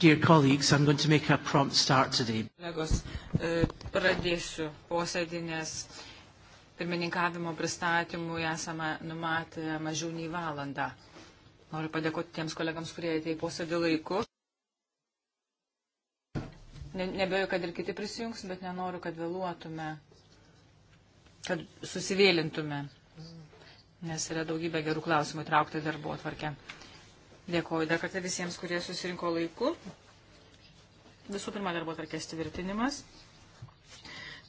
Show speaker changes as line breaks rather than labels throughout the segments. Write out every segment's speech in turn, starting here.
Dear colleagues, I'm going to make a prompt start today.
Kolegos, e, pradėsiu posėdį, nes pirmininkavimo pristatymui esame numatę mažiau nei valandą. Noriu padėkoti tiems kolegams, kurie atėjo posėdį laiku. Ne, nebejoju, kad ir kiti prisijungs, bet nenoriu, kad vėluotume, kad susivėlintume, nes yra daugybė gerų klausimų įtraukti darbo atvarkę. Dėkoju dar kartą visiems, kurie susirinko laiku. Visų pirma, darbo tvarkės tvirtinimas.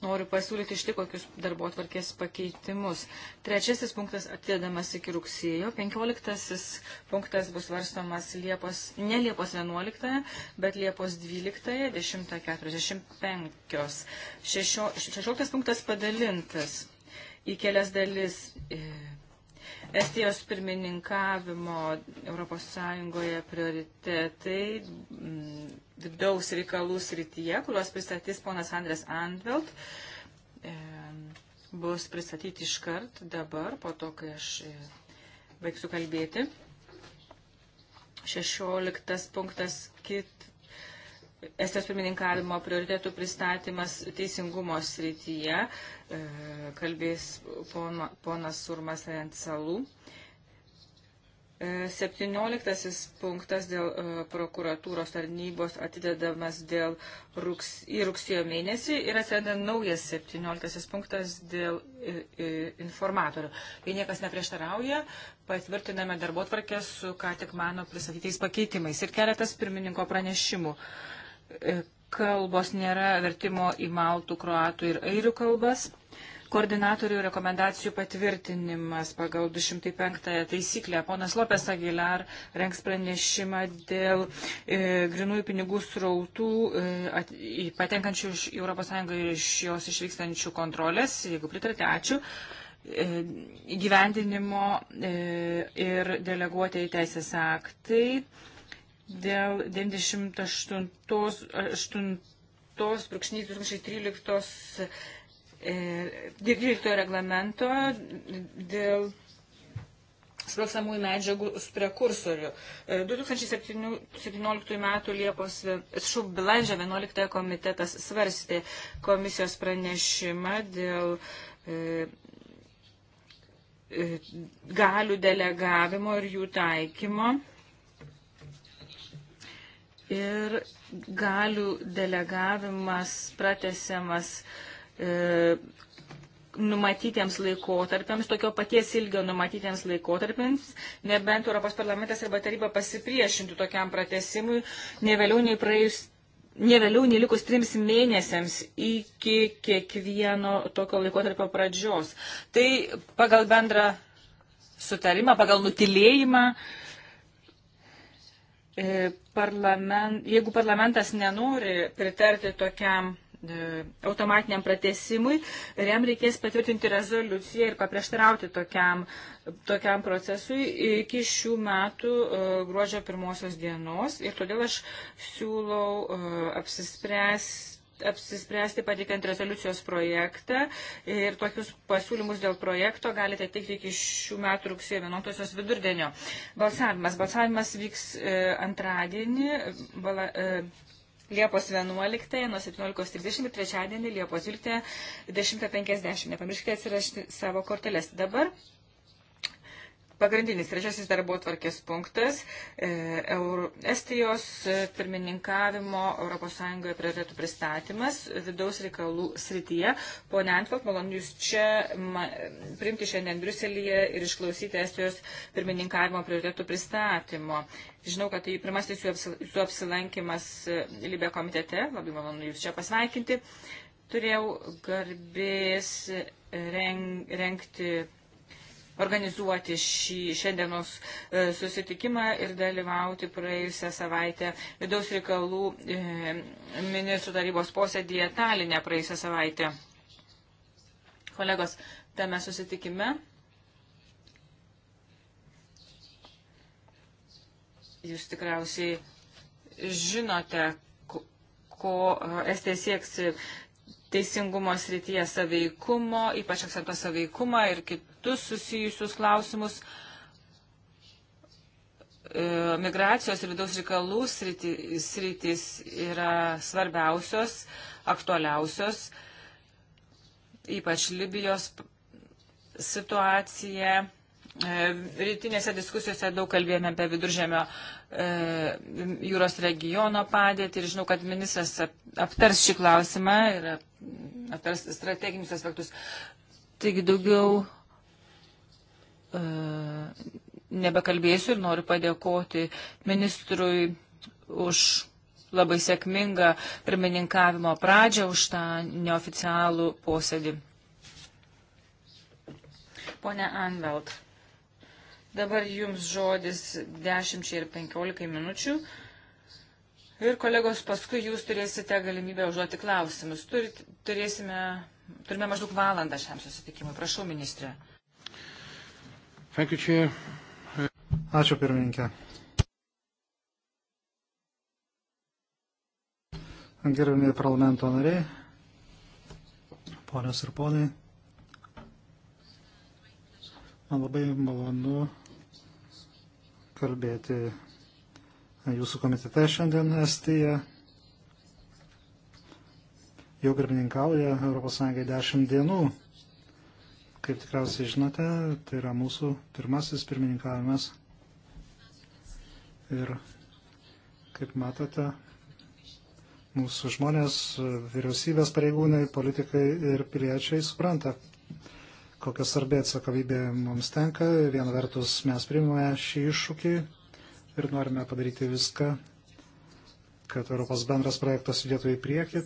Noriu pasiūlyti iš tik kokius darbo tvarkės pakeitimus. Trečiasis punktas atidedamas iki rugsėjo. Penkioliktasis punktas bus varstomas Liepos, ne Liepos 11, bet Liepos 12, 10.45. Šešioliktas punktas padalintas į kelias dalis. E, Estijos pirmininkavimo ES prioritetai mm, vidaus reikalų srityje, kuriuos pristatys ponas Andrės Andvelt, e, bus pristatyti iškart dabar, po to, kai aš e, baigsiu kalbėti. 16 punktas kit, Estijos pirmininkavimo prioritetų pristatymas teisingumo srityje, e, kalbės ponas Surmas Rentsalų. 17 e, punktas dėl e, prokuratūros tarnybos atidedamas dėl rugs, į rugsėjo mėnesį ir atsiranda naujas 17 punktas dėl informatorių. Kai niekas neprieštarauja, patvirtiname darbo tvarkę su ką tik mano pristatytais pakeitimais ir keletas pirmininko pranešimų. Uh, E, kalbos nėra vertimo į maltų, kroatų ir airių kalbas. Koordinatorių rekomendacijų patvirtinimas pagal 205 taisyklę. Ponas Lopes Aguilar renks pranešimą dėl e, grinųjų pinigų srautų e, at, į, patenkančių iš ES ir iš jos išvykstančių kontrolės. Jeigu pritarite, ačiū. E, įgyvendinimo e, ir deleguotėjai teisės aktai. E, dėl 98.8.2013 12 e, reglamento dėl sprogstamųjų medžiagų prekursorių. 2017 e, m. Liepos šubbilandžio 11 komitetas svarstė komisijos pranešimą dėl e, e galių delegavimo ir jų taikymo ir galių delegavimas pratesiamas e, numatytiems laikotarpiams, tokio paties ilgio numatytiems laikotarpiams, nebent Europos parlamentas arba taryba pasipriešintų tokiam pratesimui, ne vėliau nei praėjus. Ne vėliau, nei likus trims mėnesiams iki kiekvieno tokio laikotarpio pradžios. Tai pagal bendrą sutarimą, pagal nutilėjimą uh, E, parlament, jeigu parlamentas nenori pritarti tokiam e, automatiniam pratesimui, jam reikės patvirtinti rezoliuciją ir paprieštarauti tokiam, tokiam procesui iki šių metų e, gruodžio pirmosios dienos. Ir todėl aš siūlau apsispręsti apsispręsti patikant rezoliucijos projektą ir tokius pasiūlymus dėl projekto galite teikti iki šių metų rugsėjo 11 vidurdienio. Balsavimas. Balsavimas vyks e, antradienį. Bala, e, Liepos 11 nuo 17.30 ir trečiadienį Liepos 12.10.50. Nepamirškite atsirašti savo korteles. Dabar Pagrindinis trečiasis darbo tvarkės punktas e, Eur, Estijos e, pirmininkavimo ES prioritėtų pristatymas vidaus reikalų srityje. Pone Antvalk, malonu Jūs čia ma, priimti šiandien Briuselėje ir išklausyti Estijos pirmininkavimo prioritėtų pristatymo. Žinau, kad tai pirmasis Jūsų apsilankimas e, Libė komitete. Labai malonu Jūs čia pasveikinti. Turėjau garbės reng, rengti organizuoti šį šiandienos e, susitikimą ir dalyvauti praėjusią savaitę vidaus reikalų e, ministrų tarybos posėdėje Talinė praėjusią savaitę. Kolegos, tame susitikime. Jūs tikriausiai žinote, ko Estija sieks teisingumo srityje saveikumo, ypač akcentuos saveikumą ir kitus susijusius klausimus. E, migracijos ir vidaus reikalų sritis yra svarbiausios, aktualiausios, ypač Libijos situacija. E, rytinėse diskusijose daug kalbėjome apie viduržėmio e, jūros regiono padėtį ir žinau, kad ministras aptars šį klausimą ir aptars strateginius aspektus. Taigi daugiau e, nebekalbėsiu ir noriu padėkoti ministrui už labai sėkmingą pirmininkavimo pradžią, už tą neoficialų posėdį. Pone Anvelt, dabar jums žodis 10 ir 15 minučių. E, Ir kolegos, paskui jūs turėsite galimybę užduoti klausimus. Turit, turėsime, turime maždaug valandą šiam susitikimui. Prašau, ministrė.
Ačiū, pirmininkė. Gerbimi parlamento nariai, ponios ir ponai, man labai malonu kalbėti jūsų komitete šiandien Estija jau pirmininkauja ES 10 dienų. Kaip tikriausiai žinote, tai yra mūsų pirmasis pirmininkavimas. Ir kaip matote, mūsų žmonės, vyriausybės pareigūnai, politikai ir piliečiai supranta, kokia svarbi atsakomybė mums tenka. Viena vertus mes primame šį iššūkį ir norime padaryti viską, kad Europos bendras projektas judėtų į priekį.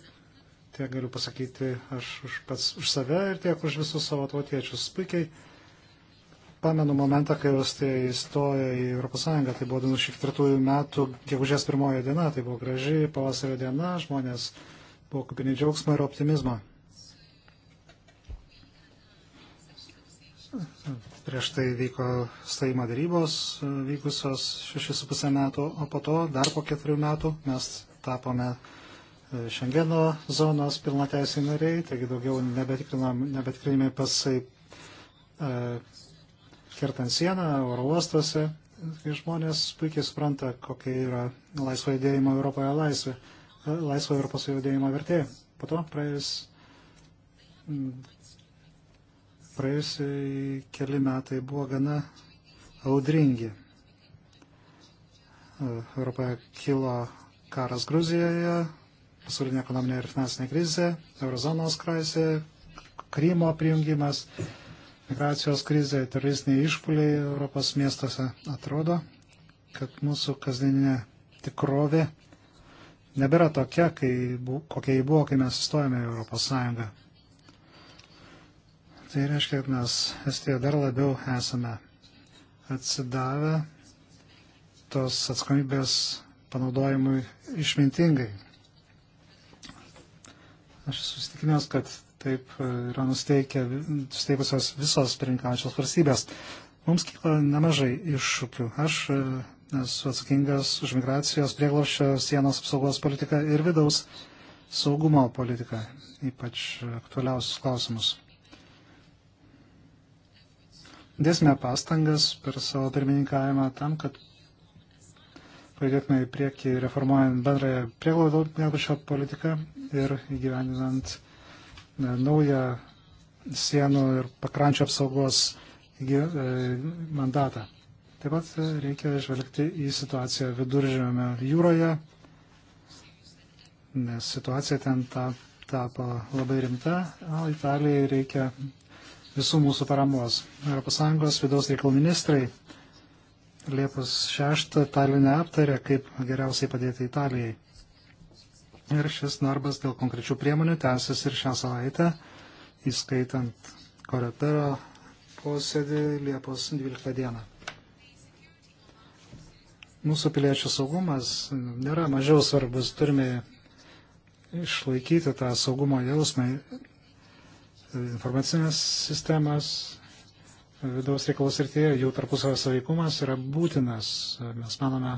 Tiek galiu pasakyti aš už pats už save ir tiek už visus savo tautiečius. Puikiai pamenu momentą, kai Austija įstojo į Europos Sąjungą. Tai buvo 2004 metų, gegužės pirmoji diena, tai buvo graži pavasario diena, žmonės buvo kupini džiaugsmo ir optimizmo. Prieš tai vyko stojimo darybos, vykusios 6,5 metų, o po to dar po keturių metų mes tapome e, Šengeno zonos pilnateisiai nariai, taigi daugiau nebetikrinami pasai e, kertant sieną, oro uostuose. Kai žmonės puikiai supranta, kokia yra laisvo judėjimo Europoje laisvė, e, laisvo Europos judėjimo vertė. Po to praėjus praėjusiai keli metai buvo gana audringi. E, Europoje kilo karas Gruzijoje, pasaulinė ekonominė ir finansinė krizė, eurozonos krizė, Krymo prijungimas, migracijos krizė, teroristiniai išpuliai Europos miestuose. Atrodo, kad mūsų kasdieninė tikrovė nebėra tokia, kai, kokia jį buvo, kai mes įstojame į Europos Sąjungą. Tai reiškia, kad mes Estijoje dar labiau esame atsidavę tos atsakomybės panaudojimui išmintingai. Aš susitikinęs, kad taip e, yra nusteikę, nusteikusios visos pirinkaujančios valstybės. Mums kyla nemažai iššūkių. Aš e, esu atsakingas už migracijos, prieglaušio, sienos apsaugos politiką ir vidaus saugumo politiką, ypač aktualiausius klausimus dėsime pastangas per savo pirmininkavimą tam, kad pajudėtume į priekį reformuojant bendrąją prieglaudo politiką ir įgyvendinant e, naują sienų ir pakrančio apsaugos e, mandatą. Taip pat e, reikia žvelgti į situaciją viduržėme jūroje, nes situacija ten ta, tapo labai rimta, o Italijai reikia visų mūsų paramos. ES vidaus reikalų ministrai Liepos 6 Talinę aptarė, kaip geriausiai padėti Italijai. Ir šis darbas dėl konkrečių priemonių tęsis ir šią savaitę, įskaitant korepero posėdį Liepos 12 dieną. Mūsų piliečių saugumas nėra mažiau svarbus, turime išlaikyti tą saugumo jausmą informacinės sistemas vidaus reikalų srityje, jų tarpusavio saveikumas yra būtinas. Mes manome,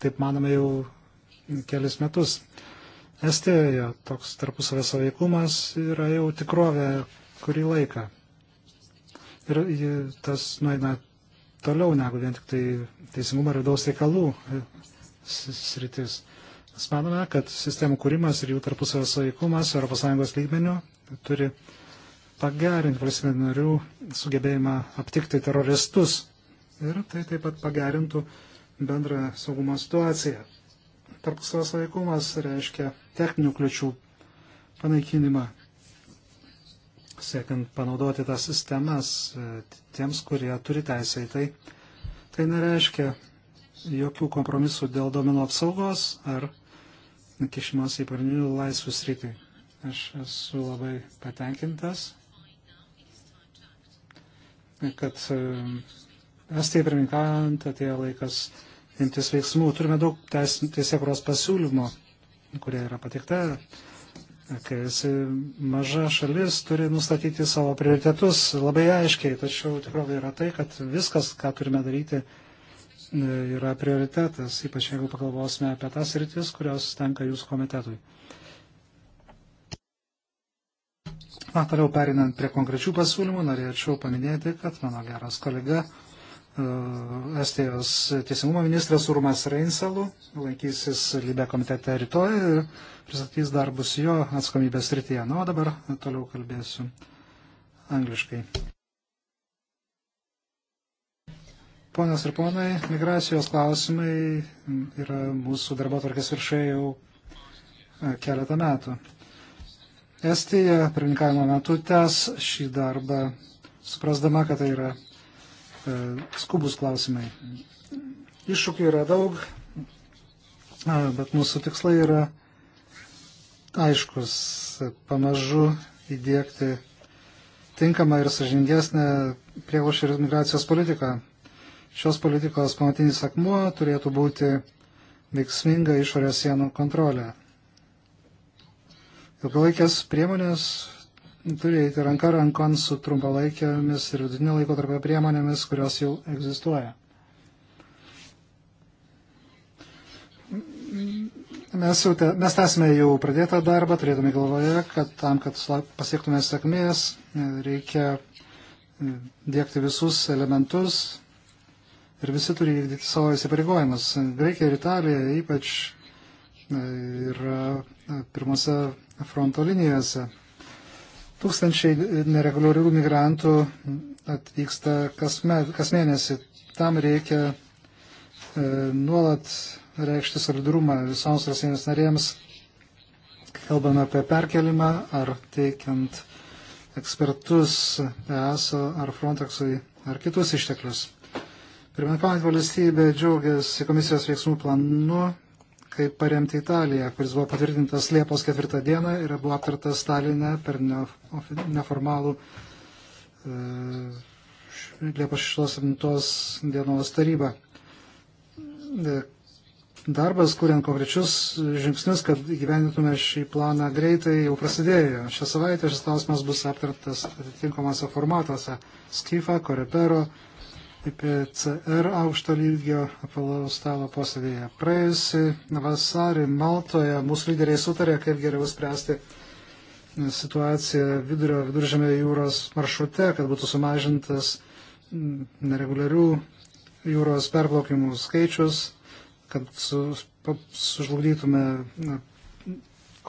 taip manome jau kelis metus. Estijoje toks tarpusavio saveikumas yra jau tikrovė kurį laiką. Ir tas nueina toliau negu vien tik tai teisingumo ir vidaus reikalų sritis. Mes manome, kad sistemų kūrimas ir jų tarpusavio saveikumas ES lygmenių turi uh, pagerinti valstybių narių sugebėjimą aptikti teroristus. Ir tai taip pat pagerintų bendrą saugumo situaciją. Tarpusavio sąveikumas reiškia techninių kliučių panaikinimą, siekiant panaudoti tas sistemas e, tiems, kurie turi teisę į tai. Tai nereiškia jokių kompromisų dėl domino apsaugos ar kišimas į pagrindinių laisvų sritį. Aš esu labai patenkintas kad e, Estija pirmininkavant atėjo laikas imtis veiksmų. Turime daug teisėkuros pasiūlymų, kurie yra patikta. Kai esi maža šalis, turi nustatyti savo prioritetus labai aiškiai, tačiau tikrovė yra tai, kad viskas, ką turime daryti, e, yra prioritetas, ypač jeigu pagalvosime apie tas rytis, kurios tenka jūsų komitetui. Na, toliau perinant prie konkrečių pasiūlymų, norėčiau paminėti, kad mano geras kolega e, Estijos teisingumo ministras Urmas Reinsalu lankysis Libė komitete rytoj ir pristatys darbus jo atsakomybės rytyje. Na, o dabar toliau kalbėsiu angliškai. Ponas ir ponai, migracijos klausimai yra mūsų darbo tvarkės viršai jau e, keletą metų. Estija pirmininkavimo metu tęs šį darbą, suprasdama, kad tai yra e, skubus klausimai. Iššūkių yra daug, bet mūsų tikslai yra aiškus pamažu įdėkti tinkamą ir sažingesnę prieglošio ir migracijos politiką. Šios politikos pamatinis akmuo turėtų būti veiksminga išorės sienų kontrolė. Ilgalaikės priemonės turi eiti ranka rankon su trumpalaikėmis ir vidutinio laiko tarp priemonėmis, kurios jau egzistuoja. Mes, jau te, mes tęsime jau pradėtą darbą, turėtume galvoje, kad tam, kad pasiektume sėkmės, reikia e, dėkti visus elementus ir visi turi vykdyti savo įsipareigojimus. Graikija ir Italija ypač e, yra e, pirmose fronto linijose. Tūkstančiai nereguliarių migrantų atvyksta kas, me, kas mėnesį. Tam reikia e, nuolat reikšti solidarumą visoms Rusijos narėms, kalbame apie perkelimą ar teikiant ekspertus ESO ar Frontexui ar kitus išteklius. Pirmininkaujant valstybė džiaugiasi komisijos veiksmų planu kaip paremti Italiją, kuris buvo patvirtintas Liepos ketvirtą dieną ir buvo aptartas Stalinę per neformalų e, Liepos 6-7 dienos tarybą. E, darbas, kuriant konkrečius žingsnius, kad įgyvendintume šį planą greitai, jau prasidėjo. Šią savaitę šis klausimas bus aptartas atitinkamose formatuose - Skifa, Korepero, IPCR aukšto lygio apvalaus stalo posėdėje. Praėjusį vasarį Maltoje mūsų lyderiai sutarė, kaip geriau spręsti situaciją vidurio viduržėmio jūros maršrute, kad būtų sumažintas nereguliarių jūros perplaukimų skaičius, kad su, sužlugdytume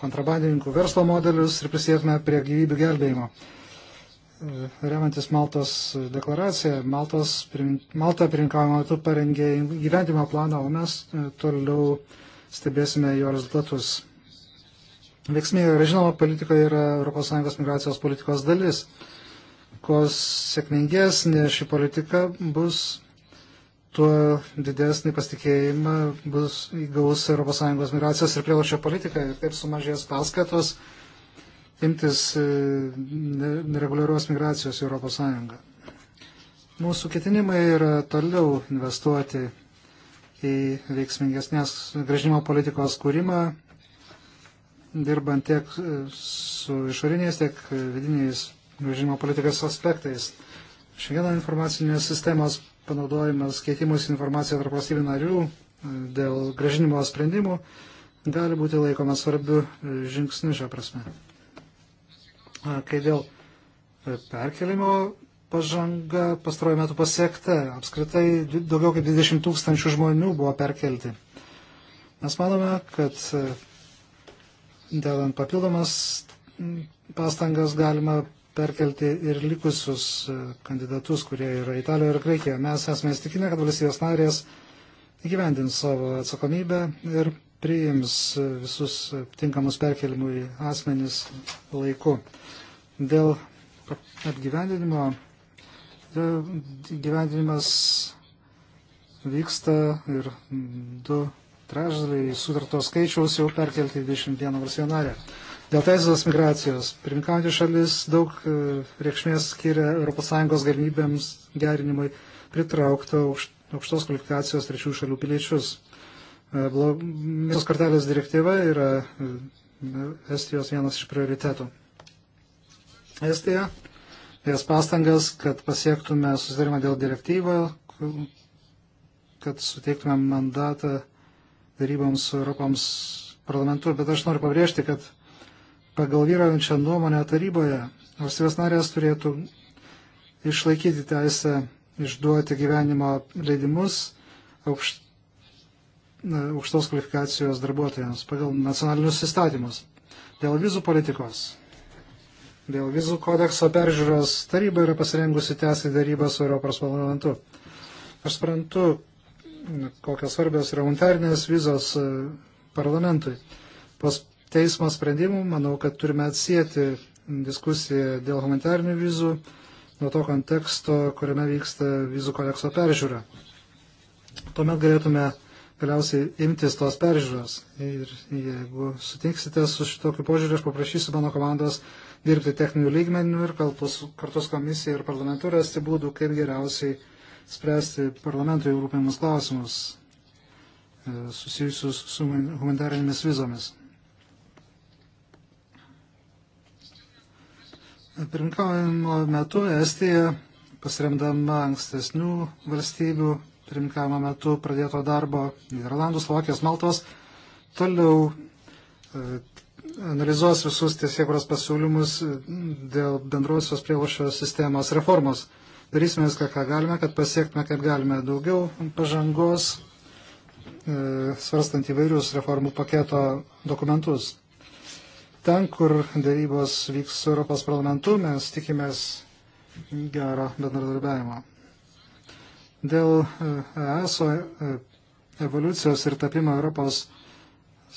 kontrabandininkų verslo modelius ir prisėtume prie gyvybių gelbėjimo remiantis Maltos deklaraciją, Maltos, Malta pirmininkavimo metu parengė gyvendimo planą, o mes e, toliau stebėsime jo rezultatus. Veiksmė, žinoma, politika yra ES migracijos politikos dalis. Kuo sėkmingesnė ši politika bus, tuo didesnį pasitikėjimą bus įgaus ES migracijos ir prielošio politika ir taip sumažės paskatos imtis e, nereguliarios migracijos į ES. Mūsų ketinimai yra toliau investuoti į veiksmingesnės gražinimo politikos kūrimą, dirbant tiek su išoriniais, tiek vidiniais gražinimo politikos aspektais. Šiandieną informacinės sistemos panaudojimas keitimus informaciją tarp valstybių narių e, dėl gražinimo sprendimų gali būti laikomas svarbiu e, žingsniu šią prasme. Kai dėl e, perkelimo pažanga pastarojų metų pasiekta, apskritai daugiau kaip 20 tūkstančių žmonių buvo perkelti. Mes manome, kad e, dėlant papildomas pastangas galima perkelti ir likusius e, kandidatus, kurie yra Italijoje ir Graikijoje. Mes esame įstikinę, kad valstybės narės įgyvendins savo atsakomybę ir priims visus tinkamus perkelimui asmenys laiku. Dėl apgyvendinimo gyvendinimas vyksta ir du trešdaliai sutarto skaičiaus jau perkelti į 21 valstybę narę. Dėl teisės migracijos. Pirminkaujantis šalis daug e, reikšmės skiria ES galimybėms gerinimui pritraukti aukštos kvalifikacijos trečių šalių piliečius. E, Mėsos kartelės direktyva yra e, Estijos vienas iš prioritetų. Estija, jas pastangas, kad pasiektume susitarimą dėl direktyvą, kad suteiktume mandatą daryboms su Europams parlamentu, bet aš noriu pabrėžti, kad pagal vyraujančią nuomonę taryboje valstybės narės turėtų išlaikyti teisę išduoti gyvenimo leidimus aukšt, aukštos kvalifikacijos darbuotojams pagal nacionalinius įstatymus. Dėl vizų politikos. Dėl vizų kodekso peržiūros taryba yra pasirengusi tęsti darybą su Europos parlamentu. Aš suprantu, kokios svarbios yra unitarinės vizos e, parlamentui. Po teismo sprendimų manau, kad turime atsijėti diskusiją dėl humanitarinių vizų nuo to konteksto, kuriame vyksta vizų kodekso peržiūra. Tuomet galėtume galiausiai imtis tos peržiūros. Ir jeigu sutiksite su šitokiu požiūriu, aš paprašysiu mano komandos dirbti techninių lygmenių ir kartu su komisija ir parlamentu rasti būdų, kaip geriausiai spręsti parlamentui rūpimus klausimus e, susijusius su humanitarinėmis vizomis. Pirmkaujimo metu Estija, pasiremdama ankstesnių valstybių pirmkavimo metu pradėto darbo, Niderlandų, Slovakijos, Maltos. Toliau e, analizuos visus tiesiekros pasiūlymus e, dėl bendrosios prievošio sistemos reformos. Darysime viską, ką galime, kad pasiektume, kaip galime daugiau pažangos, e, svarstant įvairius reformų paketo dokumentus. Ten, kur dėrybos vyks su Europos parlamentu, mes tikimės gero bendradarbiavimo. Dėl e, ESO e, evoliucijos ir tapimo Europos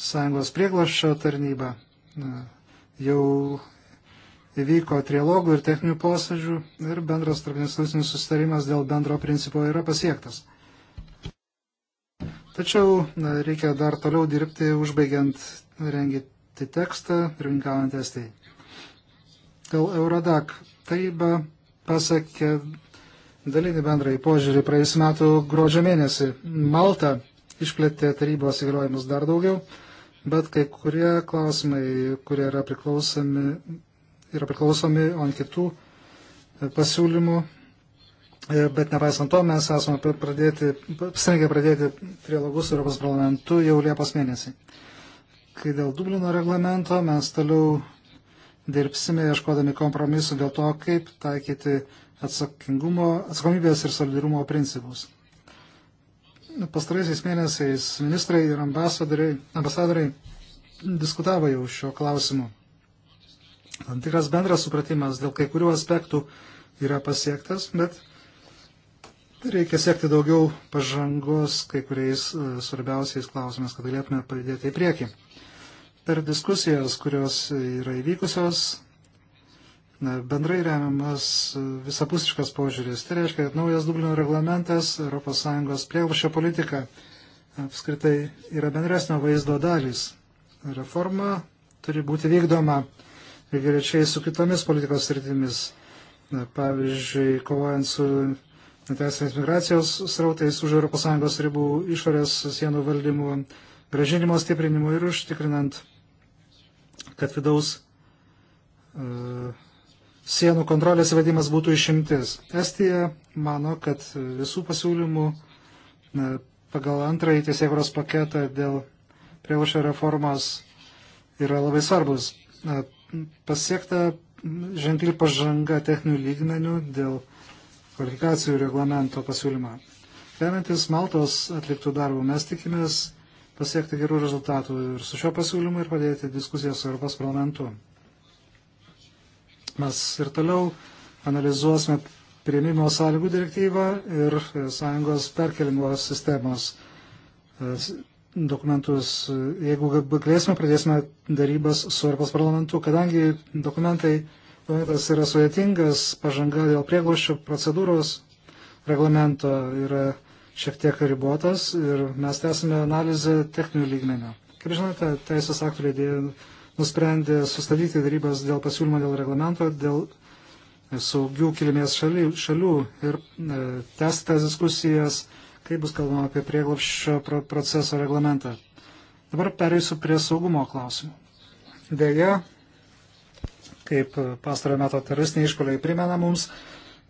Sąjungos prieglašio tarnyba e, jau įvyko trialogų ir techninių posėdžių ir bendras tarpinstitucinis sustarimas dėl bendro principo yra pasiektas. Tačiau reikia dar toliau dirbti, užbaigiant rengyti tekstą, rinkaujant estijai. Dėl Eurodac taryba pasakė dalinį bendrąjį požiūrį praėjus metų gruodžio mėnesį. Malta išplėtė tarybos įgaliojimus dar daugiau, bet kai kurie klausimai, kurie yra priklausomi, yra priklausomi on kitų e, pasiūlymų. E, bet nepaisant to, mes esame pradėti, pasirengę pradėti trialogus su Europos parlamentu jau Liepos mėnesį. Kai dėl Dublino reglamento mes toliau dirbsime, ieškodami kompromisų dėl to, kaip taikyti atsakingumo, atsakomybės ir solidarumo principus. Pastaraisiais mėnesiais ministrai ir ambasadoriai, ambasadoriai diskutavo jau šio klausimu. Tam tikras bendras supratimas dėl kai kurių aspektų yra pasiektas, bet reikia siekti daugiau pažangos kai kuriais e, svarbiausiais klausimais, kad galėtume pradėti į priekį. Per diskusijas, kurios yra įvykusios, bendrai remiamas visapusiškas požiūris. Tai reiškia, kad naujas Dublino reglamentas, ES prieglobščio politika apskritai yra bendresnio vaizdo dalis. Reforma turi būti vykdoma lygiai su kitomis politikos sritimis. Pavyzdžiui, kovojant su neteisinės migracijos srautais už ES ribų išorės sienų valdymų, gražinimo stiprinimu ir užtikrinant, kad vidaus uh, sienų kontrolės įvedimas būtų išimtis. Estija mano, kad visų pasiūlymų pagal antrąjį tiesiekros paketą dėl prievašio reformos yra labai svarbus. Pasiekta ženkli pažanga techninių lygmenių dėl kvalifikacijų reglamento pasiūlymą. Remiantis Maltos atliktų darbų, mes tikimės pasiekti gerų rezultatų ir su šio pasiūlymu ir padėti diskusijas su Europos parlamentu. Mes ir toliau analizuosime prieimimo sąlygų direktyvą ir e, sąjungos perkelimo sistemos e, dokumentus. Jeigu galėsime, pradėsime darybas su Europos parlamentu, kadangi dokumentai dokumentas yra sudėtingas, pažanga dėl prieglošio procedūros reglamento yra šiek tiek ribotas ir mes tęsime analizę techninių lygmenio. Kaip žinote, teisės aktų leidėjai nusprendė sustabdyti darybas dėl pasiūlymo dėl reglamento, dėl saugių kilmės šalių, šalių ir e, tęsti tas diskusijas, kai bus kalbama apie prieglopščio pro proceso reglamentą. Dabar pereisiu prie saugumo klausimų. Deja, kaip pastarojo meto teroristiniai išpoliai primena mums,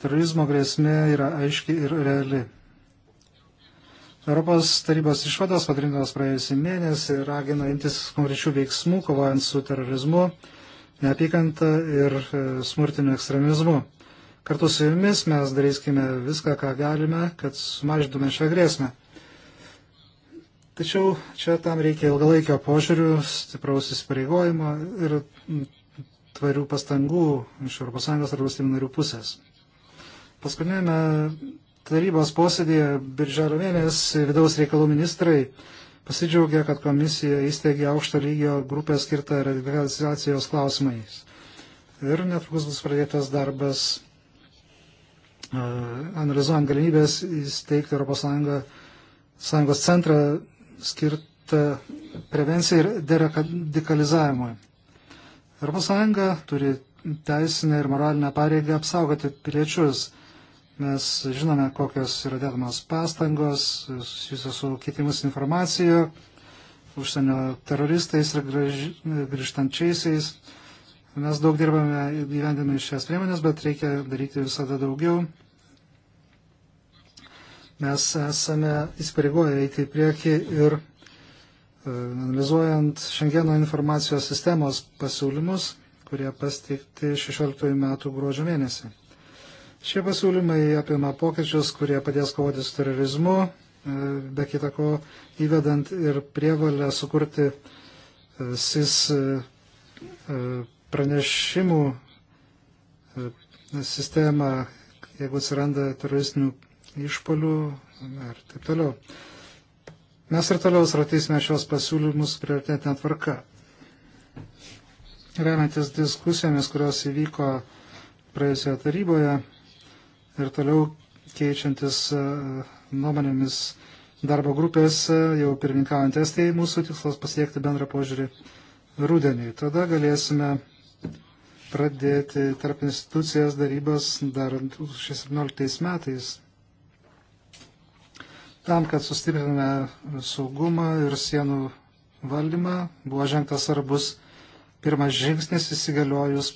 terorizmo grėsmė yra aiški ir reali. Europos tarybos išvados padarintos praėjusį mėnesį ragina imtis konkrečių veiksmų, kovojant su terorizmu, neapykanta ir e, smurtiniu ekstremizmu. Kartu su jumis mes darysime viską, ką galime, kad sumažintume šią grėsmę. Tačiau čia tam reikia ilgalaikio požiūrių, stipraus įsipareigojimo ir tvarių pastangų iš ES ar valstybių narių pusės. Paskutinėme tarybos posėdėje birželio mėnesį vidaus reikalų ministrai pasidžiaugia, kad komisija įsteigė aukšto lygio grupę skirtą radikalizacijos klausimais. Ir netrukus bus pradėtas darbas analizuojant galimybės įsteigti ES sąjungos centrą skirtą prevencijai ir deradikalizavimui. ES turi teisinę ir moralinę pareigą apsaugoti piliečius Mes žinome, kokios yra dedamos pastangos susijusios su keitimus informaciją, užsienio teroristais ir grįžtančiaisiais. Mes daug dirbame gyvendami šias priemonės, bet reikia daryti visada daugiau. Mes esame įsipareigoję eiti į priekį ir e, analizuojant Šengeno informacijos sistemos pasiūlymus, kurie pasteikti 16 metų gruodžio mėnesį. Šie pasiūlymai apima pokyčius, kurie padės kovoti su terorizmu, e, be kitako įvedant ir prievalę sukurti e, SIS e, pranešimų sistemą, jeigu atsiranda teroristinių išpolių ir taip toliau. Mes ir toliau svartysime šios pasiūlymus prioritetinę tvarką. Remiantis diskusijomis, kurios įvyko praėjusioje taryboje, ir toliau keičiantis e, nuomonėmis darbo grupės, e, jau pirmininkaujant estijai, mūsų tikslas pasiekti bendrą požiūrį rudenį. Tada galėsime pradėti tarp institucijas darybas dar 2017 metais. Tam, kad sustiprinome saugumą ir sienų valdymą, buvo žengtas svarbus pirmas žingsnis įsigaliojus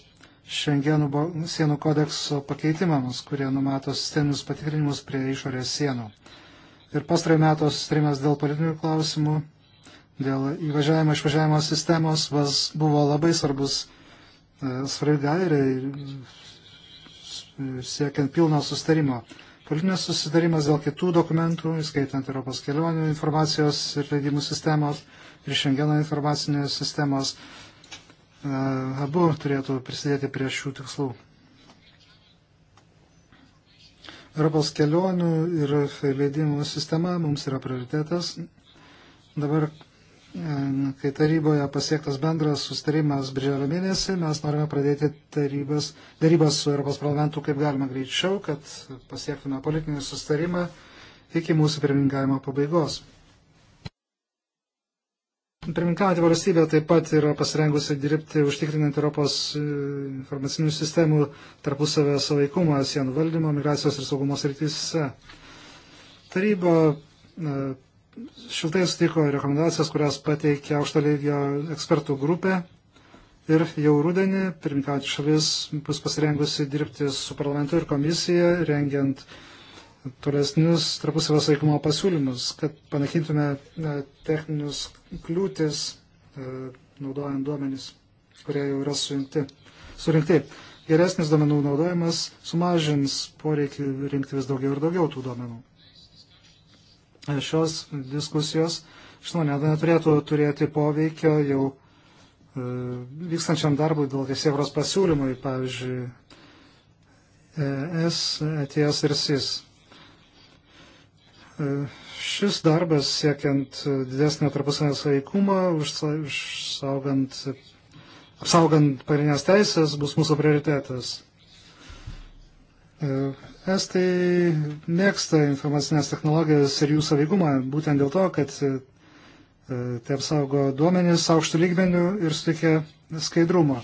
Šengenų sienų kodekso pakeitimams, kurie numato sisteminius patikrinimus prie išorės sienų. Ir pastarai metų susitarimas dėl politinių klausimų, dėl įvažiavimo išvažiavimo sistemos vas, buvo labai svarbus e, svarbi gairiai siekiant pilno susitarimo. Politinės susitarimas dėl kitų dokumentų, įskaitant Europos kelionių informacijos ir leidimų sistemos ir Šengeno informacinės sistemos, E, abu turėtų prisidėti prie šių tikslų. Europos kelionių ir leidimų sistema mums yra prioritetas. Dabar, e, kai taryboje pasiektas bendras sustarimas birželio mėnesį, mes norime pradėti tarybas, darybas su Europos parlamentu kaip galima greičiau, kad pasiektume politinį sustarimą iki mūsų pirmininkavimo pabaigos. Pirminkaujantį valstybę taip pat yra pasirengusi dirbti užtikrinant Europos e, informacinių sistemų tarpusavę savaikumą sienų valdymo, migracijos ir saugumo srityse. Taryba e, šiltai sutiko rekomendacijas, kurias pateikė aukšto lygio ekspertų grupė ir jau rudenį pirminkaujantį šalis bus pasirengusi dirbti su parlamentu ir komisija, rengiant uh, tolesnius tarpusavio saikumo pasiūlymus, kad panaikintume e, techninius kliūtis e, naudojant duomenys, kurie jau yra surinkti. surinkti. Geresnis duomenų naudojimas sumažins poreikį rinkti vis daugiau ir daugiau tų duomenų. E, šios diskusijos, žinoma, neturėtų turėti poveikio jau vykstančiam darbui dėl teisėvros pasiūlymui, pavyzdžiui, ES, ETS ir SIS. E, šis darbas siekiant didesnio tarpusavio saikumo, užsaugant, apsaugant parinės teisės bus mūsų prioritetas. E, estai mėgsta informacinės technologijas ir jų savigumą būtent dėl to, kad e, tai apsaugo duomenis aukštų lygmenių ir suteikia skaidrumą.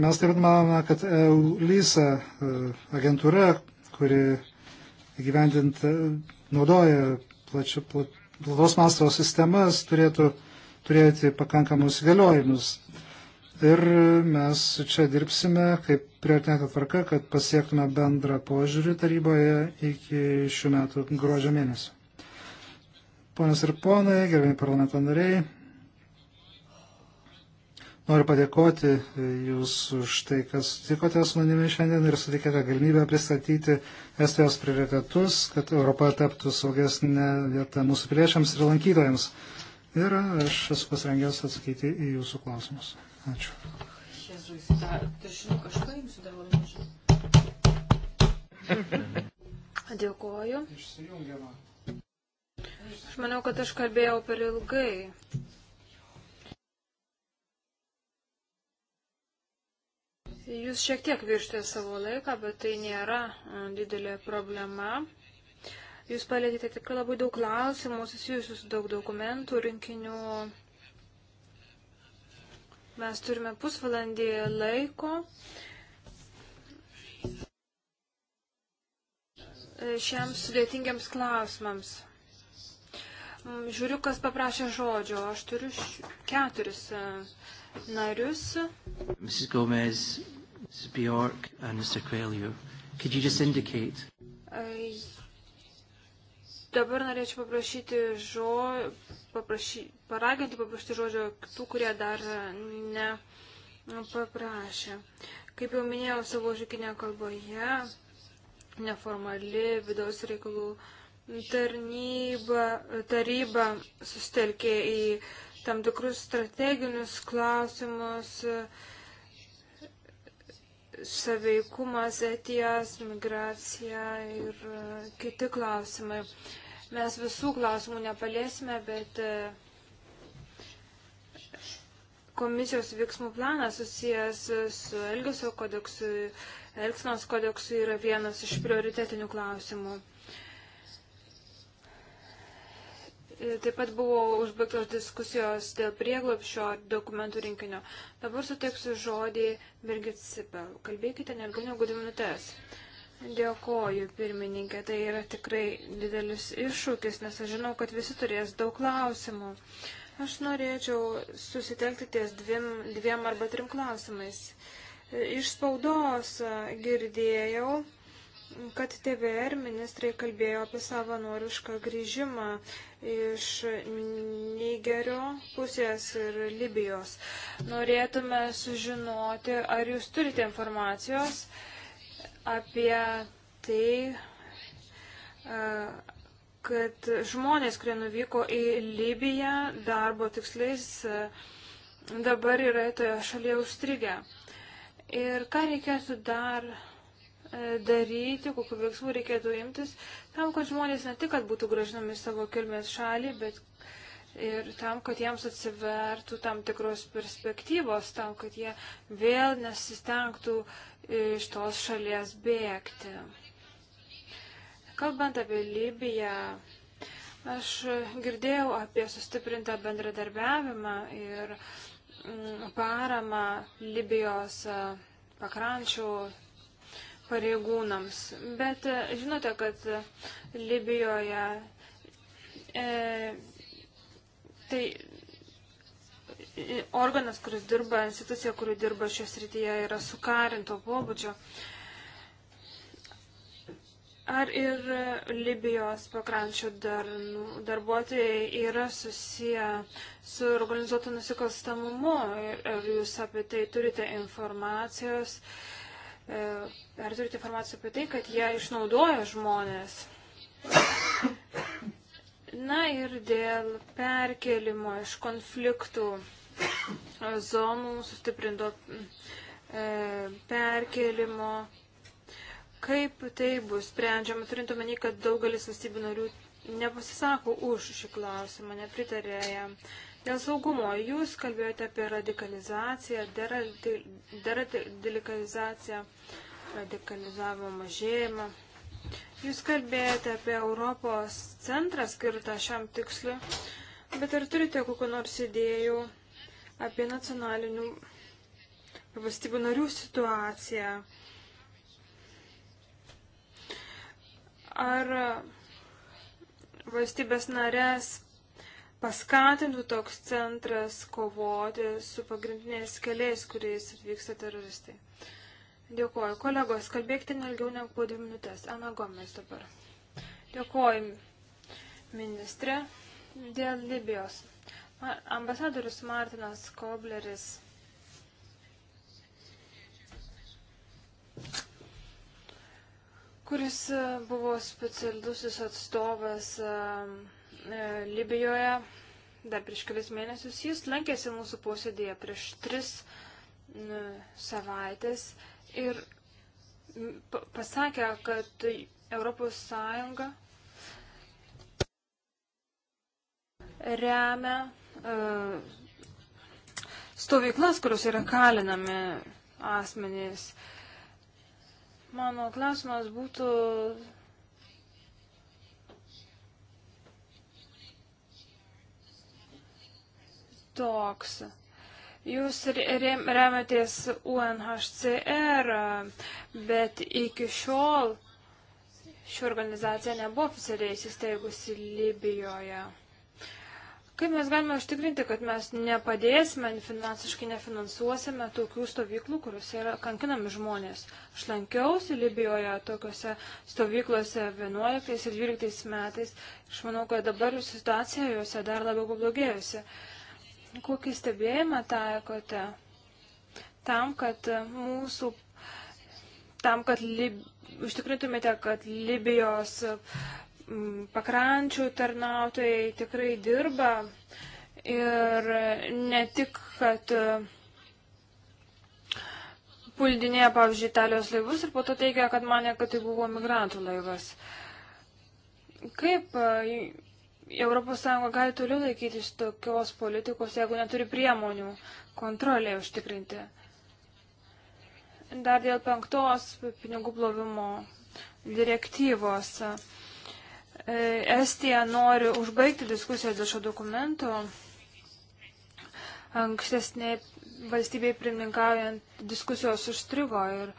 Mes taip pat manome, kad EULISA agentūra, kuri įgyvendinti, e, naudoja plačio, plataus masto sistemas, turėtų turėti pakankamus įgaliojimus. Ir mes čia dirbsime kaip prioriteto tvarka, kad pasiektume bendrą požiūrį taryboje iki šių metų gruodžio mėnesio. Ponios ir ponai, gerbimi parlamento nariai, Noriu padėkoti e, Jūs už tai, kas sutikote su manimi šiandien ir sutikėte galimybę pristatyti Estijos prioritetus, kad Europa taptų saugesnė vieta mūsų piliečiams ir lankytojams. Ir aš esu pasirengęs atsakyti į Jūsų klausimus. Ačiū.
Dėkoju. Aš maniau, kad aš kalbėjau per ilgai. Jūs šiek tiek virštė savo laiką, bet tai nėra e, didelė problema. Jūs palėtėte tikrai labai daug klausimų, susijusių su daug dokumentų rinkinių. Mes turime pusvalandį laiko. E, šiems sudėtingiams klausimams. Mm, Žiūriu, kas paprašė žodžio. Aš turiu keturis e, narius. Mrs. Gomez, Bjork and Mr. Coelho, could you just indicate? Ai, dabar norėčiau paprašyti žo, paprašy, paraginti paprašyti žodžio tų, kurie dar ne paprašė. Kaip jau minėjau savo žykinė kalboje, neformali vidaus reikalų tarnyba, taryba sustelkė į tam tikrus strateginius klausimus, uh, saveikumas, eties, migracija ir e, kiti klausimai. Mes visų klausimų nepalėsime, bet e, komisijos veiksmų planas susijęs su Elgesio kodeksu, Elgsnos kodeksu yra vienas iš prioritetinių klausimų. E, taip pat buvo užbaigtos diskusijos dėl prieglopšio dokumentų rinkinio. Dabar suteiksiu žodį Birgit Sipel. Kalbėkite nelgiau negu dvi minutės. Dėkoju, pirmininkė. Tai yra tikrai didelis iššūkis, nes aš žinau, kad visi turės daug klausimų. Aš norėčiau susitelkti ties dviem, dviem arba trim klausimais. Iš spaudos girdėjau kad TVR ministrai kalbėjo apie savanorišką grįžimą iš Nigerio pusės ir Libijos. Norėtume sužinoti, ar jūs turite informacijos apie tai, kad žmonės, kurie nuvyko į Libiją darbo tikslais, dabar yra toje šalyje užstrigę. Ir ką reikėtų dar E, daryti, kokiu veiksmu reikėtų imtis, tam, kad žmonės ne tik, kad būtų gražinami į savo kilmės šalį, bet ir tam, kad jiems atsivertų tam tikros perspektyvos, tam, kad jie vėl nesistengtų iš tos šalies bėgti. Kalbant apie Libiją, aš girdėjau apie sustiprintą bendradarbiavimą ir mm, paramą Libijos e, pakrančių pareigūnams. Bet e, žinote, kad Libijoje e, tai e, organas, kuris dirba, institucija, kuri dirba šios rytyje, yra sukarinto pobūdžio. Ar ir Libijos pakrančio dar, nu, darbuotojai yra susiję su organizuotu nusikalstamumu ir ar jūs apie tai turite informacijos? E, E, ar turite informaciją apie tai, kad jie išnaudoja žmonės? Na ir dėl perkelimo iš konfliktų zonų sustiprinto e, perkelimo. Kaip tai bus sprendžiama, turint omeny, kad daugelis valstybių narių nepasisako už šį klausimą, nepritarė jam. Dėl saugumo, jūs kalbėjote apie radikalizaciją, deradikalizaciją, radikalizavimo mažėjimą. Jūs kalbėjote apie Europos centrą skirtą šiam tikslui, bet ar turite kokiu nors idėjų apie nacionalinių valstybių narių situaciją? Ar valstybės narės paskatintų toks centras kovoti su pagrindiniais keliais, kuriais atvyksta teroristai. Dėkuoju. Kolegos, kalbėkite nelgiau negu po dvi minutės. Ana Gomes dabar. Dėkuoju, ministrė, dėl Libijos. Ambasadorius Martinas Kobleris kuris e, buvo specialusis atstovas um, E, Libijoje dar prieš kelis mėnesius. Jis lankėsi mūsų posėdėje prieš tris savaitės ir pasakė, kad Europos Sąjunga remia e, stovyklas, kurios yra kalinami asmenys. Mano klausimas būtų toks. Jūs remiatės UNHCR, bet iki šiol ši organizacija nebuvo oficialiai įsisteigusi Libijoje. Kaip mes galime užtikrinti, kad mes nepadėsime, finansiškai nefinansuosime tokių stovyklų, kuriuose yra kankinami žmonės? Aš lankiausi Libijoje tokiuose stovyklose 11 ir 12 metais. Aš manau, kad dabar situacija juose dar labiau pablogėjusi. Uh, kokį stebėjimą taikote tam, kad mūsų, tam, kad lib, užtikrintumėte, kad Libijos mm, pakrančių tarnautojai tikrai dirba ir ne tik, kad puldinėja, pavyzdžiui, Italijos laivus ir po to teigia, kad mane, kad tai buvo migrantų laivas. Kaip ES gali toliau laikytis tokios politikos, jeigu neturi priemonių kontrolė užtikrinti. Dar dėl penktos pinigų plovimo direktyvos. E, Estija nori užbaigti diskusiją dėl šio dokumento. Ankstesnė valstybė pirmininkaujant diskusijos užstrigo ir uh,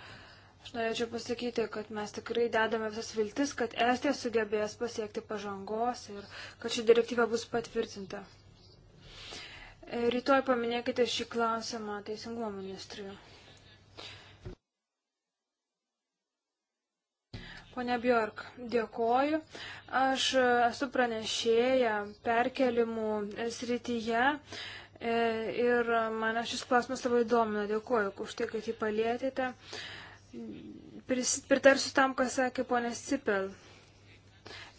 Aš norėčiau pasakyti, kad mes tikrai dedame visas viltis, kad Estija sugebės pasiekti pažangos ir kad ši direktyva bus patvirtinta. Rytoj paminėkite šį klausimą teisingumo ministriui. Pone Bjork, dėkoju. Aš esu pranešėja perkelimų srityje e, ir mane šis klausimas labai įdomina. Dėkoju už tai, kad jį palėtėte. E, pritarsiu tam, ką sakė ponė Sipel.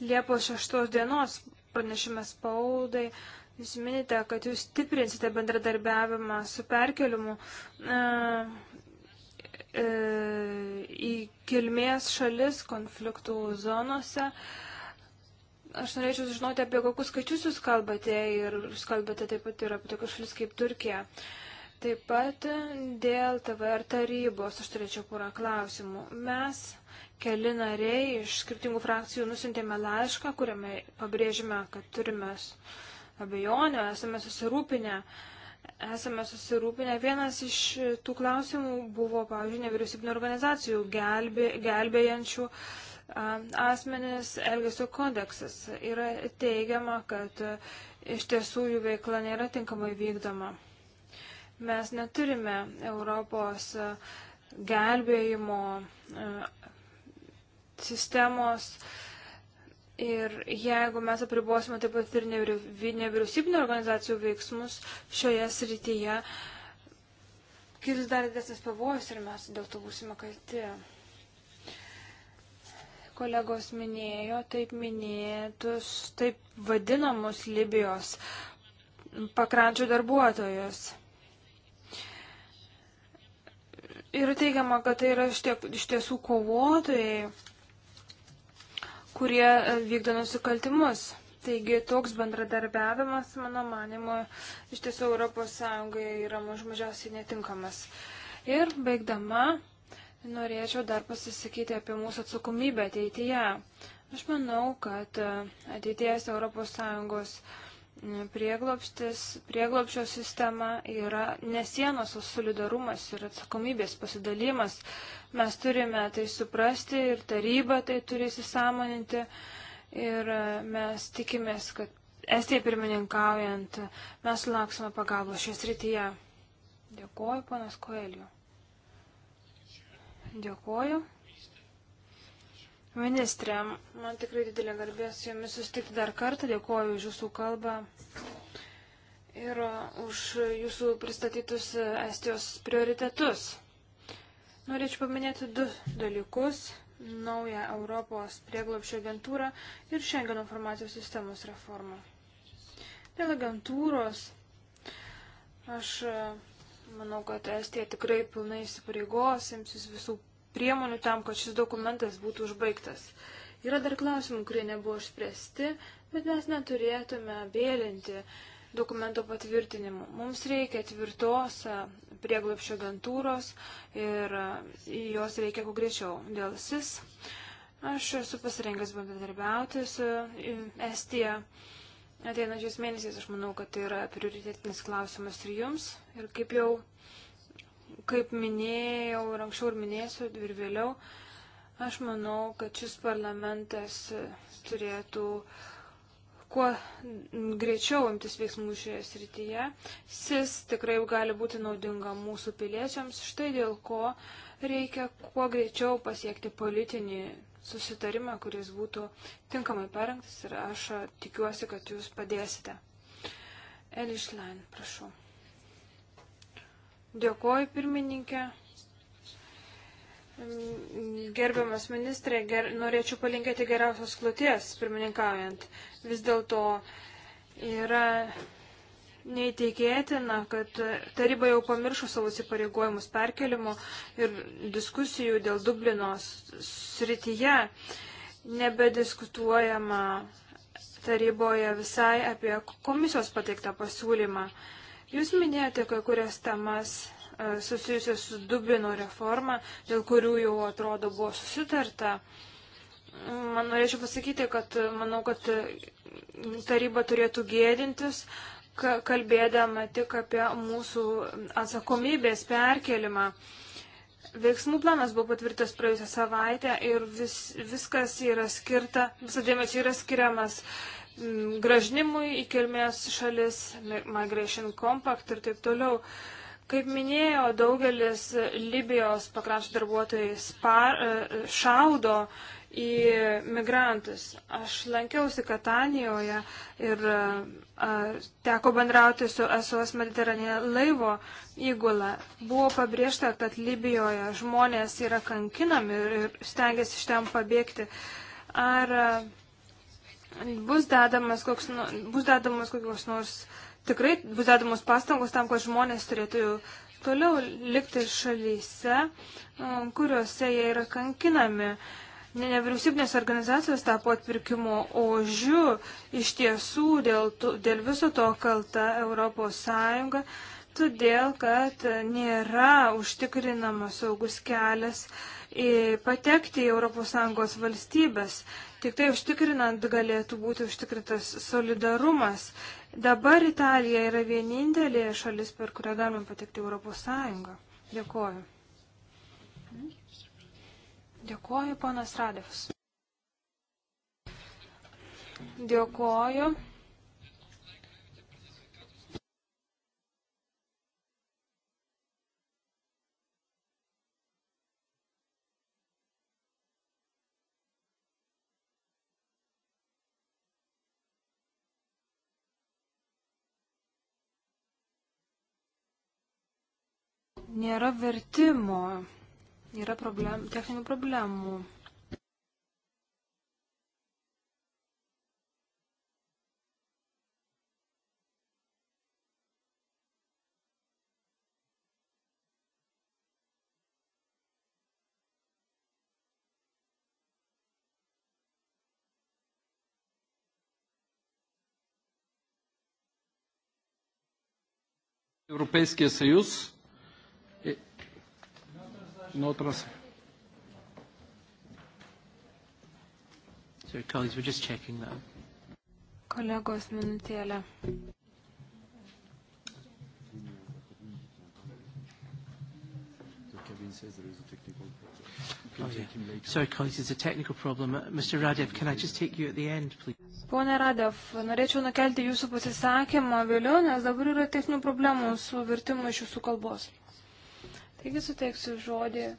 Liepos 6 dienos pranešime spaudai jūs minite, kad jūs stiprinsite bendradarbiavimą su perkeliumu e, e, į kilmės šalis konfliktų zonose. Aš norėčiau sužinoti, apie kokius skaičius jūs kalbate ir jūs kalbate taip pat ir apie tokius šalis kaip Turkija. E, Taip pat dėl TVR tarybos aš turėčiau porą klausimų. Mes, keli nariai iš skirtingų frakcijų, nusintėme laišką, kuriame pabrėžime, kad turime abejonių, esame susirūpinę. Esame susirūpinę. Vienas iš tų klausimų buvo, pavyzdžiui, nevyriausybinio organizacijų gelbė, gelbėjančių asmenis Elgesio kodeksas. Yra teigiama, kad e, iš tiesų jų veikla nėra tinkamai vykdoma. Mes neturime Europos e, gelbėjimo e, sistemos. Ir jeigu mes apribosime taip pat ir nevyriausybinio organizacijų veiksmus šioje srityje, kils dar didesnis pavojus ir mes dėl to būsime kalti. Kolegos minėjo taip minėtus, taip vadinamus Libijos pakrančių darbuotojus. Yra teigiama, kad tai yra štiek, iš tiesų kovotojai, kurie e, vykdo nusikaltimus. Taigi toks bendradarbiavimas, mano manimo, iš tiesų ES yra maž mažiausiai netinkamas. Ir baigdama, norėčiau dar pasisakyti apie mūsų atsakomybę ateityje. Aš manau, kad e, ateities ES prieglopščio sistema yra nesienos, o solidarumas ir atsakomybės pasidalymas. Mes turime tai suprasti ir taryba tai turi įsisamoninti ir e, mes tikimės, kad Estija pirmininkaujant mes lauksime pagalbos šios rytyje. Dėkuoju, panas Koeliu. Dėkuoju. Ministrė, man tikrai didelė garbė su jumis susitikti dar kartą. Dėkuoju už jūsų kalbą ir už jūsų pristatytus Estijos prioritetus. Norėčiau paminėti du dalykus - naują Europos prieglopšio agentūrą ir Schengen informacijos sistemos reformą. Dėl agentūros aš e, manau, kad Estija tikrai pilnai įsipareigos, imsis visų priemonių tam, kad šis dokumentas būtų užbaigtas. Yra dar klausimų, kurie nebuvo išspręsti, bet mes neturėtume vėlinti dokumento patvirtinimu. Mums reikia tvirtos prieglapščio agentūros ir jos reikia kuo greičiau. Dėl SIS aš esu pasirengęs bendradarbiauti su Estija. Ateinančiais mėnesiais aš manau, kad tai yra prioritetinis klausimas ir jums. Ir kaip jau Kaip minėjau ir anksčiau ir minėsiu ir vėliau, aš manau, kad šis parlamentas turėtų kuo greičiau imtis veiksmų šioje srityje. SIS tikrai gali būti naudinga mūsų piliečiams, štai dėl ko reikia kuo greičiau pasiekti politinį susitarimą, kuris būtų tinkamai parengtas ir aš tikiuosi, kad jūs padėsite. Elišlein, prašau. Dėkoju, pirmininkė. Gerbiamas ministrė, ger, norėčiau palinkėti geriausios kloties, pirmininkaujant. Vis dėlto yra neįteikėtina, kad taryba jau pamiršo savo įsipareigojimus perkelimo ir diskusijų dėl Dublino srityje. Nebediskutuojama taryboje visai apie komisijos pateiktą pasiūlymą. Jūs minėjote kai kurias temas e, susijusios su Dublino reforma, dėl kurių jau atrodo buvo susitarta. Man norėčiau pasakyti, kad e, manau, kad e, taryba turėtų gėdintis, kalbėdama tik apie mūsų atsakomybės perkelimą. Veiksmų planas buvo patvirtas praėjusią savaitę ir vis, viskas yra skirta, visą dėmesį yra skiriamas Mm, gražnimui į kilmės šalis, Migration Compact ir taip toliau. Kaip minėjo, daugelis Libijos pakrančių darbuotojai spar, e, šaudo į migrantus. Aš lankiausi Katanijoje ir e, a, teko bendrauti su SOS Mediteranė laivo įgula. Buvo pabrėžta, kad Libijoje žmonės yra kankinami ir, ir stengiasi iš ten pabėgti. Ar a, e, bus dedamas koks, nu, bus dedamas kokios nors, tikrai bus dedamos pastangos tam, kad žmonės turėtų toliau likti šalyse, e, kuriuose jie yra kankinami. Nevyriausybinės organizacijos tapo atpirkimo ožiu, iš tiesų dėl, dėl viso to kalta Europos Sąjunga, todėl kad nėra užtikrinamas saugus kelias uh, patekti į ES valstybės. Tik tai užtikrinant galėtų būti užtikrintas solidarumas. Dabar Italija yra vienintelė šalis, per kurią galime patekti į ES. Dėkuoju. Dėkuoju, ponas Radevas. Dėkuoju. Nėra vertimo. Yra problem, techninių problemų.
Европейския съюз Nuotras. Sorry, colleagues, we're just checking that.
Kolegos, minutėlę. Oh, yeah. Sorry, colleagues, it's a technical problem. Oh, uh, Mr. Radev, can I just take you at the end, please? Pone Radev, norėčiau nukelti jūsų pasisakymą vėliau, nes dabar yra techninių problemų su vertimu iš jūsų kalbos. Taigi suteiksiu žodį e,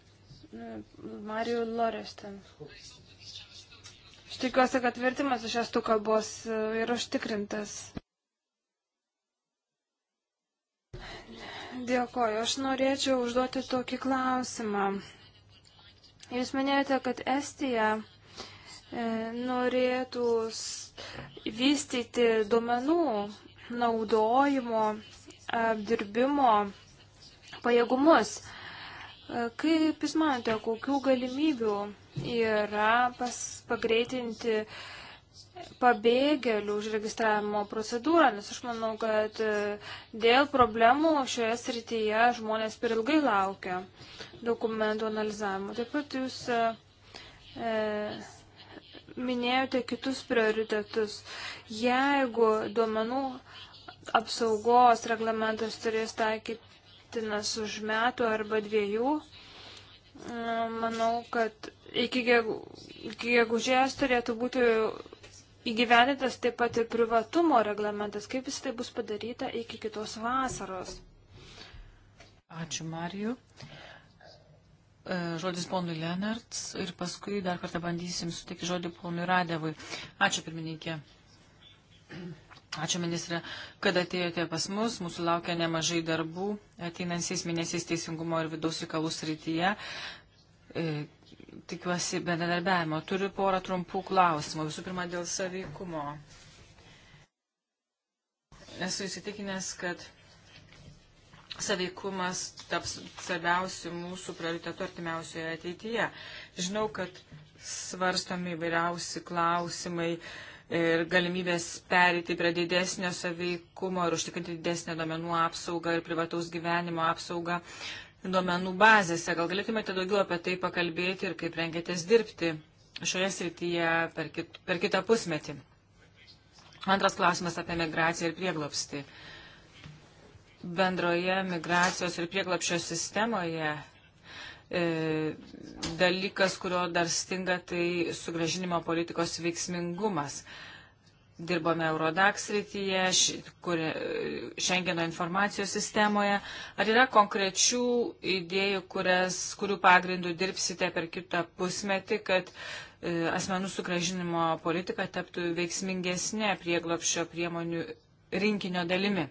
Marijų Loresten. Aš tikiuosi, kad vertimas iš estų kalbos e, yra užtikrintas. Dėkoju. Aš norėčiau užduoti tokį klausimą. Jūs minėjote, kad Estija e, norėtų vystyti duomenų naudojimo, apdirbimo pajėgumus. Kaip Jūs manote, kokių galimybių yra pas, pagreitinti pabėgėlių užregistravimo procedūrą, nes aš manau, kad e, dėl problemų šioje srityje žmonės per ilgai laukia dokumentų analizavimo. Taip pat Jūs e, e minėjote kitus prioritetus. Jeigu duomenų apsaugos reglamentas turės taikyti tikėtinas už metų arba dviejų. Manau, kad iki gegužės turėtų būti įgyvendintas taip pat ir privatumo reglamentas. Kaip vis tai bus padaryta iki kitos vasaros?
Ačiū, Mariju. E, žodis ponui Lenarts ir paskui dar kartą bandysim suteikti žodį ponui Radevui. Ačiū, pirmininkė. Ačiū, ministrė, kad atėjote pas mus. Mūsų laukia nemažai darbų ateinansiais mėnesiais teisingumo ir vidaus reikalų srityje. E, tikiuosi bendradarbiavimo. Turiu porą trumpų klausimų. Visų pirma, dėl saveikumo. Esu įsitikinęs, kad saveikumas taps svarbiausių mūsų prioritetų artimiausioje ateityje. Žinau, kad svarstomi įvairiausi klausimai. E, ir galimybės perėti prie didesnio saveikumo ir užtikrinti didesnę domenų apsaugą ir privataus gyvenimo apsaugą duomenų bazėse. Gal galėtumėte daugiau apie tai pakalbėti ir kaip rengėtės dirbti šioje srityje per, kit, per kitą pusmetį? Antras klausimas apie migraciją ir prieglopstį. Bendroje migracijos ir prieglopščio sistemoje E, dalykas, kurio dar stinga, tai sugražinimo politikos veiksmingumas. Dirbome Eurodax rytyje, e, Šengeno informacijos sistemoje. Ar yra konkrečių idėjų, kurias, kurių pagrindų dirbsite per kitą pusmetį, kad e, asmenų sugražinimo politika taptų veiksmingesnė prieglopščio priemonių rinkinio dalimi?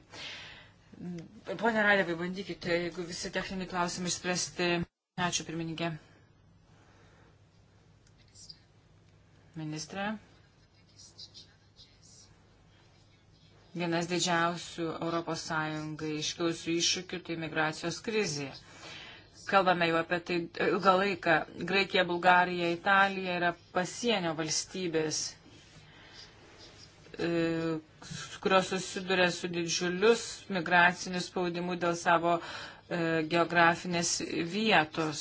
Pone Radėvai, bandykite, jeigu visi techniniai klausimai išspręsti. Ačiū, pirmininkė. Ministrė. Vienas didžiausių ES iškilusių iššūkių tai migracijos krizė. Kalbame jau apie tai ilgą laiką. Graikija, Bulgarija, Italija yra pasienio valstybės, e, kurios susiduria su didžiulius migracinius spaudimu dėl savo uh, E, geografinės vietos.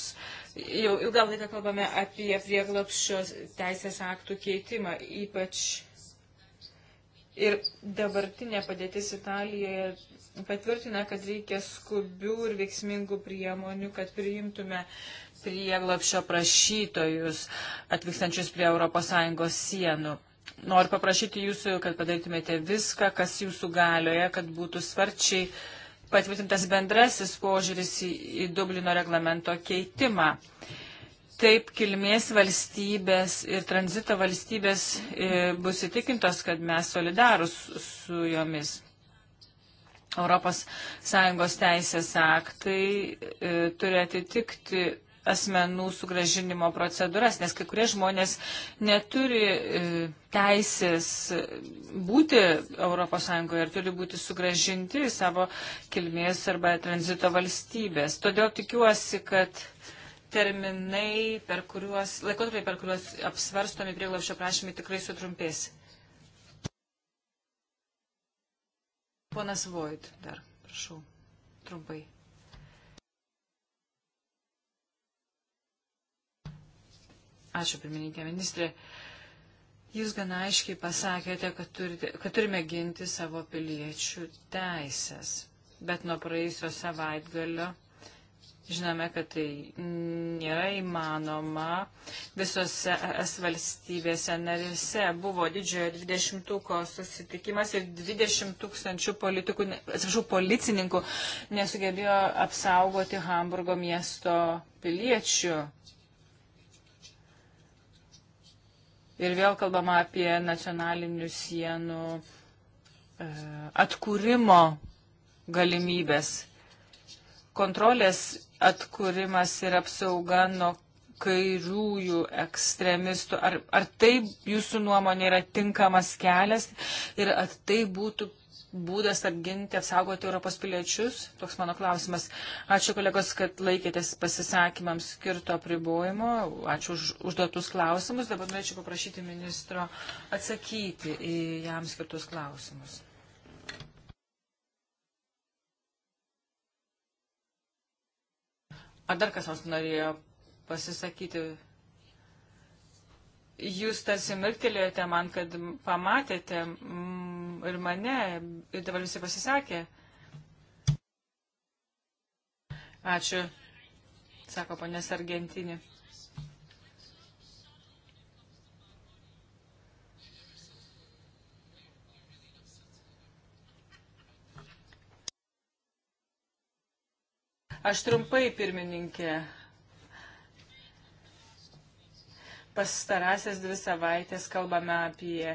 Jau ilgą laiką kalbame apie prieglapščio teisės aktų keitimą, ypač ir dabartinė padėtis Italijoje patvirtina, kad reikia skubių ir veiksmingų priemonių, kad priimtume prieglapščio prašytojus atvykstančius prie ES sienų. Noriu paprašyti jūsų, kad padarytumėte viską, kas jūsų galioje, kad būtų svarčiai uh, patvirtintas bendrasis požiūris į, į Dublino reglamento keitimą. Taip kilmės valstybės ir tranzito valstybės e, bus įtikintos, kad mes solidarus su jomis. ES teisės aktai e, turi atitikti asmenų sugražinimo procedūras, nes kai kurie žmonės neturi e, teisės būti ES ir turi būti sugražinti į savo kilmės arba tranzito valstybės. Todėl tikiuosi, kad terminai, per kuriuos, laikotarpiai, per kuriuos apsvarstomi prieglaušio prašymai, tikrai sutrumpės. Ponas Void, dar prašau, trumpai. Ačiū, pirmininkė ministrė. Jūs gana aiškiai pasakėte, kad, turite, kad turime ginti savo piliečių teisės. Bet nuo praėjusio savaitgalio žinome, kad tai nėra įmanoma visose es valstybėse narėse. Buvo didžiojo 20-ko susitikimas ir 20 tūkstančių politikų, atsiprašau, policininkų nesugebėjo apsaugoti Hamburgo miesto piliečių Ir vėl kalbama apie nacionalinių sienų e, atkūrimo galimybės. Kontrolės atkūrimas ir apsauga nuo kairiųjų ekstremistų. Ar, ar tai jūsų nuomonė yra tinkamas kelias ir ar tai būtų būdas apginti, apsaugoti Europos piliečius? Toks mano klausimas. Ačiū kolegos, kad laikėtės pasisakymams skirto apribojimo. Ačiū už užduotus klausimus. Dabar norėčiau paprašyti ministro atsakyti į jam skirtus klausimus. Ar dar kas nors norėjo pasisakyti? Jūs tarsi mirktelėjote man, kad pamatėte ir mane, ir dabar visi pasisakė. Ačiū, sako ponės Argentinė. Aš trumpai, pirmininkė, pastarąsias dvi savaitės kalbame apie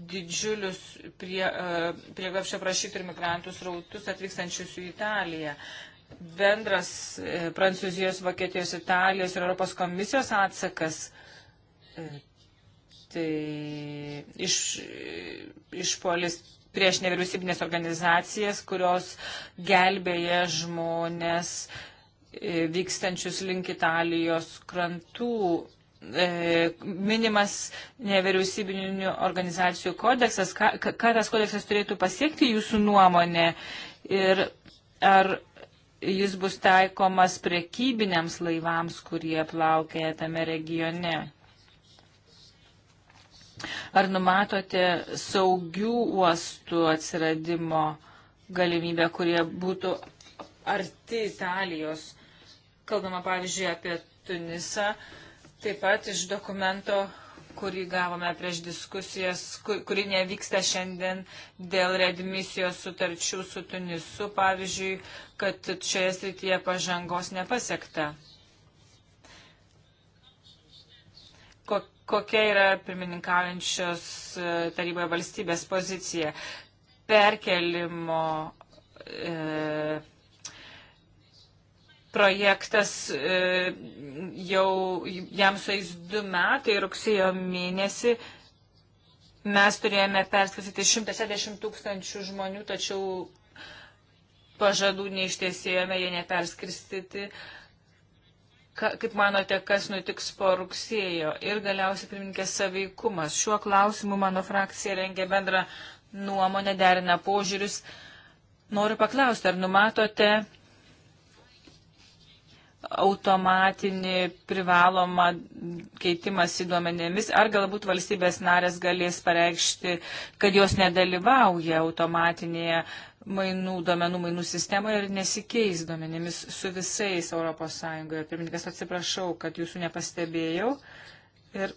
didžiulius prie, e, prieglapščio prašytų ir migrantų srautus atvykstančius į Italiją. Bendras e, Prancūzijos, Vokietijos, Italijos ir Europos komisijos atsakas e, tai iš, išpolis prieš nevyriausybinės organizacijas, kurios gelbėja žmonės vykstančius link Italijos krantų E, minimas nevyriausybinių organizacijų kodeksas, ką, ką tas kodeksas turėtų pasiekti jūsų nuomonė ir ar jis bus taikomas prekybiniams laivams, kurie plaukėja tame regione. Ar numatote saugių uostų atsiradimo galimybę, kurie būtų arti Italijos? Kalbama pavyzdžiui apie Tunisą. Uh, Taip pat iš dokumento, kurį gavome prieš diskusijas, kur, kuri nevyksta šiandien dėl redmisijos sutarčių su Tunisu, pavyzdžiui, kad šioje srityje pažangos nepasiekta. Ko, kokia yra pirmininkaujančios e, taryboje valstybės pozicija? Perkelimo. E, projektas e, jau jam sueis du metai, rugsėjo mėnesį. Mes turėjome perskasyti 160 tūkstančių žmonių, tačiau pažadų neištiesėjome, jie neperskirstyti. Ka, kaip manote, kas nutiks po rugsėjo? Ir galiausiai pirmininkė saveikumas. Šiuo klausimu mano frakcija rengia bendrą nuomonę, derina požiūrius. Noriu paklausti, ar numatote automatinį privalomą keitimąsi duomenėmis, ar galbūt valstybės narės galės pareikšti, kad jos nedalyvauja automatinėje mainų, duomenų mainų sistemoje ir nesikeis duomenėmis su visais ES. Pirmininkas, atsiprašau, kad jūsų nepastebėjau. Ir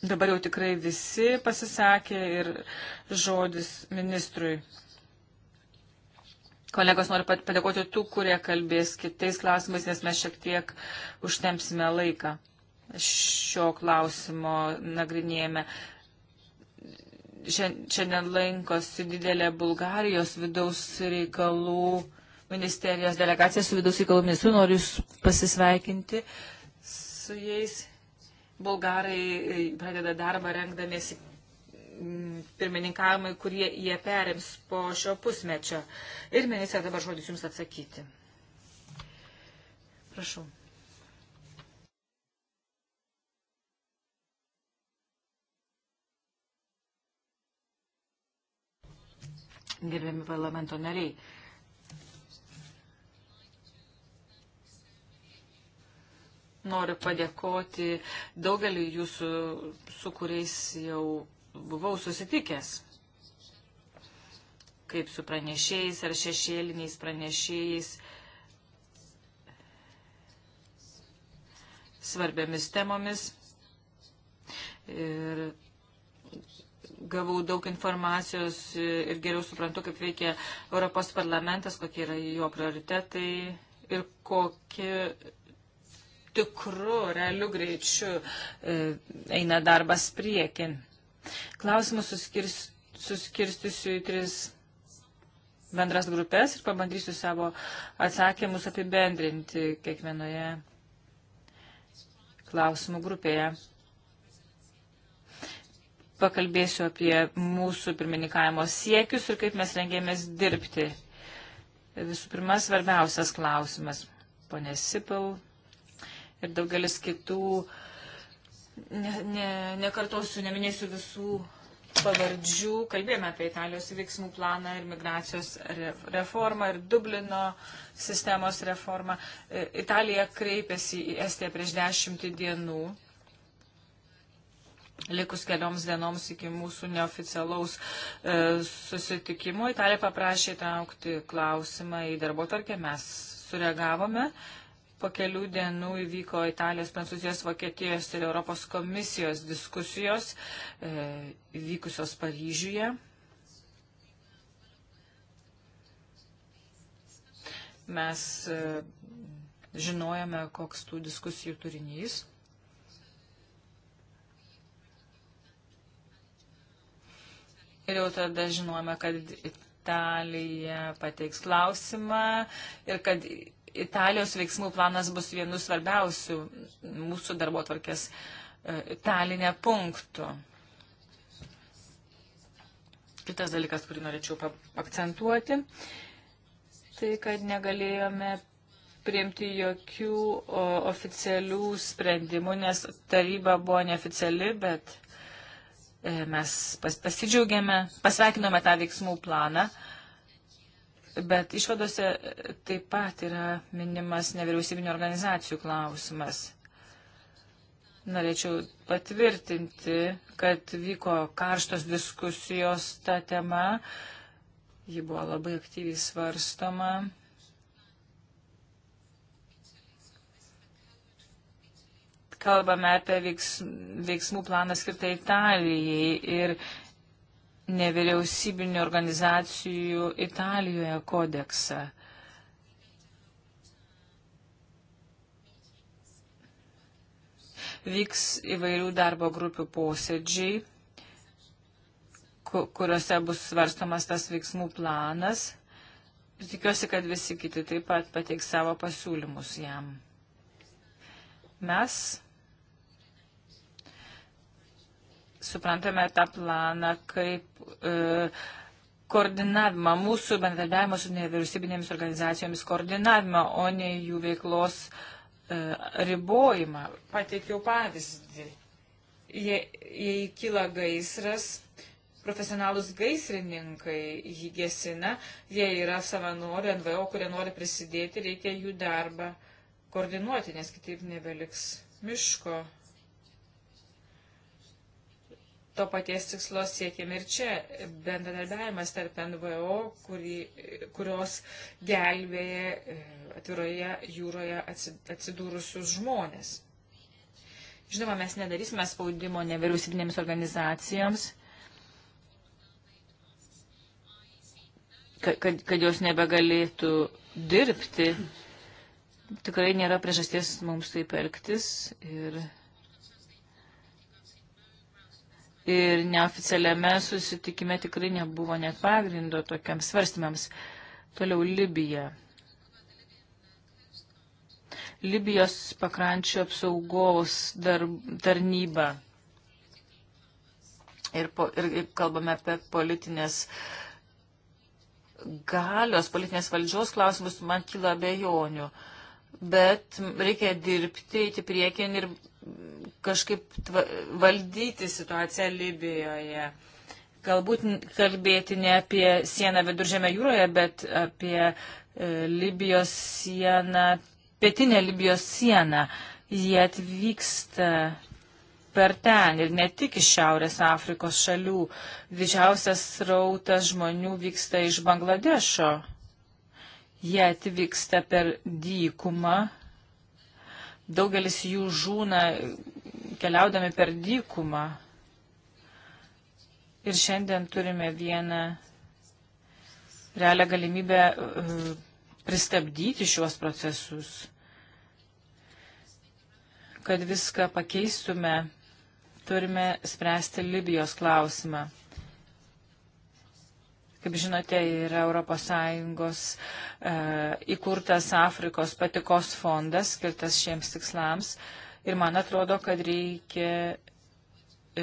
dabar jau tikrai visi pasisakė ir žodis ministrui. Kolegos, noriu padėkoti tų, kurie kalbės kitais klausimais, nes mes šiek tiek užtemsime laiką šio klausimo nagrinėjame. Šiandien lankosi didelė Bulgarijos vidaus reikalų ministerijos delegacija su vidaus reikalų ministru. Noriu jūs pasisveikinti su jais. Bulgarai e, pradeda darbą rengdamiesi Mm, pirmininkavimai, kurie jie perims po šio pusmečio. Ir ministrė dabar žodis jums atsakyti. Prašau. Gerbiami parlamento nariai. Noriu padėkoti daugeliu jūsų, su kuriais jau buvau susitikęs kaip su pranešėjais ar šešėliniais pranešėjais svarbiamis temomis. Ir gavau daug informacijos ir geriau suprantu, kaip veikia Europos parlamentas, kokie yra jo prioritetai ir kokie tikru, realiu greičiu e, eina darbas priekin. Klausimus suskirs, suskirstysiu į tris bendras grupės ir pabandysiu savo atsakymus apibendrinti kiekvienoje klausimų grupėje. Pakalbėsiu apie mūsų pirmininkavimo siekius ir kaip mes rengėmės dirbti. Visų pirma, svarbiausias klausimas, ponė Sipil ir daugelis kitų uh, ne, ne, nekartosiu, neminėsiu visų pavardžių. Kalbėjome apie Italijos veiksmų planą ir migracijos reformą ir Dublino sistemos reformą. E, Italija kreipėsi į Estiją prieš dešimtį dienų. Likus kelioms dienoms iki mūsų neoficialaus e, susitikimo, Italija paprašė įtraukti klausimą į darbo tarkę, mes sureagavome Po kelių dienų įvyko Italijos, Prancūzijos, Vokietijos ir Europos komisijos diskusijos e, vykusios Paryžiuje. Mes e, žinojame, koks tų diskusijų turinys. Ir jau tada žinojame, kad Italija pateiks klausimą ir kad Italijos veiksmų planas bus vienu svarbiausių mūsų darbo tvarkės e, talinė punktų. Kitas dalykas, kurį norėčiau akcentuoti, tai kad negalėjome priimti jokių o, oficialių sprendimų, nes taryba buvo neoficiali, bet e, mes pas, pasidžiaugiame, pasveikinome tą veiksmų planą. E, Bet išvadose taip pat yra minimas nevyriausybinio organizacijų klausimas. Norėčiau patvirtinti, kad vyko karštos diskusijos tą temą. Ji buvo labai aktyviai svarstoma. Kalbame apie veiks, veiksmų planą skirtą Italijai ir nevyriausybinių organizacijų Italijoje kodeksą. Vyks įvairių darbo grupių posėdžiai, kuriuose bus svarstomas tas veiksmų planas. Ir tikiuosi, kad visi kiti taip pat pateiks savo pasiūlymus jam. Mes suprantame tą planą kaip e, koordinavimą, mūsų bendradarbiavimo su nevyriausybinėmis organizacijomis koordinavimą, o ne jų veiklos e, ribojimą. Pateikiau pavyzdį. Jei, jei kyla gaisras, profesionalus gaisrininkai jį gesina, jie yra savanori, NVO, kurie nori prisidėti, reikia jų darbą koordinuoti, nes kitaip nebeliks miško to paties tikslo siekiam ir čia. Bendradarbiavimas tarp NVO, kuri, kurios gelbėja e, atviroje jūroje atsidūrusius žmonės. Žinoma, mes nedarysime spaudimo nevyriausybinėms organizacijoms, kad, kad, kad jos nebegalėtų dirbti. Tikrai nėra priežasties mums taip elgtis ir ir neoficialiame susitikime tikrai nebuvo net pagrindo tokiams svarstymams. Toliau Libija. Libijos pakrančio apsaugos dar, tarnyba. Ir, po, ir, ir kalbame apie politinės galios, politinės valdžios klausimus, man kyla abejonių. Bet reikia dirbti, eiti priekin ir kažkaip valdyti situaciją Libijoje. Galbūt kalbėti ne apie sieną viduržėme jūroje, bet apie e, Libijos sieną, pietinę Libijos sieną. Jie atvyksta per ten ir ne tik iš Šiaurės Afrikos šalių. Didžiausias rautas žmonių vyksta iš Bangladešo. Jie atvyksta per dykumą daugelis jų žūna keliaudami per dykumą. Ir šiandien turime vieną realią galimybę e, pristabdyti šiuos procesus, kad viską pakeistume. Turime spręsti Libijos klausimą. Kaip žinote, yra ES e, įkurtas Afrikos patikos fondas skirtas šiems tikslams. E, ir man atrodo, kad reikia e,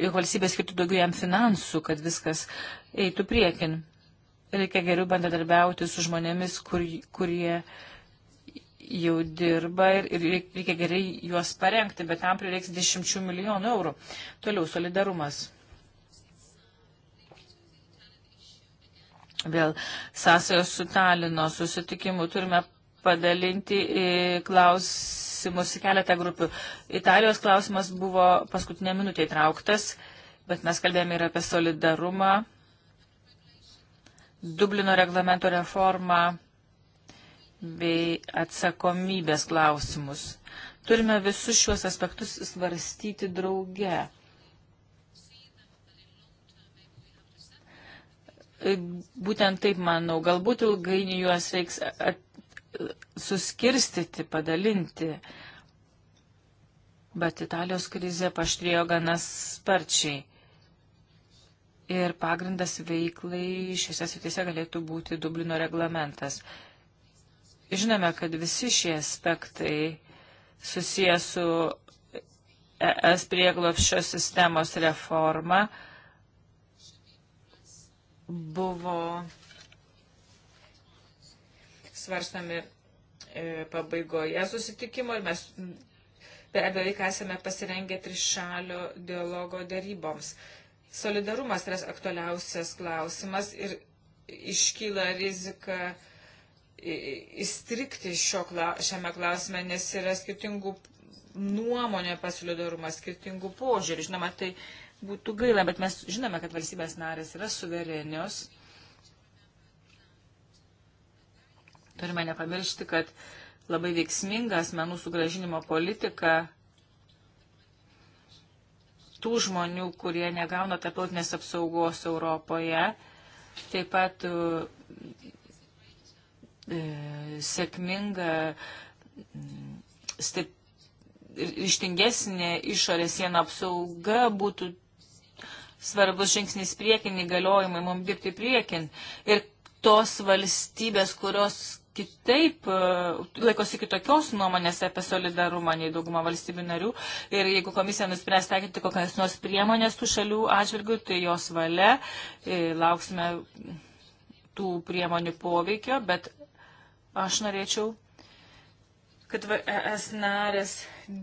ir valstybė skirtų daugiau jam finansų, kad viskas eitų priekin. Reikia geriau bendradarbiauti su žmonėmis, kur, kurie jau dirba ir, ir reikia gerai juos parengti, bet tam prireiks dešimčių milijonų eurų. Toliau solidarumas. Vėl sąsajos su Talino susitikimu turime padalinti klausimus į keletą grupių. Italijos klausimas buvo paskutinė minutė įtrauktas, bet mes kalbėjome ir apie solidarumą, Dublino reglamento reformą bei atsakomybės klausimus. Turime visus šiuos aspektus svarstyti drauge. būtent taip manau, galbūt ilgainiui juos reiks at, suskirstyti, padalinti. Bet Italijos krizė paštrėjo ganas sparčiai. Ir pagrindas veiklai šiuose srityse galėtų būti Dublino reglamentas. Žinome, kad visi šie aspektai susijęs su ES prieglopščio sistemos reforma buvo svarstami e, pabaigoje susitikimo ir mes be abejo esame pasirengę trišalio dialogo daryboms. Solidarumas yra aktualiausias klausimas ir iškyla rizika įstrikti kla, šiame klausime, nes yra skirtingų nuomonė apie solidarumą, skirtingų požiūrį. Žinoma, tai būtų gaila, bet mes žinome, kad valstybės narės yra suverenios Turime nepamiršti, kad labai veiksminga asmenų sugražinimo politika tų žmonių, kurie negauna tarptautinės apsaugos Europoje, taip pat e, sėkminga stip, ryštingesnė išorės sienų apsauga būtų svarbus žingsnis priekin, įgaliojimai mums dirbti priekin. Ir tos valstybės, kurios kitaip, e, laikosi kitokios nuomonės apie solidarumą nei dauguma valstybių narių. Ir jeigu komisija nuspręs taikyti kokias nors priemonės tų šalių atžvilgių, tai jos valia, e, lauksime tų priemonių poveikio, bet aš norėčiau, kad es narės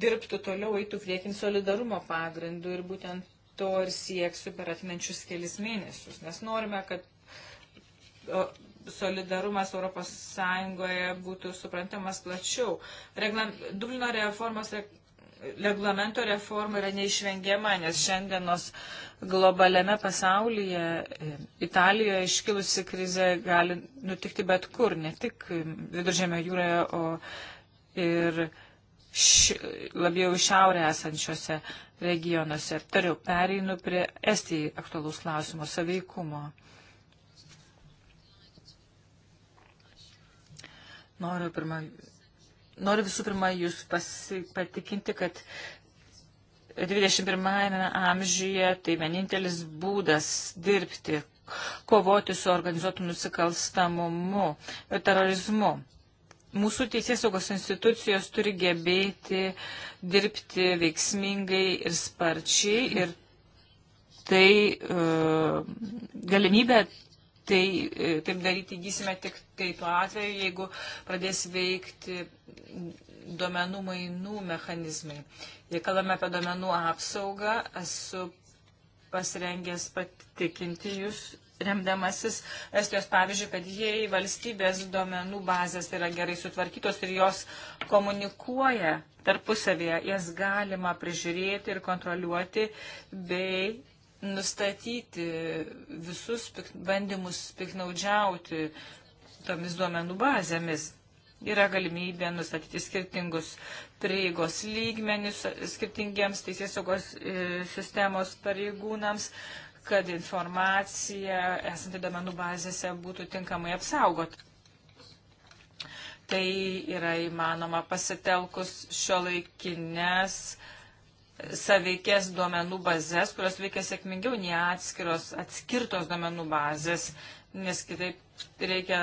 dirbtų toliau, eitų priekin solidarumo pagrindu ir būtent to ir sieksiu per atmenčius kelis mėnesius, nes norime, kad solidarumas ES būtų suprantamas plačiau. Regla, Dublino reformos reglamento reforma yra neišvengiama, nes šiandienos globaliame pasaulyje e, Italijoje iškilusi krizė gali nutikti bet kur, ne tik viduržėme jūroje, o ir ši, labiau šiaurė esančiose regionuose. Tariau, pereinu prie Estijai aktualaus klausimo saveikumo. Noriu, pirma, noriu visų pirma jūs pasi, patikinti, kad 21 amžiuje tai vienintelis būdas dirbti, kovoti su organizuotu nusikalstamumu ir terorizmu mūsų teisėsaugos institucijos turi gebėti dirbti veiksmingai ir sparčiai ir tai e, galimybę tai, e, taip daryti įgysime tik tai tuo atveju, jeigu pradės veikti duomenų mainų mechanizmai. Jei kalbame apie duomenų apsaugą, esu pasirengęs patikinti jūs, remdamasis Estijos pavyzdžių, kad jei valstybės duomenų bazės yra gerai sutvarkytos ir jos komunikuoja tarpusavėje, jas galima prižiūrėti ir kontroliuoti bei nustatyti visus pik, bandymus piknaudžiauti tomis duomenų bazėmis. Yra galimybė nustatyti skirtingus prieigos lygmenis skirtingiems teisės saugos e, sistemos pareigūnams, kad informacija esanti domenų bazėse būtų tinkamai apsaugot. Tai yra įmanoma pasitelkus šio laikinės saveikės duomenų bazės, kurios veikia sėkmingiau nei atskiros, atskirtos duomenų bazės, nes kitaip reikia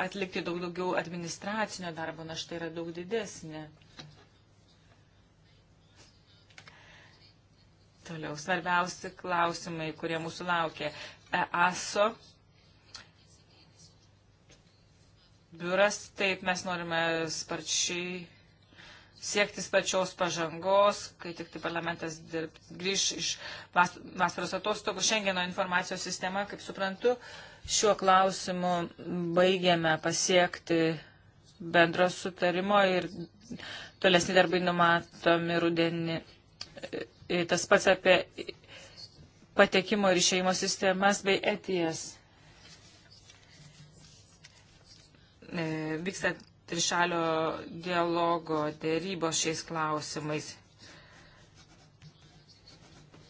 atlikti daug daugiau administracinio darbo našta yra daug didesnė. Toliau svarbiausi klausimai, kurie mūsų laukia. EASO biuras, taip mes norime sparčiai siekti sparčios pažangos, kai tik tai parlamentas dirb, grįž iš vasaros atostogų. Šengeno informacijos sistema, kaip suprantu, uh, šiuo klausimu baigėme pasiekti bendro sutarimo ir tolesni darbai numatomi rudenį. E, tas pats apie patekimo ir išeimo sistemas bei etijas. E, vyksta trišalio dialogo dėrybo šiais klausimais.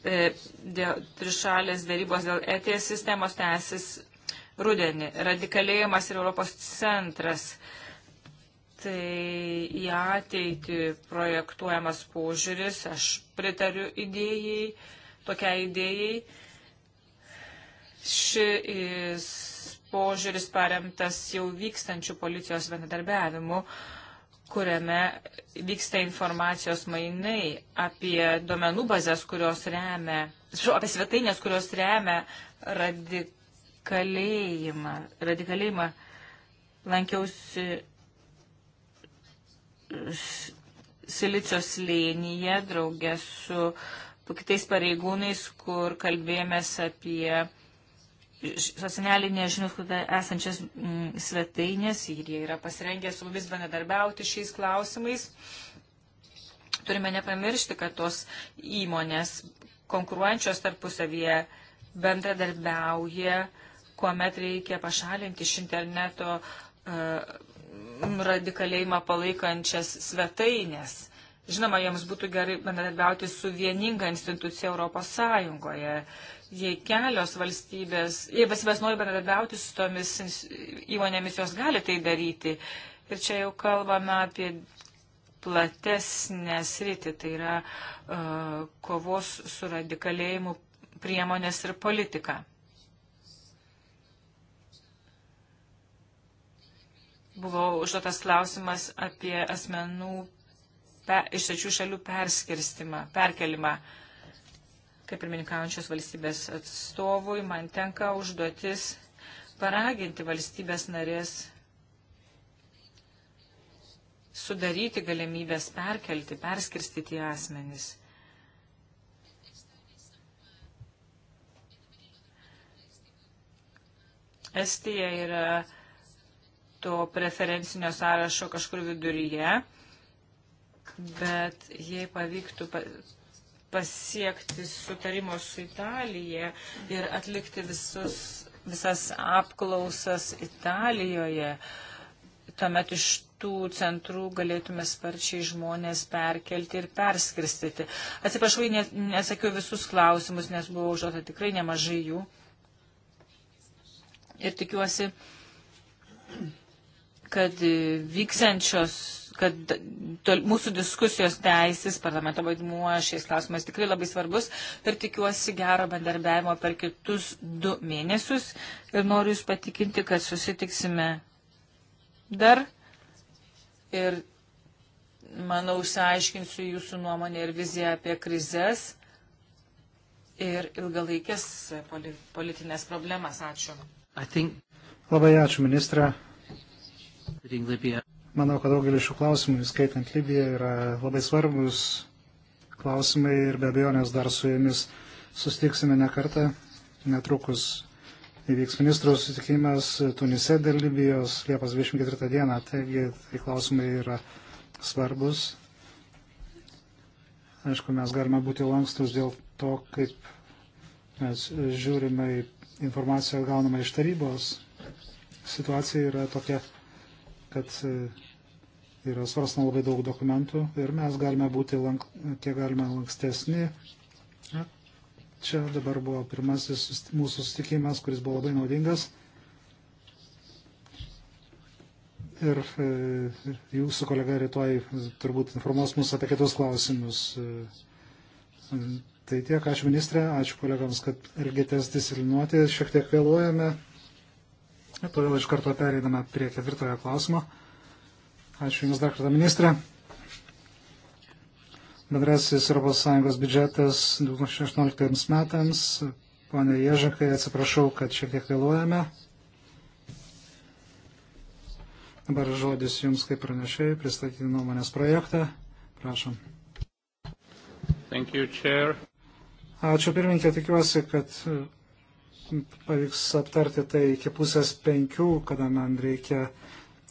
E, dėl trišalės dėrybos dėl etijas sistemos tęsis rudenį. Radikalėjimas ir Europos centras. Tai į ateitį projektuojamas požiūris, aš pritariu idėjai, tokiai idėjai. Šis požiūris paremtas jau vykstančių policijos bendradarbiavimu, kuriame vyksta informacijos mainai apie domenų bazės, kurios remia, apie svetainės, kurios remia radik radikalėjimą. Radikalėjimą lankiausi Silicio slėnyje draugė su kitais pareigūnais, kur kalbėjomės apie socialinėje žiniasklaidoje esančias mm, svetainės ir jie yra pasirengę su mumis bendradarbiauti šiais klausimais. Turime nepamiršti, kad tos įmonės konkuruojančios tarpusavyje bendradarbiauja uh, kuomet reikia pašalinti iš interneto e, radikalėjimą palaikančias svetainės. Žinoma, jiems būtų gerai bendradarbiauti su vieninga institucija Europos Sąjungoje. Jei kelios valstybės, jei valstybės nori bendradarbiauti su tomis įmonėmis, jos gali tai daryti. Ir čia jau kalbame apie platesnę sritį, tai yra uh, kovos su radikalėjimu priemonės ir politika. buvo užduotas klausimas apie asmenų pe, iš trečių šalių perskirstimą, perkelimą. Kaip pirmininkaujančios valstybės atstovui, man tenka užduotis paraginti valstybės narės sudaryti galimybės perkelti, perskirstyti asmenys. Estija yra to preferencinio sąrašo kažkur viduryje, bet jei pavyktų pasiekti sutarimo su Italija ir atlikti visus, visas apklausas Italijoje, tuomet iš tų centrų galėtume sparčiai žmonės perkelti ir perskristyti. Atsiprašau, nesakiau visus klausimus, nes buvo užduota tikrai nemažai jų. Ir tikiuosi, kad vyksiančios kad tol, mūsų diskusijos teisės, parlamento vaidmuo šiais klausimais tikrai labai svarbus ir tikiuosi gero bendarbiavimo per kitus du mėnesius ir noriu Jūs patikinti, kad susitiksime dar ir, manau, išsiaiškinsiu Jūsų nuomonę ir viziją apie krizės ir ilgalaikės politinės problemas. Ačiū.
Think... Labai ačiū, ministra. Manau, kad daugelis šių klausimų, įskaitant Libiją, yra labai svarbus klausimai ir be abejonės dar su jumis sustiksime ne kartą. Netrukus įvyks ministrų susitikimas Tunise dėl Libijos Liepos 24 dieną, taigi tai klausimai yra svarbus. Aišku, mes galime būti lankstus dėl to, kaip mes žiūrime į informaciją gaunamą iš tarybos. Situacija yra tokia kad e, yra svarstama labai daug dokumentų ir mes galime būti lank, kiek galima lankstesni. Čia dabar buvo pirmasis mūsų susitikimas, kuris buvo labai naudingas. Ir e, jūsų kolega rytoj turbūt informuos mus apie kitus klausimus. E, tai tiek, ačiū ministrė, ačiū kolegams, kad elgėtės disilinuoti, šiek tiek vėluojame. Ir todėl iš karto pereiname prie ketvirtojo klausimo. Ačiū Jums dar kartą, ministrė. Bendrasis ES biudžetas 2016 metams. Pone Ježakai, atsiprašau, kad šiek tiek vėluojame. Dabar žodis Jums kaip pranešėjai pristatyti nuomonės projektą. Prašom. Thank you, Chair. Ačiū pirmininkė, tikiuosi, kad pavyks aptarti tai iki pusės penkių, kada man reikia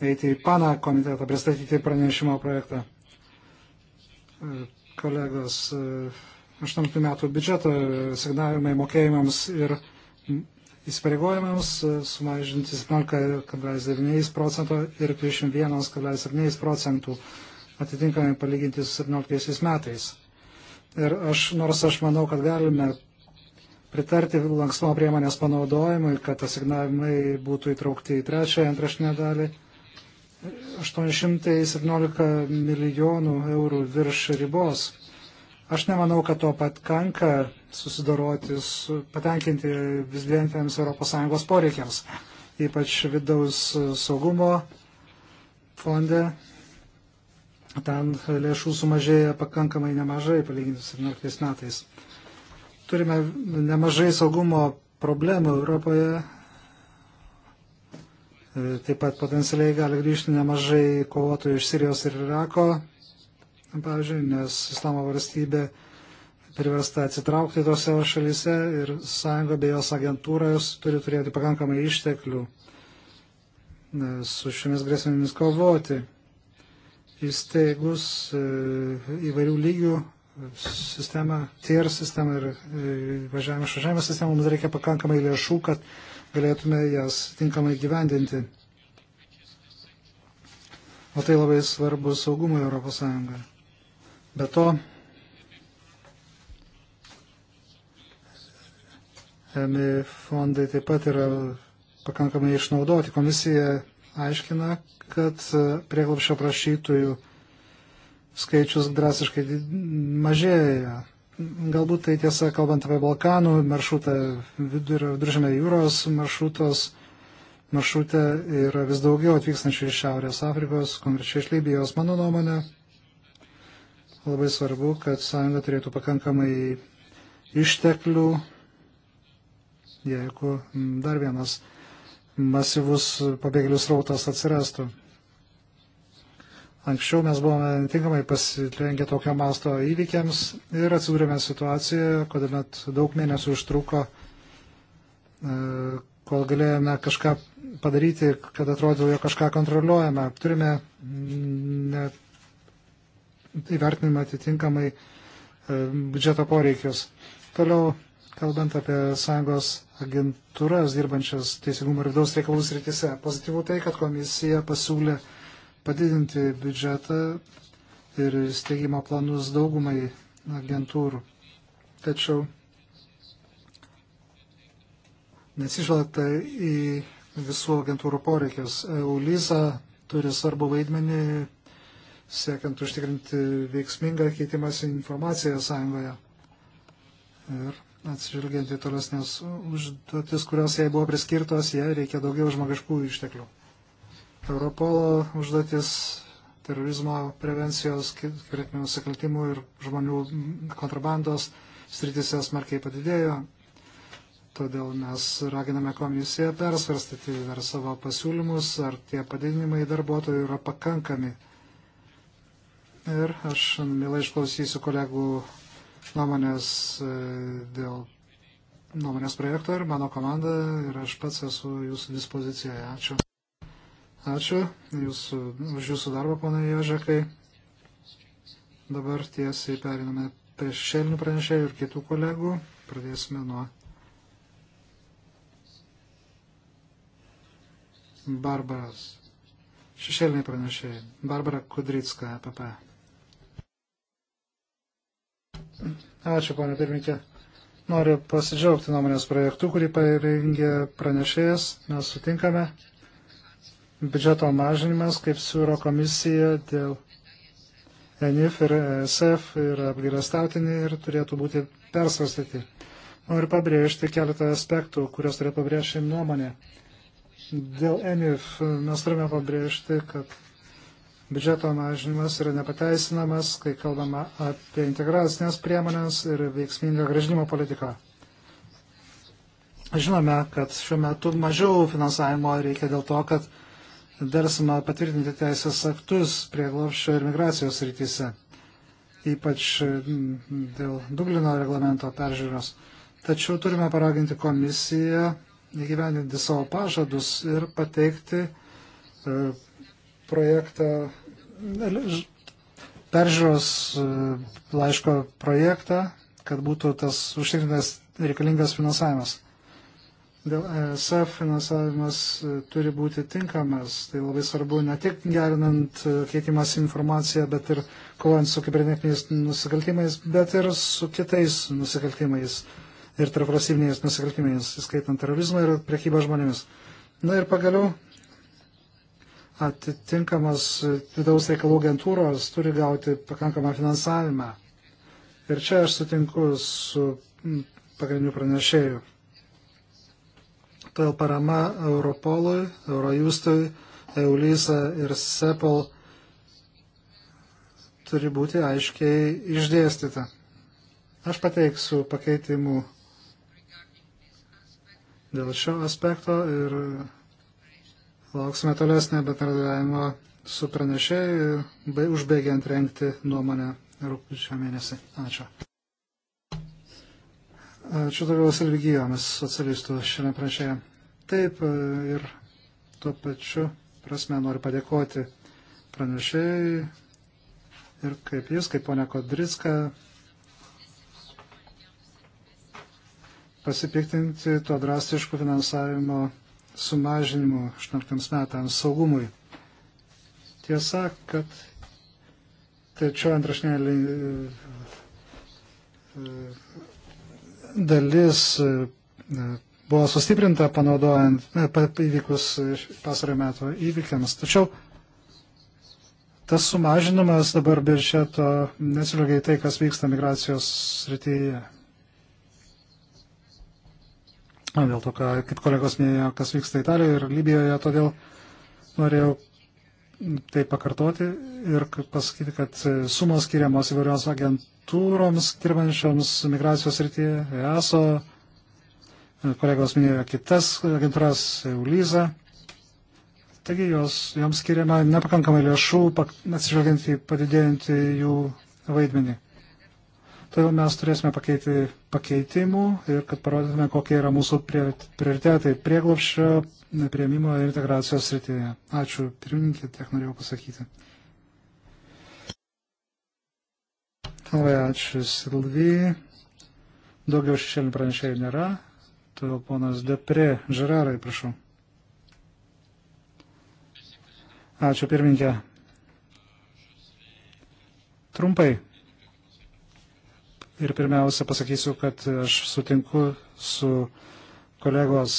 eiti į PANA komitetą, pristatyti pranešimo projektą. E, kolegos, 18 e, metų biudžeto signavimai mokėjimams ir įsipareigojimams e, sumažinti 17,9 procento ir 21,7 procentų atitinkamai palyginti su 17 metais. Ir aš, nors aš manau, kad galime pritarti lankstumo priemonės panaudojimui, kad asignavimai būtų įtraukti į trečiąją antrašinę dalį. 817 milijonų eurų virš ribos. Aš nemanau, kad to patkanka susidoroti, su, patenkinti vis didentėms ES poreikiams, ypač vidaus saugumo fonde. Ten lėšų sumažėja pakankamai nemažai palyginti su 17 metais turime nemažai saugumo problemų Europoje. E, taip pat potencialiai gali grįžti nemažai kovotojų iš Sirijos ir Irako, pavyzdžiui, nes Islamo valstybė priversta atsitraukti tose šalise ir sąjunga bei jos agentūros turi turėti pakankamai išteklių e, su šiomis grėsmėmis kovoti. Įsteigus e, įvairių lygių sistemą, TIR sistemą ir važiavimo išvažiavimo sistemą, mums reikia pakankamai lėšų, kad galėtume jas tinkamai gyvendinti. O tai labai svarbu saugumui Europos Sąjungoje. Be to, EMI fondai taip pat yra pakankamai išnaudoti. Komisija aiškina, kad prieglapšio prašytojų skaičius drastiškai mažėja. Galbūt tai tiesa, kalbant apie Balkanų maršrutą, vidurio, viduržėmė jūros maršrutos maršrutę yra vis daugiau atvykstančių iš Šiaurės Afrikos, konkrečiai iš Libijos. Mano nuomonė, labai svarbu, kad sąjunga turėtų pakankamai išteklių, jeigu dar vienas masyvus pabėgėlių srautas atsirastų. Anksčiau mes buvome tinkamai pasirengę tokio masto įvykiams ir atsidūrėme situacijoje, kodėl net daug mėnesių užtruko, e, kol galėjome kažką padaryti, kad atrodo, jog kažką kontroliuojame. Turime mm, įvertinimą atitinkamai e, biudžeto poreikius. Toliau, kalbant apie sąjungos agentūras dirbančias teisingumo ir vidaus reikalų srityse, pozityvų tai, kad komisija pasiūlė padidinti biudžetą ir steigimo planus daugumai agentūrų. Tačiau nesižvelgta į visų agentūrų poreikius. EULISA turi svarbu vaidmenį siekiant užtikrinti veiksmingą keitimąsi informaciją sąjungoje. Ir atsižvelgiant į tolesnės užduotis, kurios jai buvo priskirtos, jai reikia daugiau žmogiškųjų išteklių. Europolo užduotis terorizmo prevencijos, kibernetinių nusikaltimų ir žmonių kontrabandos sritise smarkiai padidėjo. Todėl mes raginame komisiją persvarstyti ar savo pasiūlymus, ar tie padidinimai darbuotojų yra pakankami. Ir aš mielai išklausysiu kolegų nuomonės e, dėl nuomonės projekto ir mano komanda ir aš pats esu jūsų dispozicijoje. Ačiū. Ačiū jūsų, už jūsų darbą, pana Ježekai. Dabar tiesiai periname prie šešėlinių pranešėjų ir kitų kolegų. Pradėsime nuo Barbaras. Šešėliniai pranešėjai. Barbara Kudrytska, APP. E Ačiū, ponė pirmininkė. Noriu pasidžiaugti nuomonės projektu, kurį parengė pranešėjas. Mes sutinkame biudžeto mažinimas, kaip siūro komisija dėl NIF ir ESF yra apgailestautini ir turėtų būti persvarstyti. Noriu pabrėžti keletą aspektų, kuriuos turėtų pabrėžti nuomonė. Dėl NIF mes turime pabrėžti, kad biudžeto mažinimas yra nepateisinamas, kai kalbama apie integracinės priemonės ir veiksmingą gražinimo politiką. Žinome, kad šiuo metu mažiau finansavimo reikia dėl to, kad Darsama patvirtinti teisės aktus prie globščio ir migracijos rytise, ypač dėl Dublino reglamento peržiūros. Tačiau turime paraginti komisiją įgyvendinti savo pažadus ir pateikti e, projektą, peržiūros e, laiško projektą, kad būtų tas užtikrintas reikalingas finansavimas dėl ESF finansavimas e, turi būti tinkamas. Tai labai svarbu ne tik gerinant e, keitimas informaciją, bet ir kovant su kibernetiniais nusikaltimais, bet ir su kitais nusikaltimais ir tarprasybiniais nusikaltimais, įskaitant terorizmą ir priekybą žmonėmis. Na ir pagaliau atitinkamas e, vidaus reikalų agentūros turi gauti pakankamą finansavimą. Ir čia aš sutinku su pagrindiniu pranešėju. Todėl parama Europolui, Eurojustui, Eulisa ir Sepol turi būti aiškiai išdėstyta. Aš pateiksiu pakeitimų dėl šio aspekto ir lauksime tolesnio bendradarbiavimo su pranešėjai, užbaigiant renkti nuomonę rūpiučio mėnesį. Ačiū. Ačiū toliau Salvigijomis socialistų šiame prašėje. Taip e, ir tuo pačiu prasme noriu padėkoti pranešėjai ir kaip jūs, kaip ponia Kodriska, pasipiktinti tuo drastišku finansavimo sumažinimu 18 metams saugumui. Tiesa, kad trečioji antrašinė e, dalis e, buvo sustiprinta panaudojant e, įvykus pasario metų įvykiams. Tačiau tas sumažinimas dabar biržeto nesilogiai tai, kas vyksta migracijos srityje. Dėl to, ką, kaip kolegos minėjo, kas vyksta Italijoje ir Libijoje, todėl norėjau tai pakartoti ir pasakyti, kad sumos skiriamos įvairioms agentūroms agentūroms, dirbančioms migracijos rytyje, ESO, kolegos minėjo kitas agentūras, EULIZA. Taigi jos, joms skiriama nepakankamai lėšų, atsižvelgiant į padidėjantį jų vaidmenį. Todėl mes turėsime pakeiti pakeitimų ir kad parodytume, kokie yra mūsų prioritetai prieglopščio, prieimimo ir integracijos srityje. Ačiū pirmininkė, tiek norėjau pasakyti. Labai ačiū Silvijai. Daugiau šešėlinių pranešėjų nėra. Todėl ponas Depre, Žerarai, prašau. Ačiū pirminkė. Trumpai. Ir pirmiausia pasakysiu, kad aš sutinku su kolegos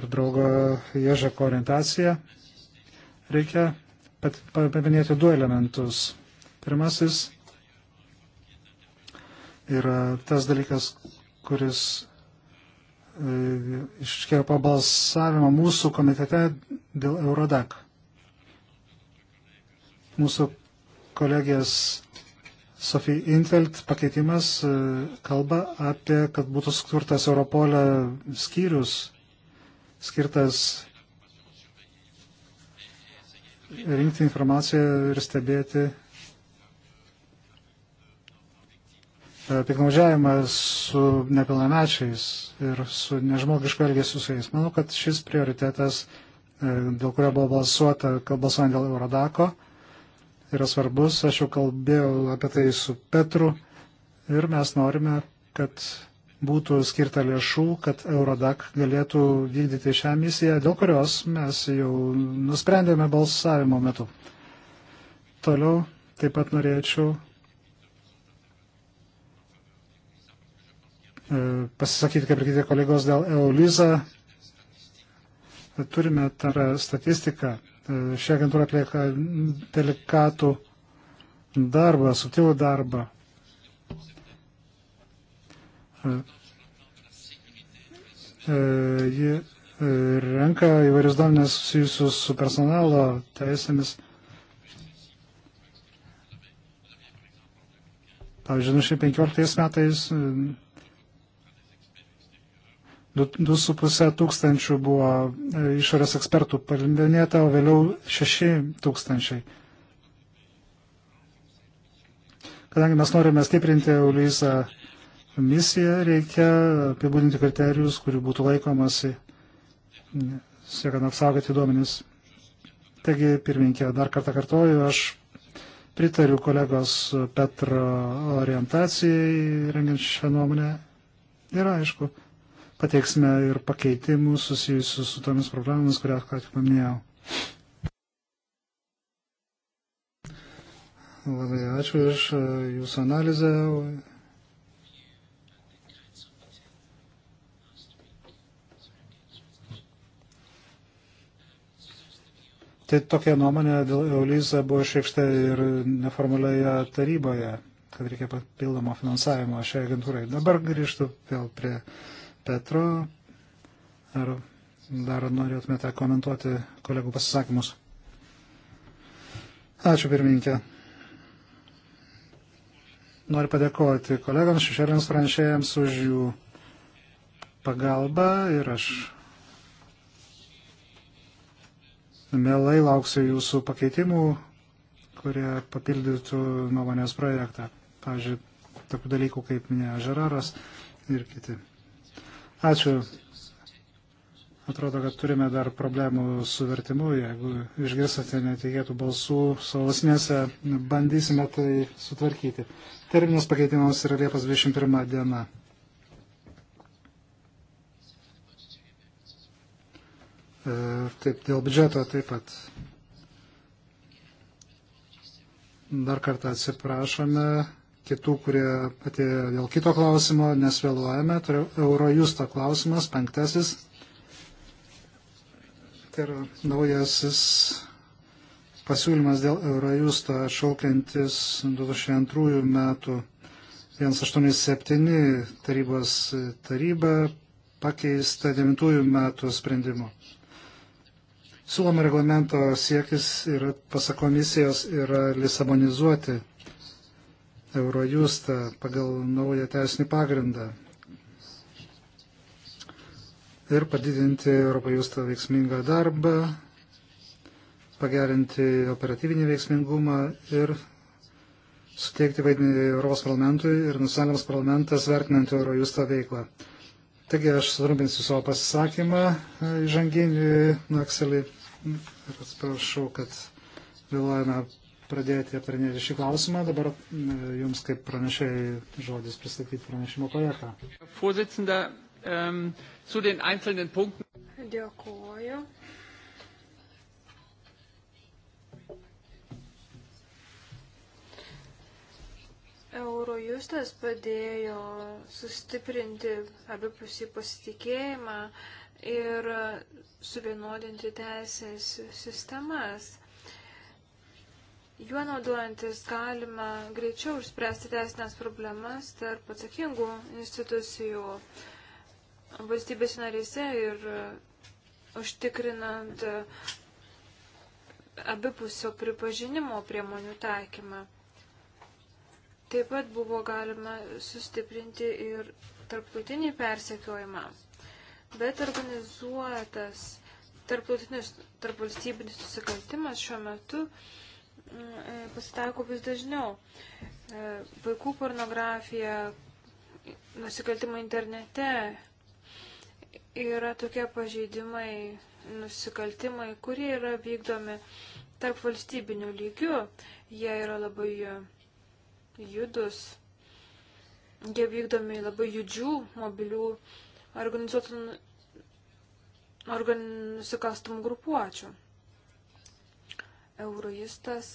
ir draugo Ježeko orientacija. Reikia paminėti du elementus. Pirmasis yra tas dalykas, kuris e, iškėjo po balsavimo mūsų komitete dėl Eurodak. Mūsų kolegės Sofija Intelt pakeitimas e, kalba apie, kad būtų skurtas Europolė skyrius, skirtas rinkti informaciją ir stebėti E, piknaudžiavimą su nepilnamečiais ir su nežmogišku elgesiu su jais. Manau, kad šis prioritetas, e, dėl kurio buvo balsuota, balsuojant dėl Eurodako, yra svarbus. Aš jau kalbėjau apie tai su Petru ir mes norime, kad būtų skirta lėšų, kad Eurodak galėtų vykdyti šią misiją, dėl kurios mes jau nusprendėme balsavimo metu. Toliau taip pat norėčiau E, pasisakyti, kaip ir kiti kolegos, dėl EULIZA. Turime tą statistiką. E, ši agentūra atlieka delikatų darbą, subtilų darbą. E, ji renka įvairius duomenės susijusius su personalo teisėmis. Pavyzdžiui, 2015 metais 2,5 tūkstančių buvo e, išorės ekspertų palindenėta, o vėliau 6 tūkstančiai. Kadangi mes norime stiprinti Eulyzą misiją, reikia apibūdinti kriterijus, kurių būtų laikomasi, siekant apsaugoti duomenis. Taigi, pirminkė, dar kartą kartoju, aš pritariu kolegos Petro orientacijai, rengiant šią nuomonę. Ir aišku, pateiksime ir pakeitimų susijusių su tomis problemomis, kurias ką tik paminėjau. Labai ačiū iš e, jūsų analizę. Tai tokia nuomonė dėl Eulyza buvo išreikšta ir neformalioje taryboje, kad reikia papildomo finansavimo šiai agentūrai. Dabar grįžtu vėl prie uh, Petro. Ar dar norėtumėte komentuoti kolegų pasisakymus? Ačiū pirmininkė. Noriu padėkoti kolegams šešėlėms pranešėjams už jų pagalbą ir aš mielai lauksiu jūsų pakeitimų, kurie papildytų nuomonės projektą. Pavyzdžiui, tokių dalykų kaip minėjo Žeraras ir kiti. Ačiū. Atrodo, kad turime dar problemų su vertimu. Jeigu išgirsate netikėtų balsų savo ausinėse, bandysime tai sutvarkyti. Terminas pakeitimams yra Liepos 21 diena. E, taip, dėl biudžeto taip pat. Dar kartą atsiprašome kitų, kurie atėjo dėl kito klausimo, nes vėluojame. Tai Eurojusto klausimas, penktasis. Tai yra naujasis pasiūlymas dėl Eurojusto atšaukiantis 2002 metų 187 tarybos taryba pakeista 9 metų sprendimu. Siūloma reglamento siekis yra pasak komisijos yra lisabonizuoti Eurojustą pagal naują teisinį pagrindą ir padidinti Europajusto veiksmingą darbą, pagerinti operatyvinį veiksmingumą ir suteikti vaidmenį Europos parlamentui ir nacionaliniams parlamentas vertinant Eurojusto veiklą. Taigi aš sutrumpinsiu savo pasisakymą e, įžanginį, Nakselį, nu, ir atsiprašau, kad vėluojame pradėti aptarinėti šį klausimą. Dabar jums kaip pranešėjai žodis pristatyti pranešimo projektą. Ähm,
Dėkuoju. Eurojustas padėjo sustiprinti abipusį pasitikėjimą ir suvienodinti teisės sistemas. Juo naudojantis galima greičiau išspręsti teisinės problemas tarp atsakingų institucijų valstybės narėse ir užtikrinant abipusio pripažinimo priemonių taikymą. Taip pat buvo galima sustiprinti ir tarptautinį persekiojimą, bet organizuotas tarptautinis tarpvalstybinis susikaltimas šiuo metu uh, pasitaiko vis dažniau. E, vaikų pornografija, nusikaltimai internete yra tokie pažeidimai, nusikaltimai, kurie yra vykdomi tarp valstybinių lygių. Jie yra labai judus, jie vykdomi labai judžių, mobilių, organizuotų organi nusikalstamų grupuočių. Eurojustas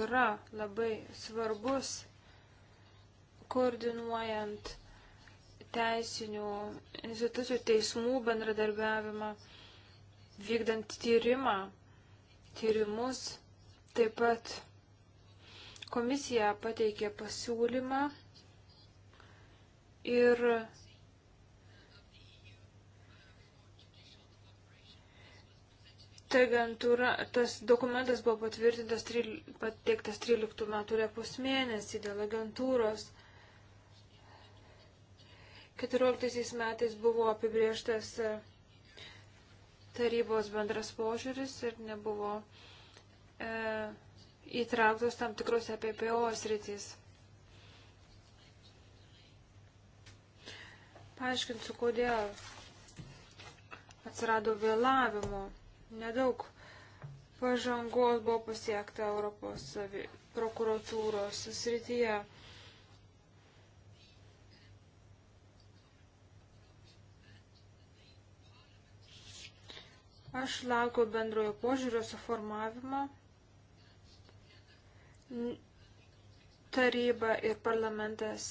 yra labai svarbus koordinuojant teisinių institucijų teismų bendradarbiavimą, vykdant tyrimą, tyrimus. Taip pat komisija pateikė pasiūlymą ir ta agentūra, tas dokumentas buvo patvirtintas, pateiktas 13 metų Liepos mėnesį dėl agentūros. 14 metais buvo apibrieštas e, tarybos bendras požiūris ir nebuvo e, įtrauktos tam tikros EPPO sritys. Paaiškinsiu, kodėl atsirado vėlavimo nedaug pažangos buvo pasiekta Europos prokuratūros srityje. Aš laukiu bendrojo požiūrio suformavimą. Taryba ir parlamentas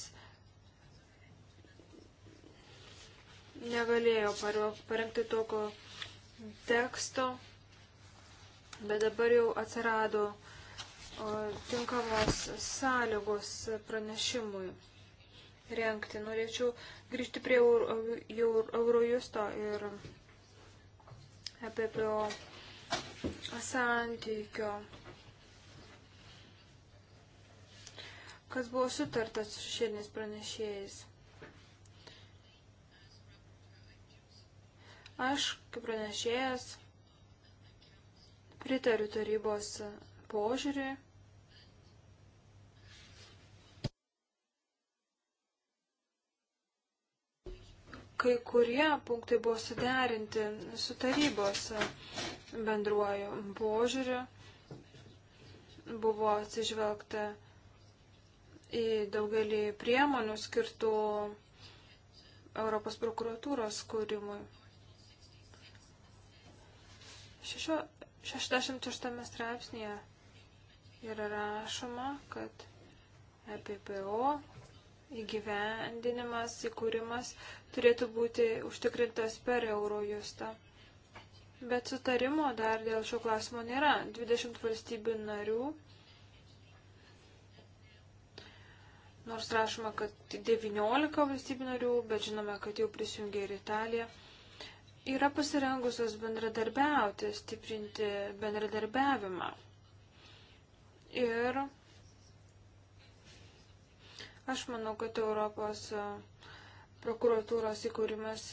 negalėjo parengti tokio teksto, bet dabar jau atsirado tinkamos sąlygos pranešimui renkti. Norėčiau grįžti prie Eurojusto ir EPPO santykio. Kas buvo sutartas su šiandienis pranešėjais? Aš, kaip pranešėjas, pritariu tarybos požiūrį. Kai kurie punktai buvo suderinti su tarybos bendruoju požiūriu, buvo atsižvelgta į daugelį priemonių skirtų Europos prokuratūros kūrimui. Šešio, 66 straipsnėje yra rašoma, kad EPPO įgyvendinimas, įkūrimas turėtų būti užtikrintas per Eurojustą. Bet sutarimo dar dėl šio klausimo nėra. 20 valstybių narių, nors rašoma, kad 19 valstybių narių, bet žinome, kad jau prisijungė ir Italija, yra pasirengusios bendradarbiauti, stiprinti bendradarbiavimą. Ir aš manau, kad Europos prokuratūros įkūrimas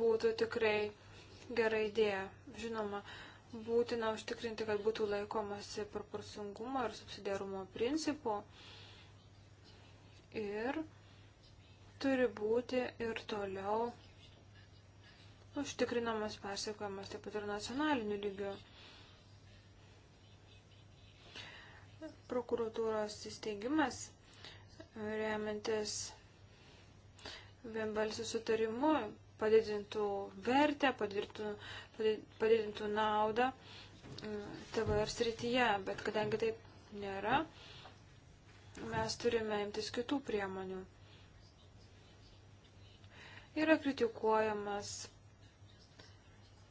būtų tikrai gera idėja. Žinoma, būtina užtikrinti, kad būtų laikomasi proporcingumo ir subsidiarumo principų. Ir turi būti ir toliau užtikrinamas pasakojimas taip pat ir nacionaliniu lygiu. Prokuratūros įsteigimas e, remiantis vienbalsių sutarimų padidintų vertę, padidintų, padidintų naudą e, TVR srityje, bet kadangi taip nėra, mes turime imtis kitų priemonių. Yra kritikuojamas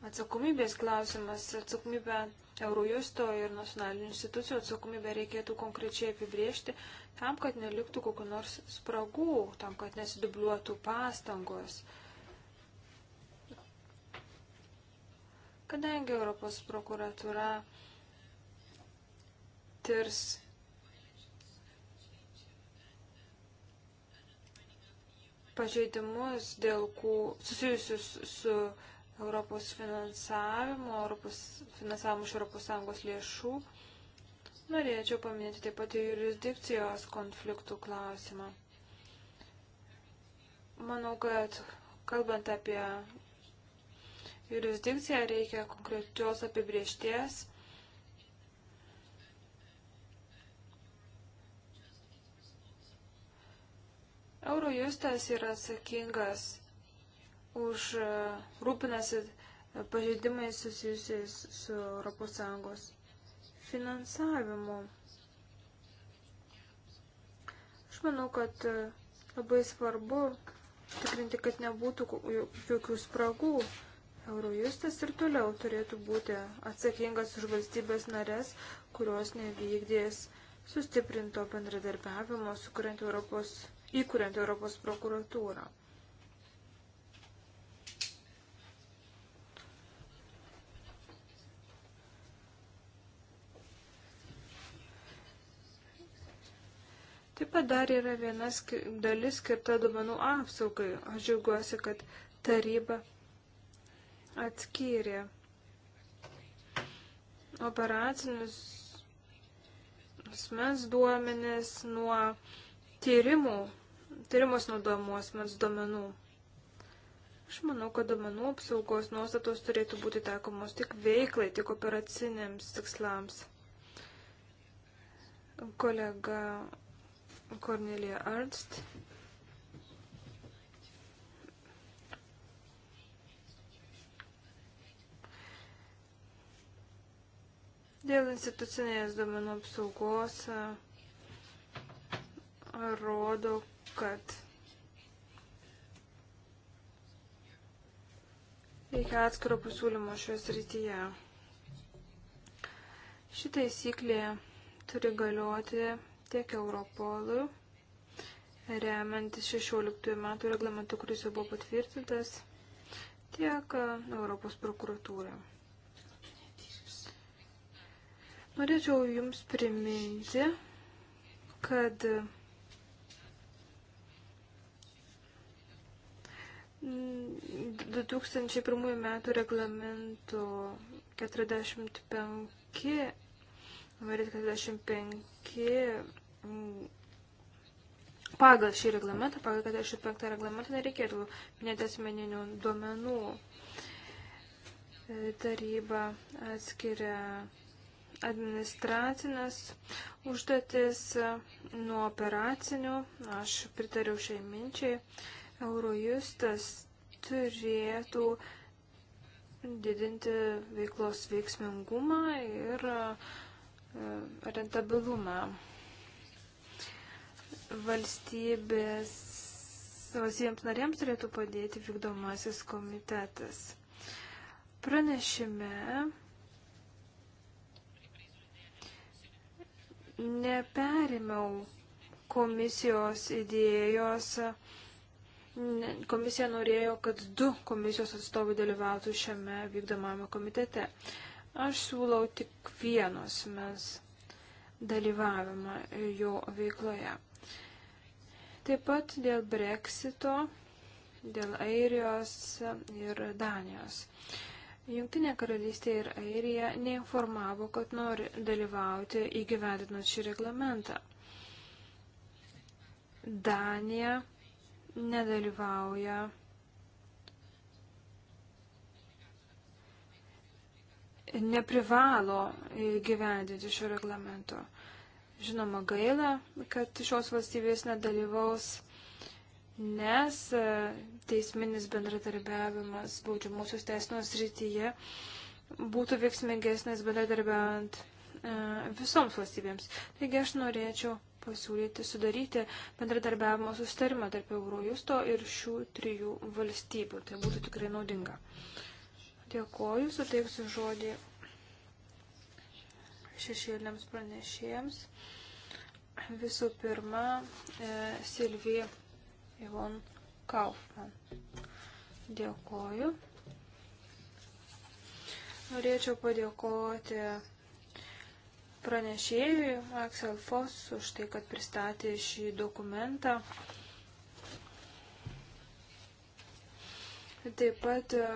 atsakomybės klausimas, atsakomybę Eurojusto ir nacionalinių institucijų atsakomybę reikėtų konkrečiai apibriežti tam, kad neliktų kokiu nors spragų, tam, kad nesidubliuotų pastangos. Kadangi Europos prokuratura tirs pažeidimus, dėl kų susijusius su Europos finansavimo, Europos finansavimo iš Europos Sąjungos lėšų. Norėčiau paminėti taip pat ir jurisdikcijos konfliktų klausimą. Manau, kad kalbant apie jurisdikciją, reikia konkrečios apibriešties. Eurojustas yra atsakingas už e, rūpinasi e, pažeidimai susijusiais su ES finansavimu. Aš manau, kad e, labai svarbu tikrinti, kad nebūtų jokių spragų. Eurojustas ir toliau turėtų būti atsakingas už valstybės narės, kurios nevykdės sustiprinto bendradarbiavimo, sukuriant Europos, įkuriant Europos prokuratūrą. Taip pat dar yra viena dalis skirta duomenų apsaugai. Aš džiaugiuosi, kad taryba atskyrė operacinius asmens duomenis nuo tyrimų, tyrimus naudojamų asmens duomenų. Aš manau, kad duomenų apsaugos nuostatos turėtų būti taikomos tik veiklai, tik operaciniams tikslams. Kolega Kornelija Ernst. Dėl institucinės domenų apsaugos rodo, kad reikia atskiro pasiūlymo šioje srityje. Ši taisyklė turi galioti tiek Europolui, remiantis 16 metų reglamentu, kuris jau buvo patvirtintas, tiek e, Europos prokuratūrai. Norėčiau Jums priminti, kad e, m, 2001 metų reglamento 45 numeris 45 mm, pagal šį reglamentą, pagal 45 reglamentą nereikėtų minėti asmeninių duomenų. E, taryba atskiria administracinės užduotis e, nuo operacinių. Aš pritariu šiai minčiai. Eurojustas turėtų didinti veiklos veiksmingumą ir uh, rentabilumą. Valstybės valstybėms narėms turėtų padėti vykdomasis komitetas. Pranešime neperimiau komisijos idėjos. Komisija norėjo, kad du komisijos atstovai dalyvautų šiame vykdomame komitete. Aš siūlau tik vienos mes dalyvavimą jo veikloje. Taip pat dėl Brexito, dėl Airijos ir Danijos. Junktinė karalystė ir Airija neinformavo, kad nori dalyvauti įgyvendinant šį reglamentą. Danija nedalyvauja neprivalo gyvendinti šio reglamento. Žinoma, gaila, kad šios valstybės nedalyvaus, nes e, teisminis bendradarbiavimas baudžiamosios teisinos rytyje būtų veiksmingesnis bendradarbiavant e, visoms valstybėms. Taigi aš norėčiau pasiūlyti sudaryti bendradarbiavimo sustarimą tarp Eurojusto ir šių trijų valstybių. Tai būtų tikrai naudinga. Uh, Dėkoju, suteiksiu žodį šešėliams pranešėjams. Visų pirma, e, Silvija Ivon Kaufman. Dėkoju. Norėčiau padėkoti pranešėjui Axel Foss už tai, kad pristatė šį dokumentą. Taip pat e,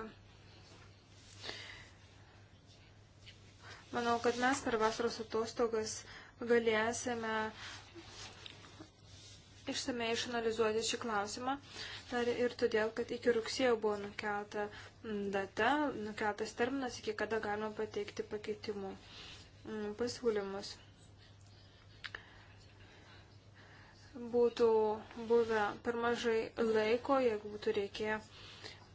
Manau, kad mes per vasaros atostogas galėsime išsamei išanalizuoti šį klausimą. Dar ir todėl, kad iki rugsėjo buvo nukelta data, nukeltas terminas, iki kada galima pateikti pakeitimų pasiūlymus. Būtų buvę per mažai laiko, jeigu būtų reikėję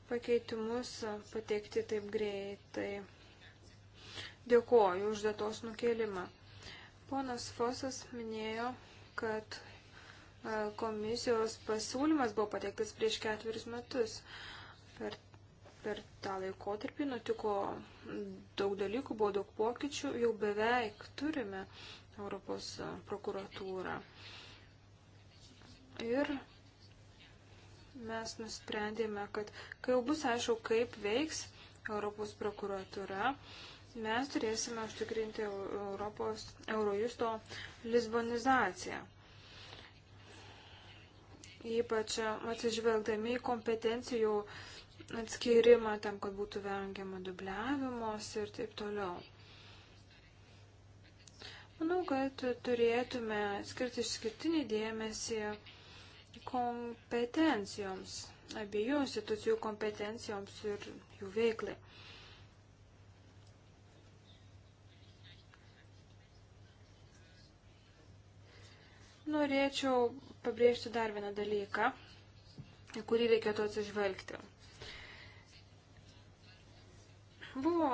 pakeitimus pateikti taip greitai. Dėkoju už datos nukelimą. Ponas Fosas minėjo, kad e, komisijos pasiūlymas buvo pateiktas prieš ketverius metus. Per, per tą laikotarpį nutiko daug dalykų, buvo daug pokyčių, jau beveik turime Europos prokuratūrą. Ir mes nusprendėme, kad kai jau bus aišku, kaip veiks Europos prokuratūra, uh, mes turėsime užtikrinti Europos Eurojusto lisbonizaciją. Ypač atsižvelgdami į kompetencijų atskirimą tam, kad būtų vengiama dubliavimos ir taip toliau. Manau, kad turėtume skirti išskirtinį dėmesį kompetencijoms, abiejų institucijų kompetencijoms ir jų veiklai. norėčiau pabrėžti dar vieną dalyką, kurį reikėtų atsižvelgti. Buvo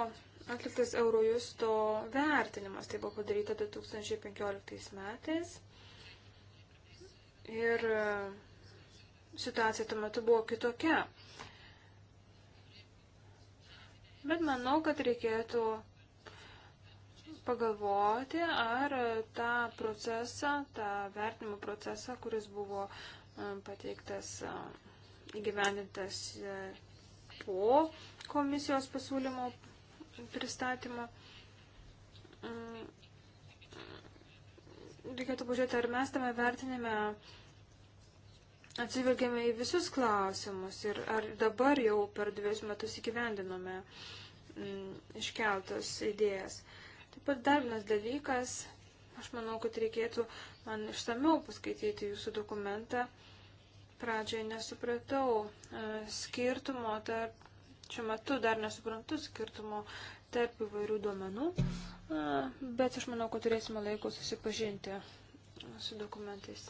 atliktas Eurojusto vertinimas, tai buvo padaryta 2015 metais. Ir e, situacija tuo metu buvo kitokia. Bet manau, kad reikėtų pagalvoti, ar tą procesą, tą vertinimo procesą, kuris buvo e, pateiktas e, įgyvendintas e, po komisijos pasiūlymo pristatymo, mm, reikėtų pažiūrėti, ar mes tame vertinime atsivilgėme į visus klausimus ir ar dabar jau per dviejus metus įgyvendinome mm, iškeltas idėjas. Taip pat dar vienas dalykas, aš manau, kad reikėtų man ištamiau paskaityti jūsų dokumentą. Pradžioje nesupratau e, skirtumo tarp, šiuo metu dar nesuprantu skirtumo tarp įvairių duomenų, e, bet aš manau, kad turėsime laiko susipažinti su dokumentais.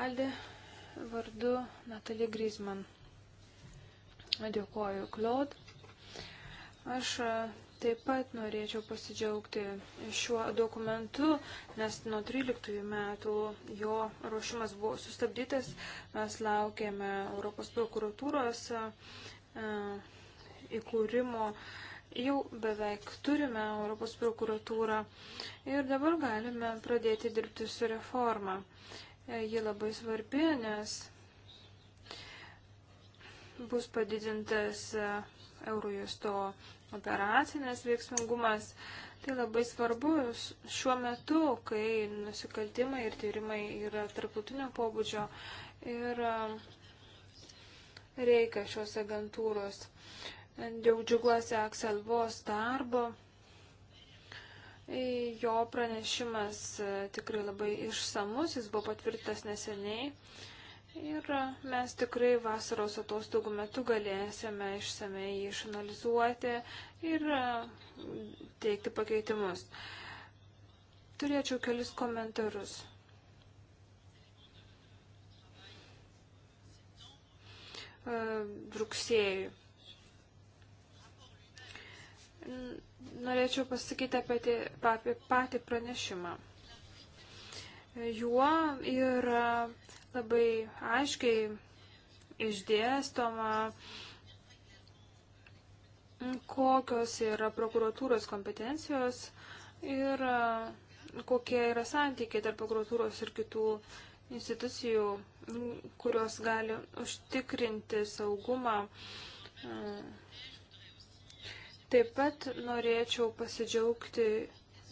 Aldė vardu Natalija Grisman. Dėkuoju, Klod. Aš e, Taip pat norėčiau pasidžiaugti šiuo dokumentu, nes nuo 13 metų jo ruošimas buvo sustabdytas. Mes laukėme Europos prokuratūros e, įkūrimo. Jau beveik turime Europos prokuratūrą ir dabar galime pradėti dirbti su reforma. E, ji labai svarbi, nes bus padidintas e, Eurojusto operacinės veiksmingumas. Tai labai svarbu šiuo metu, kai nusikaltimai ir tyrimai yra tarptautinio pobūdžio ir reikia šios agentūros. Jau džiuguosi Aksel Vos darbo. Jo pranešimas e, tikrai labai išsamus, jis buvo patvirtas neseniai. Ir mes tikrai vasaros atostogų metu galėsime išsamei išanalizuoti ir teikti pakeitimus. Turėčiau kelis komentarus. Rugsėjui. Norėčiau pasakyti apie, tė, apie patį pranešimą. Juo yra labai aiškiai išdėstoma, kokios yra prokuratūros kompetencijos ir e, kokie yra santykiai tarp prokuratūros ir kitų institucijų, kurios gali užtikrinti saugumą. E, Taip pat norėčiau pasidžiaugti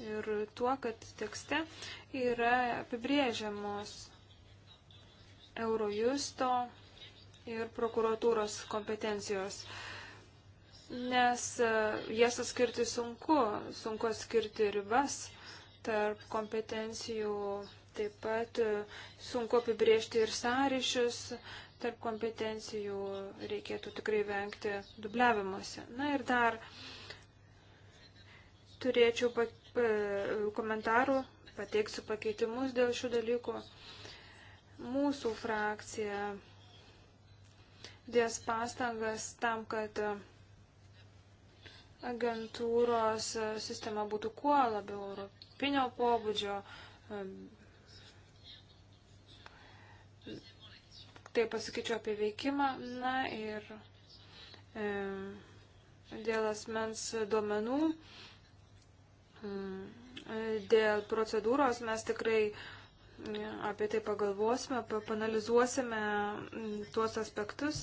ir tuo, kad tekste yra apibrėžiamos Eurojusto ir prokuratūros kompetencijos. Nes e, jas atskirti sunku, sunku atskirti ribas tarp kompetencijų, taip pat e, sunku apibriežti ir sąryšius tarp kompetencijų, reikėtų tikrai vengti dubliavimuose. Na ir dar turėčiau e, komentarų, pateiksiu pakeitimus dėl šių dalykų. Mūsų frakcija dės pastangas tam, kad agentūros sistema būtų kuo labiau europinio pobūdžio. Tai pasakyčiau apie veikimą. Na ir e, dėl asmens duomenų, dėl procedūros mes tikrai e, apie tai pagalvosime, panalizuosime mm, tuos aspektus.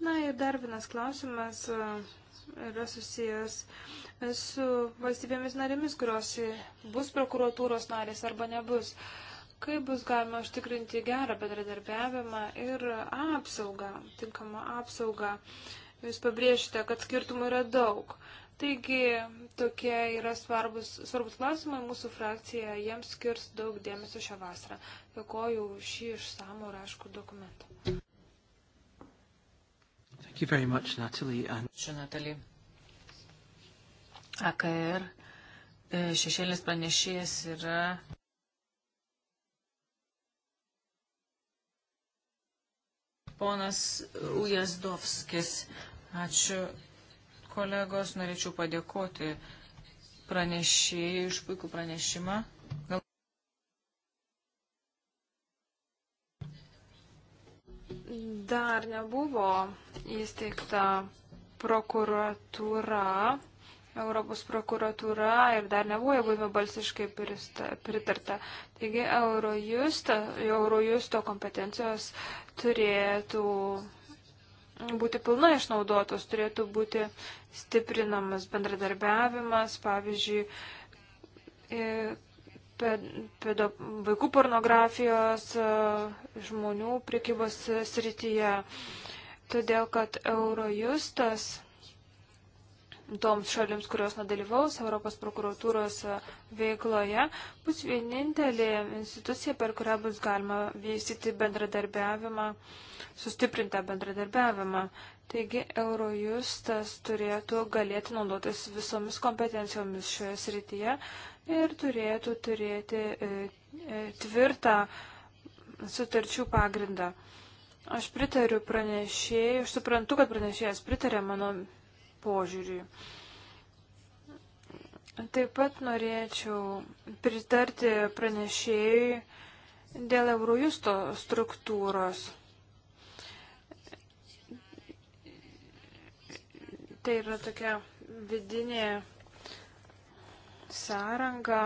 Na ir dar vienas klausimas e, yra susijęs su valstybėmis narėmis, kurios bus prokuratūros narės arba nebus. Kaip bus galima užtikrinti gerą bendradarbiavimą ir apsaugą, tinkamą apsaugą. Jūs pabrėžite, kad skirtumų yra daug. Taigi tokie yra svarbus, svarbus klausimai, mūsų frakcija jiems skirs daug dėmesio šią vasarą. Dėkoju šį išsamų raškų dokumentą. Much, Natalie. And... Ačiū, Natalie.
AKR e, šešėlis pranešėjas yra. Ponas Ujazdovskis, ačiū kolegos, norėčiau padėkoti pranešėjai iš
puikų pranešimą. Gal... Dar nebuvo įsteigta prokuratūra, Europos prokuratūra ir dar nebuvo, jeigu jau balsiškai pritarta. Taigi Eurojusto, Eurojusto kompetencijos turėtų būti pilnai išnaudotos, turėtų būti stiprinamas bendradarbiavimas, pavyzdžiui, e, pedo, vaikų pornografijos e, žmonių priekybos srityje. Todėl, kad Eurojustas toms šalims, kurios nedalyvaus Europos prokuratūros e, veikloje, bus vienintelė institucija, per kurią bus galima vystyti bendradarbiavimą, sustiprintą bendradarbiavimą. Taigi Eurojustas turėtų galėti naudotis visomis kompetencijomis šioje srityje ir turėtų turėti e, e, tvirtą sutarčių pagrindą. Aš pritariu pranešėjai, aš suprantu, kad pranešėjas pritarė mano požiūriui. Taip pat norėčiau pritarti pranešėjui dėl Eurojusto struktūros. Tai yra tokia vidinė sąranga,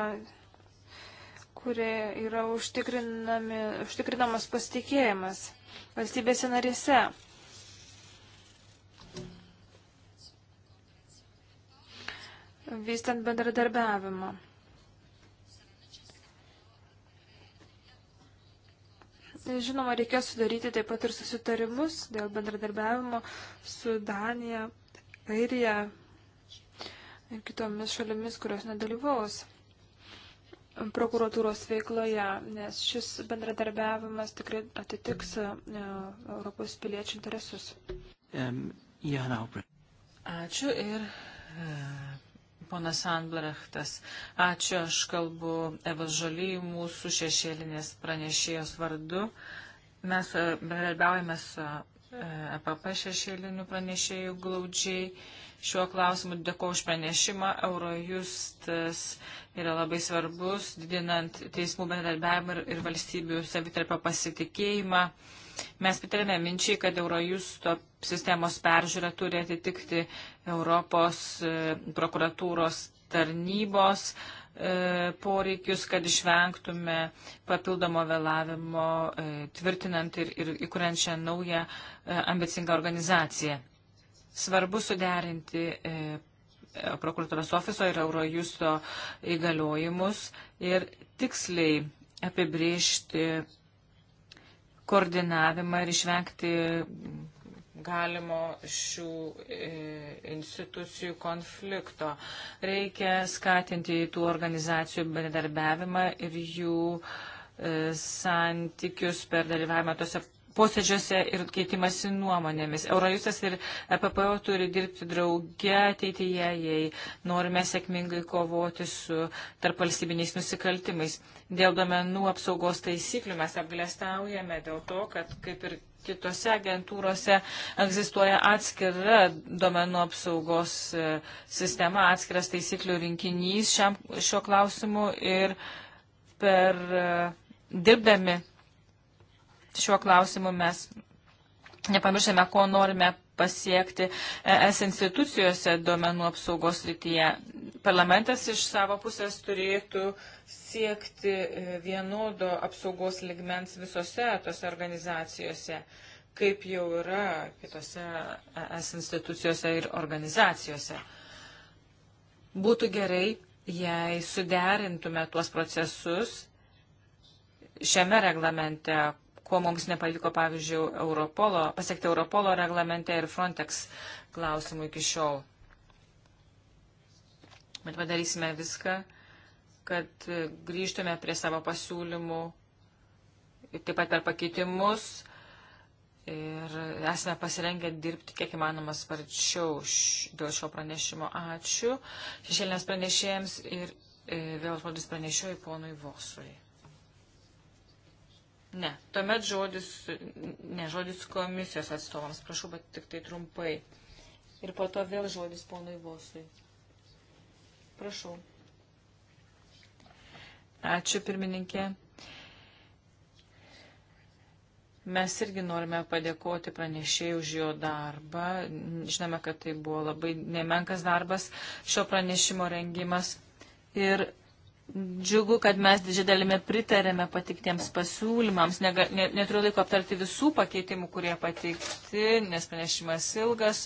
kurie yra užtikrinamas pasitikėjimas valstybėse narėse. vystant bendradarbiavimą. Žinoma, reikės sudaryti taip pat ir susitarimus dėl bendradarbiavimo su Danija, Airija ir kitomis šalimis, kurios nedalyvaus prokuratūros veikloje, nes šis bendradarbiavimas tikrai atitiks e, Europos piliečių interesus. Ačiū ir
e, ponas Anbrechtas. Ačiū, aš kalbu Evas Žaly, mūsų šešėlinės pranešėjos vardu. Mes e, bendradarbiaujame su EPP e šešėlinių pranešėjų glaudžiai. Šiuo klausimu dėkoju už pranešimą. Eurojustas yra labai svarbus, didinant teismų bendradarbiavimą ir valstybių savitarpio pasitikėjimą. Uh, Mes pritarėme minčiai, kad Eurojusto sistemos peržiūra turi atitikti Europos e, prokuratūros tarnybos e, poreikius, kad išvengtume papildomo vėlavimo e, tvirtinant ir, ir įkuriant šią naują ambicingą organizaciją. Svarbu suderinti prokuratūros ofiso ir Eurojusto įgaliojimus ir tiksliai apibriežti koordinavimą ir išvengti galimo šių e, institucijų konflikto. Reikia skatinti tų organizacijų bendradarbiavimą ir jų e, santykius per dalyvavimą tose posėdžiuose ir keitimasi nuomonėmis. Eurojustas ir EPPO turi dirbti drauge ateityje, jei norime sėkmingai kovoti su tarpvalstybiniais nusikaltimais. Dėl domenų apsaugos taisyklių mes apgalėstaujame dėl to, kad kaip ir kitose agentūrose egzistuoja atskira domenų apsaugos e, sistema, atskiras taisyklių rinkinys šiam, šio klausimu ir per e, dirbdami šiuo klausimu mes nepamiršame, ko norime pasiekti es institucijose duomenų apsaugos rytyje. Parlamentas iš savo pusės turėtų siekti e, vienodo apsaugos ligmens visose tose organizacijose, kaip jau yra kitose es institucijose ir organizacijose. Būtų gerai, jei suderintume tuos procesus šiame reglamente, ko mums nepavyko, pavyzdžiui, Europolo, pasiekti Europolo reglamente ir Frontex klausimų iki šiol. Bet padarysime viską, kad grįžtume prie savo pasiūlymų, taip pat per pakeitimus ir esame pasirengę dirbti kiek įmanoma sparčiau dėl šio pranešimo. Ačiū šešėlinės pranešėjams ir e, vėl žodis pranešėjai ponui Vosui. Ne, tuomet žodis, ne žodis komisijos atstovams, prašau, bet tik tai trumpai. Ir po to vėl žodis ponui Vosui. Prašau. Ačiū, pirmininkė. Mes irgi norime padėkoti pranešėjai už jo darbą. Žinome, kad tai buvo labai nemenkas darbas šio pranešimo rengimas. Ir Džiugu, kad mes didžiai dalimi pritarėme patiktiems pasiūlymams. Neturiu laiko aptarti visų pakeitimų, kurie pateikti, nes pranešimas ilgas.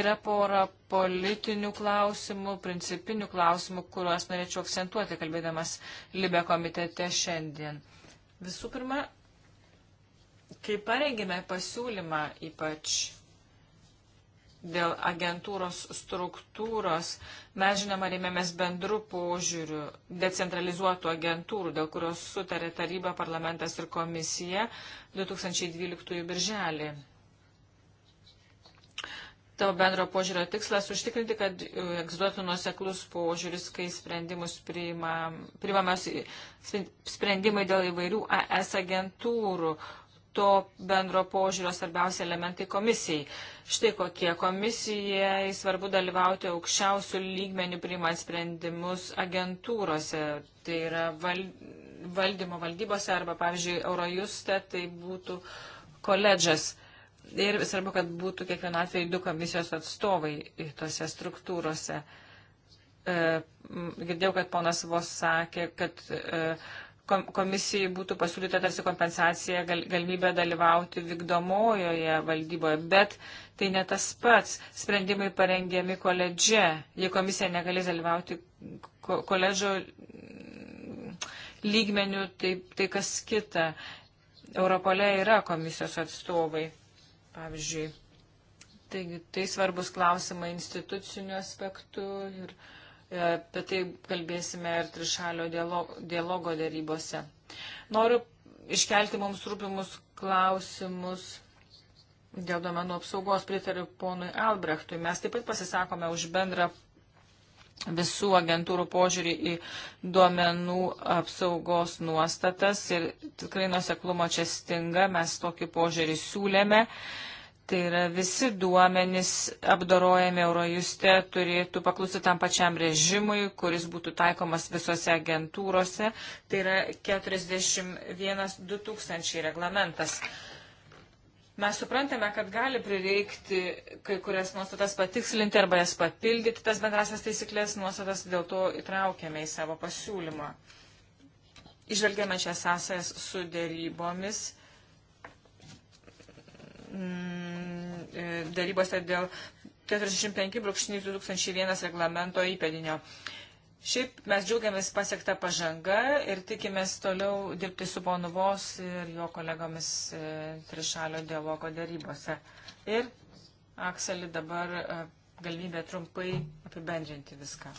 Yra pora politinių klausimų, principinių klausimų, kuriuos norėčiau akcentuoti, kalbėdamas Libe komitete šiandien. Visų pirma, kai parengėme pasiūlymą, ypač dėl agentūros struktūros, mes žinoma rėmėmės bendrų požiūrių, decentralizuotų agentūrų, dėl kurios sutarė taryba, parlamentas ir komisija 2012 birželį. Tavo bendro požiūrio tikslas užtikrinti, kad egzistuotų nuoseklus požiūris, kai sprendimus priimamos sprendimai dėl įvairių AS agentūrų, to bendro požiūrio svarbiausi elementai komisijai. Štai kokie komisijai svarbu dalyvauti aukščiausių lygmenių priimant sprendimus agentūrose, tai yra val, valdymo valdybose arba, pavyzdžiui, Eurojuste, tai būtų koledžas. Ir svarbu, kad būtų kiekvieną atveju du komisijos atstovai tose struktūrose. E, girdėjau, kad ponas Vos sakė, kad e, komisijai būtų pasiūlyta tarsi kompensacija gal, galimybė dalyvauti vykdomojoje valdyboje, bet tai ne tas pats. Sprendimai parengiami koledže. Jei komisija negalės dalyvauti ko, koledžo lygmenių, tai, tai kas kita. Europole yra komisijos atstovai, pavyzdžiui. Taigi tai svarbus klausimai instituciniu aspektu ir. Uh, Apie tai kalbėsime ir trišalio dialogo dėrybose. Noriu iškelti mums rūpimus klausimus dėl domenų apsaugos. Pritariu ponui Albrechtui. Mes taip pat pasisakome už bendrą visų agentūrų požiūrį į duomenų apsaugos nuostatas ir tikrai nuseklumo čia stinga, mes tokį požiūrį siūlėme. Uh, Tai yra visi duomenys apdorojami Eurojuste turėtų paklusti tam pačiam režimui, kuris būtų taikomas visose agentūrose. Tai yra 41-2000 reglamentas. Mes suprantame, kad gali prireikti kai kurias nuostatas patikslinti arba jas papildyti, tas bendrasias taisyklės nuostatas dėl to įtraukėme į savo pasiūlymą. Išvelgėme šias sąsajas su dėrybomis Mm, e, darybose dėl 45.2001 reglamento įpėdinio. Šiaip mes džiaugiamės pasiektą pažangą ir tikimės toliau dirbti su ponu Vos ir jo kolegomis e, trišalio dialogo darybose. Ir Akselį dabar e, galimybė trumpai apibendrinti viską.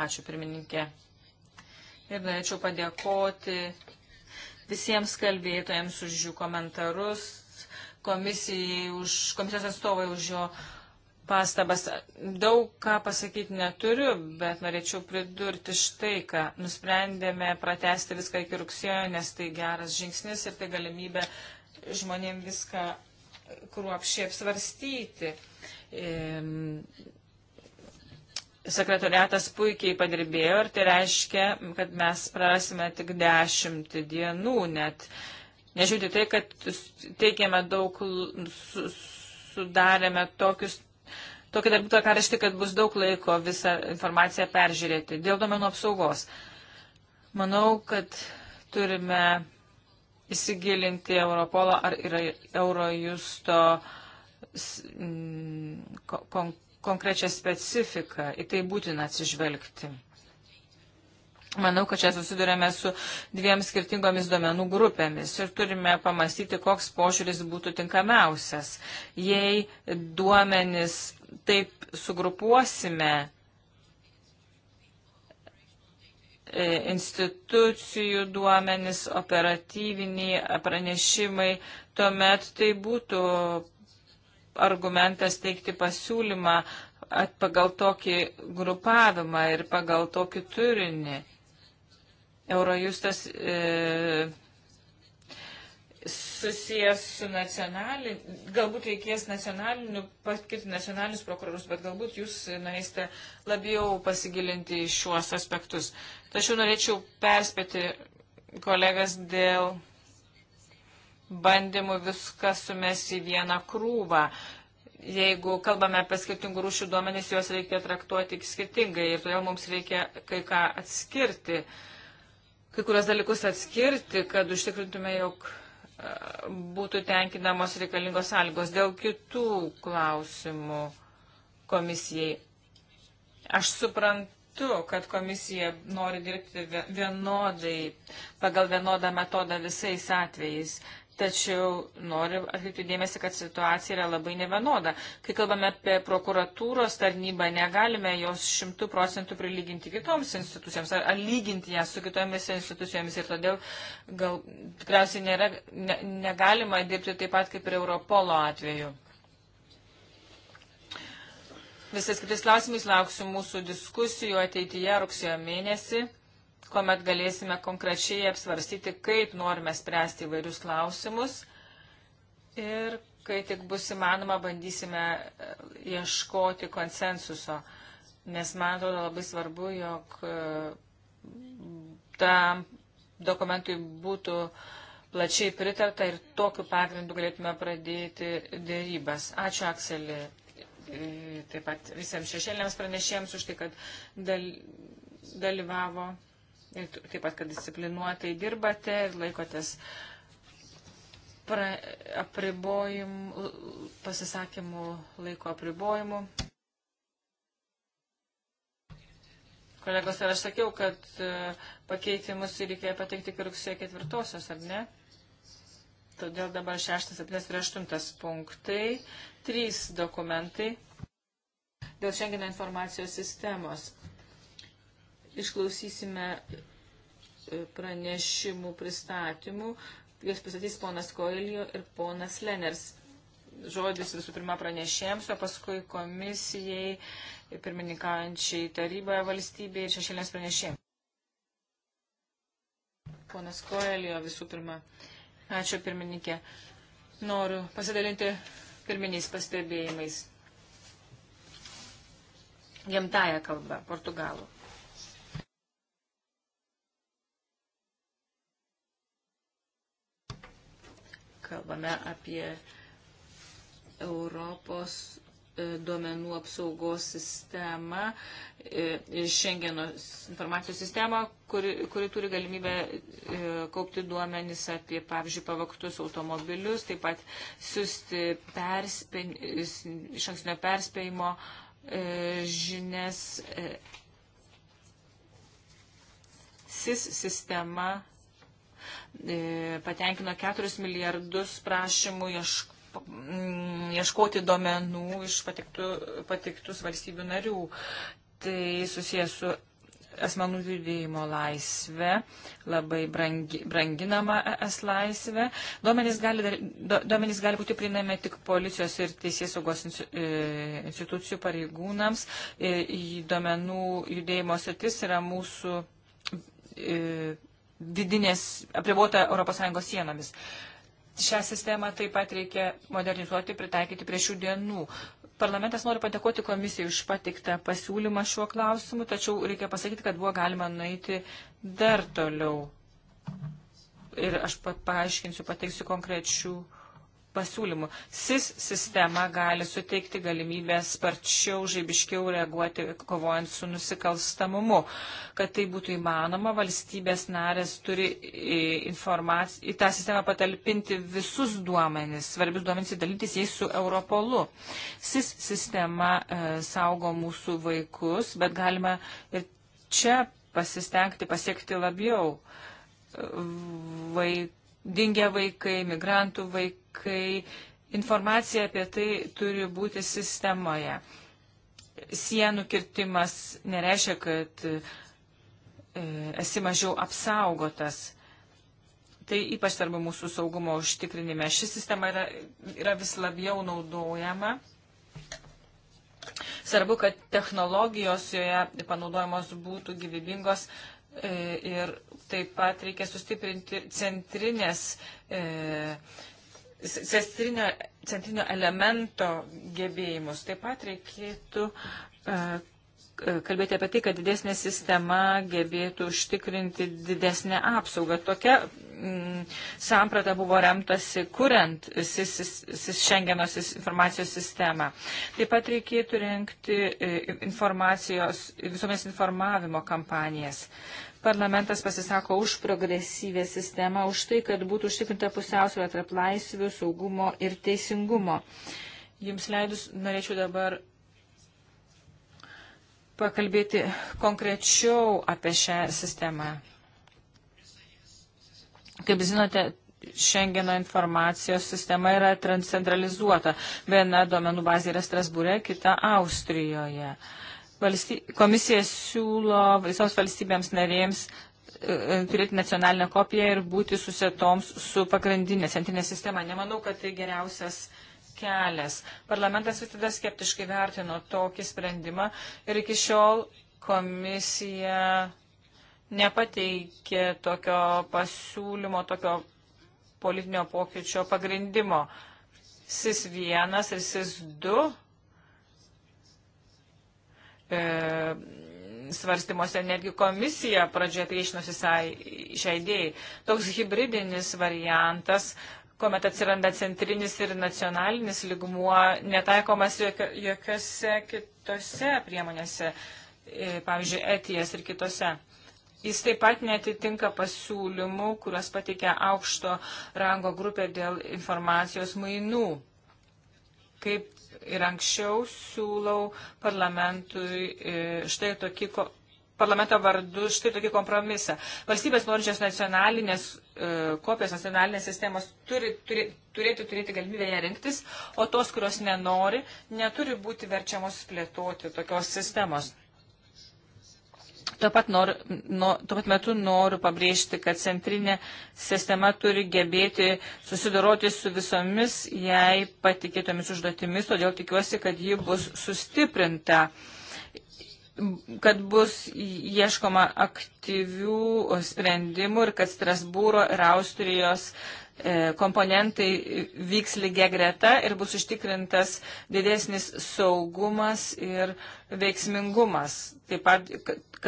Ačiū pirmininkė ir norėčiau padėkoti visiems kalbėtojams už jų komentarus, komisijai, už, komisijos atstovai už jo pastabas. Daug ką pasakyti neturiu, bet norėčiau pridurti štai, ką nusprendėme pratesti viską iki rugsėjo, nes tai geras žingsnis ir tai galimybė žmonėm viską kruopšiai apsvarstyti. E, sekretoriatas puikiai padirbėjo ir tai reiškia, kad mes prarasime tik dešimt dienų net. Nežiūrėti tai, kad teikėme daug, su, sudarėme tokius, tokį darbų tvarkaraštį, kad bus daug laiko visą informaciją peržiūrėti dėl domenų apsaugos. Manau, kad turime įsigilinti Europolo ar Eurojusto konkursą konkrečią specifiką, į tai būtina atsižvelgti. Manau, kad čia susidurėme su dviem skirtingomis duomenų grupėmis ir turime pamastyti, koks požiūris būtų tinkamiausias. Jei duomenis taip sugrupuosime, e, institucijų duomenis, operatyviniai pranešimai, tuomet tai būtų argumentas teikti pasiūlymą pagal tokį grupavimą ir pagal tokį turinį. Eurojustas e, susijęs su nacionaliniu, galbūt reikės nacionaliniu, paskirti nacionalinius prokurorus, bet galbūt jūs norėsite labiau pasigilinti į šiuos aspektus. Tačiau norėčiau perspėti kolegas dėl bandymų viską sumesti į vieną krūvą. Jeigu kalbame apie skirtingų rūšių duomenys, juos reikia traktuoti skirtingai ir todėl mums reikia kai ką atskirti, kai kurios dalykus atskirti, kad užtikrintume, jog e, būtų tenkinamos reikalingos sąlygos. Dėl kitų klausimų komisijai. Aš suprantu, kad komisija nori dirbti vienodai, pagal vienodą metodą visais atvejais, Tačiau noriu atkreipti dėmesį, kad situacija yra labai nevienoda. Kai kalbame apie prokuratūros tarnybą, negalime jos šimtų procentų prilyginti kitoms institucijoms ar, ar lyginti ją su kitomis institucijomis ir todėl gal tikriausiai nėra, ne, negalima dirbti taip pat kaip ir Europolo atveju. Visais kitais klausimais lauksiu mūsų diskusijų ateityje rugsėjo mėnesį kuomet galėsime konkrečiai apsvarstyti, kaip norime spręsti įvairius klausimus. Ir kai tik bus įmanoma, bandysime e, ieškoti konsensuso. Nes man atrodo labai svarbu, jog e, tam dokumentui būtų plačiai pritarta ir tokiu pagrindu galėtume pradėti dėrybas. Ačiū, Akselė. E, taip pat visiems šešėliams pranešėjams už tai, kad dal, dalyvavo ir taip pat, kad disciplinuotai dirbate ir laikotės pra, apribojim, pasisakymų laiko apribojimų. Kolegos, ar aš sakiau, kad e, pakeitimus reikėjo pateikti iki rugsėjo ketvirtosios, ar ne? Todėl dabar šeštas, septynas ir aštuntas punktai, trys dokumentai dėl šiandien informacijos sistemos. Išklausysime e, pranešimų pristatymų. Jas pristatys ponas Koilio ir ponas Leners. Žodis visų pirma pranešėjams, o paskui komisijai, pirmininkaujančiai taryboje valstybėje ir šešėlės pranešėjams. Ponas Koelio visų pirma. Ačiū pirmininkė. Noriu pasidalinti pirminiais pastebėjimais. Gimtaja kalba, portugalų. Kalbame apie Europos e, duomenų apsaugos sistemą, Šengeno e, informacijos sistemą, kuri, kuri turi galimybę e, kaupti duomenys apie, pavyzdžiui, pavaktus automobilius, taip pat siūsti perspė, iš ankstinio perspėjimo žinias. SIS sistema E, patenkino 4 milijardus prašymų mm, ieškoti ieškoti domenų iš patiktų, patiktus valstybių narių. Tai susijęs su asmenų judėjimo laisvė, labai brangi, branginama es laisvė. Duomenys gali, duomenys gali būti prieinami tik policijos ir teisės saugos e, institucijų pareigūnams. E, duomenų judėjimo sritis yra mūsų vidinės, apribuota ES sienomis. Šią sistemą taip pat reikia modernizuoti, pritaikyti prie šių dienų. Parlamentas nori padėkoti komisijai už patiktą pasiūlymą šiuo klausimu, tačiau reikia pasakyti, kad buvo galima nueiti dar toliau. Ir aš paaiškinsiu, pateiksiu konkrečių pasiūlymų. SIS sistema gali suteikti galimybę sparčiau, žaibiškiau reaguoti, kovojant su nusikalstamumu. Kad tai būtų įmanoma, valstybės narės turi į tą sistemą patalpinti visus duomenis, svarbius duomenis įdalytis jais su Europolu. SIS sistema e, saugo mūsų vaikus, bet galima ir čia pasistengti pasiekti labiau. E, Vaik, dingę vaikai, migrantų vaikai kai informacija apie tai turi būti sistemoje. Sienų kirtimas nereiškia, kad e, esi mažiau apsaugotas. Tai ypač svarbu mūsų saugumo užtikrinime. Ši sistema yra, yra vis labiau naudojama. Svarbu, kad technologijos joje panaudojamos būtų gyvybingos e, ir taip pat reikia sustiprinti centrinės. E, sestrinio, centrinio elemento gebėjimus. Taip pat reikėtų uh, kalbėti apie tai, kad didesnė sistema gebėtų užtikrinti didesnę apsaugą. Tokia mm, samprata buvo remtasi, kuriant SIS, SIS Schengeno SIS informacijos sistemą. Taip pat reikėtų renkti e, informacijos, visuomenės informavimo kampanijas. Uh, Parlamentas pasisako už progresyvę sistemą, už tai, kad būtų užtikrinta pusiausvė tarp laisvių, saugumo ir teisingumo. Jums leidus norėčiau dabar pakalbėti konkrečiau apie šią sistemą. Kaip žinote, Šengeno informacijos sistema yra transcentralizuota. Viena duomenų bazė yra Strasbūre, kita Austrijoje. Uh, valsty, komisija siūlo visoms valstybėms narėms e, e, turėti nacionalinę kopiją ir būti susietoms su pagrindinė centrinė sistema. Nemanau, kad tai geriausias kelias. Parlamentas visada skeptiškai vertino tokį sprendimą ir iki šiol komisija nepateikė tokio pasiūlymo, tokio politinio pokyčio pagrindimo. SIS 1 ir SIS 2 e, svarstymuose netgi komisija pradžioje priešinosi šiai idėjai. Toks hybridinis variantas, kuomet atsiranda centrinis ir nacionalinis ligmuo, netaikomas jokiose kitose priemonėse, e, pavyzdžiui, etijas ir kitose. Jis taip pat netitinka pasiūlymų, kuriuos pateikia aukšto rango grupė dėl informacijos mainų. Kaip ir anksčiau siūlau parlamentui e, štai tokį parlamento vardu štai tokį kompromisą. Valstybės norinčios nacionalinės e, kopijos nacionalinės sistemos turi, turi, turėtų turėti galimybę ją rinktis, o tos, kurios nenori, neturi būti verčiamos plėtoti tokios sistemos. Tuo pat, nor, no, nu, tuo pat metu noriu pabrėžti, kad centrinė sistema turi gebėti susidoroti su visomis jai patikėtomis užduotimis, todėl tikiuosi, kad ji bus sustiprinta. Uh, kad bus ieškoma aktyvių sprendimų ir kad Strasbūro ir Austrijos e, komponentai vyks lygia greta ir bus užtikrintas didesnis saugumas ir veiksmingumas. Taip pat,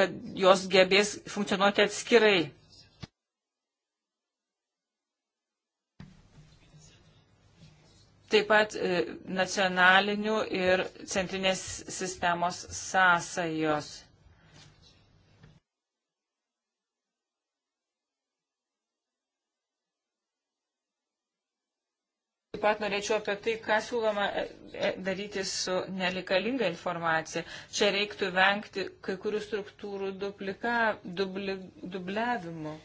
kad jos gebės funkcionuoti atskirai. taip pat e, nacionalinių ir centrinės sistemos sąsajos. Taip pat norėčiau apie tai, ką siūloma e, e, daryti su nelikalinga informacija. Čia reiktų vengti kai kurių struktūrų duplika, dubli, dubliavimu.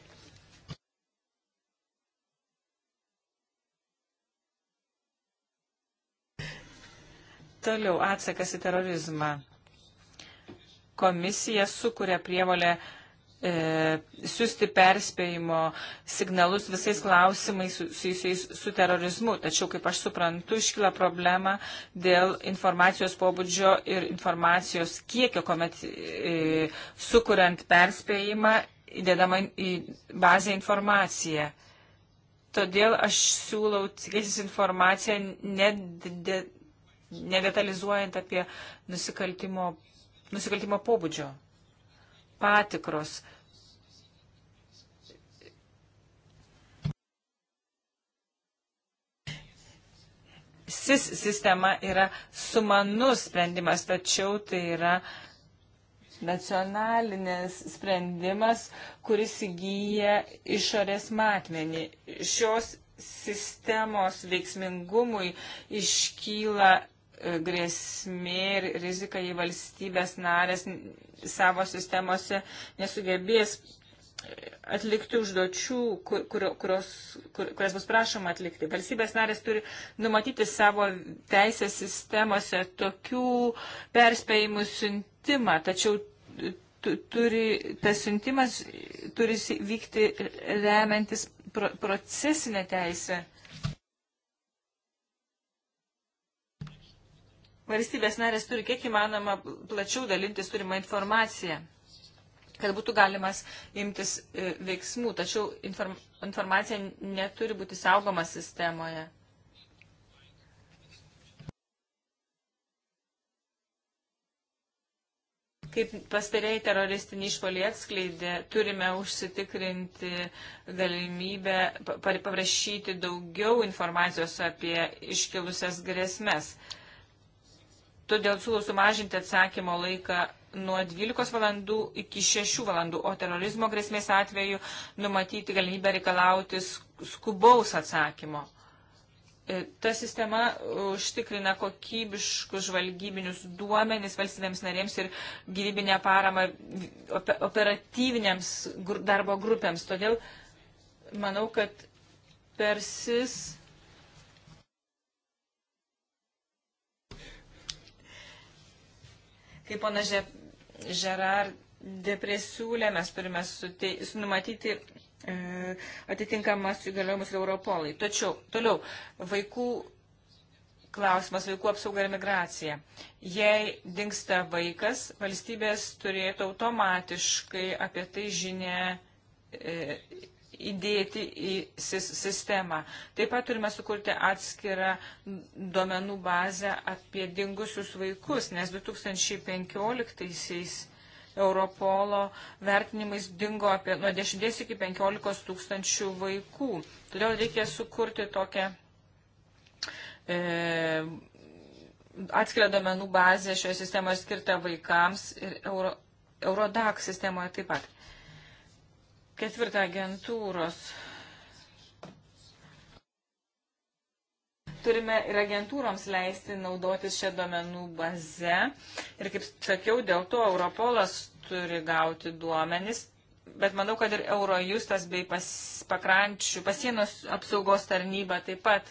Toliau atsakas į terorizmą. Komisija sukuria prievolę e, siūsti perspėjimo signalus visais klausimais susijusiais su, su, su terorizmu. Tačiau, kaip aš suprantu, iškyla problema dėl informacijos pobūdžio ir informacijos kiekio, kuomet e, sukuriant perspėjimą įdedama į bazę informaciją. Todėl aš siūlau tikėtis informaciją ne, de, nedetalizuojant apie nusikaltimo, nusikaltimo pobūdžio. Patikros. SIS sistema yra sumanus sprendimas, tačiau tai yra nacionalinės sprendimas, kuris įgyja išorės matmenį. Šios sistemos veiksmingumui iškyla E, grėsmė ir rizika į valstybės narės savo sistemose nesugebės atlikti užduočių, kur, kur, kurios, kur, kurias bus prašoma atlikti. Valstybės narės turi numatyti savo teisės sistemose tokių perspėjimų siuntimą, tačiau turi, tas siuntimas turi vykti remiantis procesinę teisę. valstybės narės turi kiek įmanoma plačiau dalintis turimą informaciją kad būtų galimas imtis e, veiksmų, tačiau inform, informacija neturi būti saugoma sistemoje. Kaip pastarėjai teroristiniai išpoliai atskleidė, turime užsitikrinti galimybę paprašyti daugiau informacijos apie iškilusias grėsmes. Uh, Todėl siūlau sumažinti atsakymo laiką nuo 12 valandų iki 6 valandų, o terorizmo grėsmės atveju numatyti galimybę reikalauti skubaus atsakymo. E, ta sistema užtikrina kokybiškus žvalgybinius duomenis valstybėms narėms ir gyvybinę paramą operatyvinėms darbo grupėms. Todėl manau, kad persis Kaip pana Žerar depresiūlė, mes turime sutei, numatyti e, atitinkamas įgaliojimus ir Europolai. Tačiau, toliau, vaikų klausimas, vaikų apsauga ir migracija. Jei dinksta vaikas, valstybės turėtų automatiškai apie tai žinę e, įdėti į sistemą. Taip pat turime sukurti atskirą duomenų bazę apie dingusius vaikus, nes 2015-aisiais Europolo vertinimais dingo apie nuo 10 iki 15 tūkstančių vaikų. Todėl reikia sukurti tokią e, atskirą duomenų bazę šioje sistemoje skirtą vaikams ir Euro, Eurodax sistemoje taip pat. Ketvirta agentūros. Turime ir agentūroms leisti naudotis šią duomenų bazę. Ir kaip sakiau, dėl to Europolas turi gauti duomenis. Bet manau, kad ir Eurojustas bei pas, pakrančių pasienos apsaugos tarnyba taip pat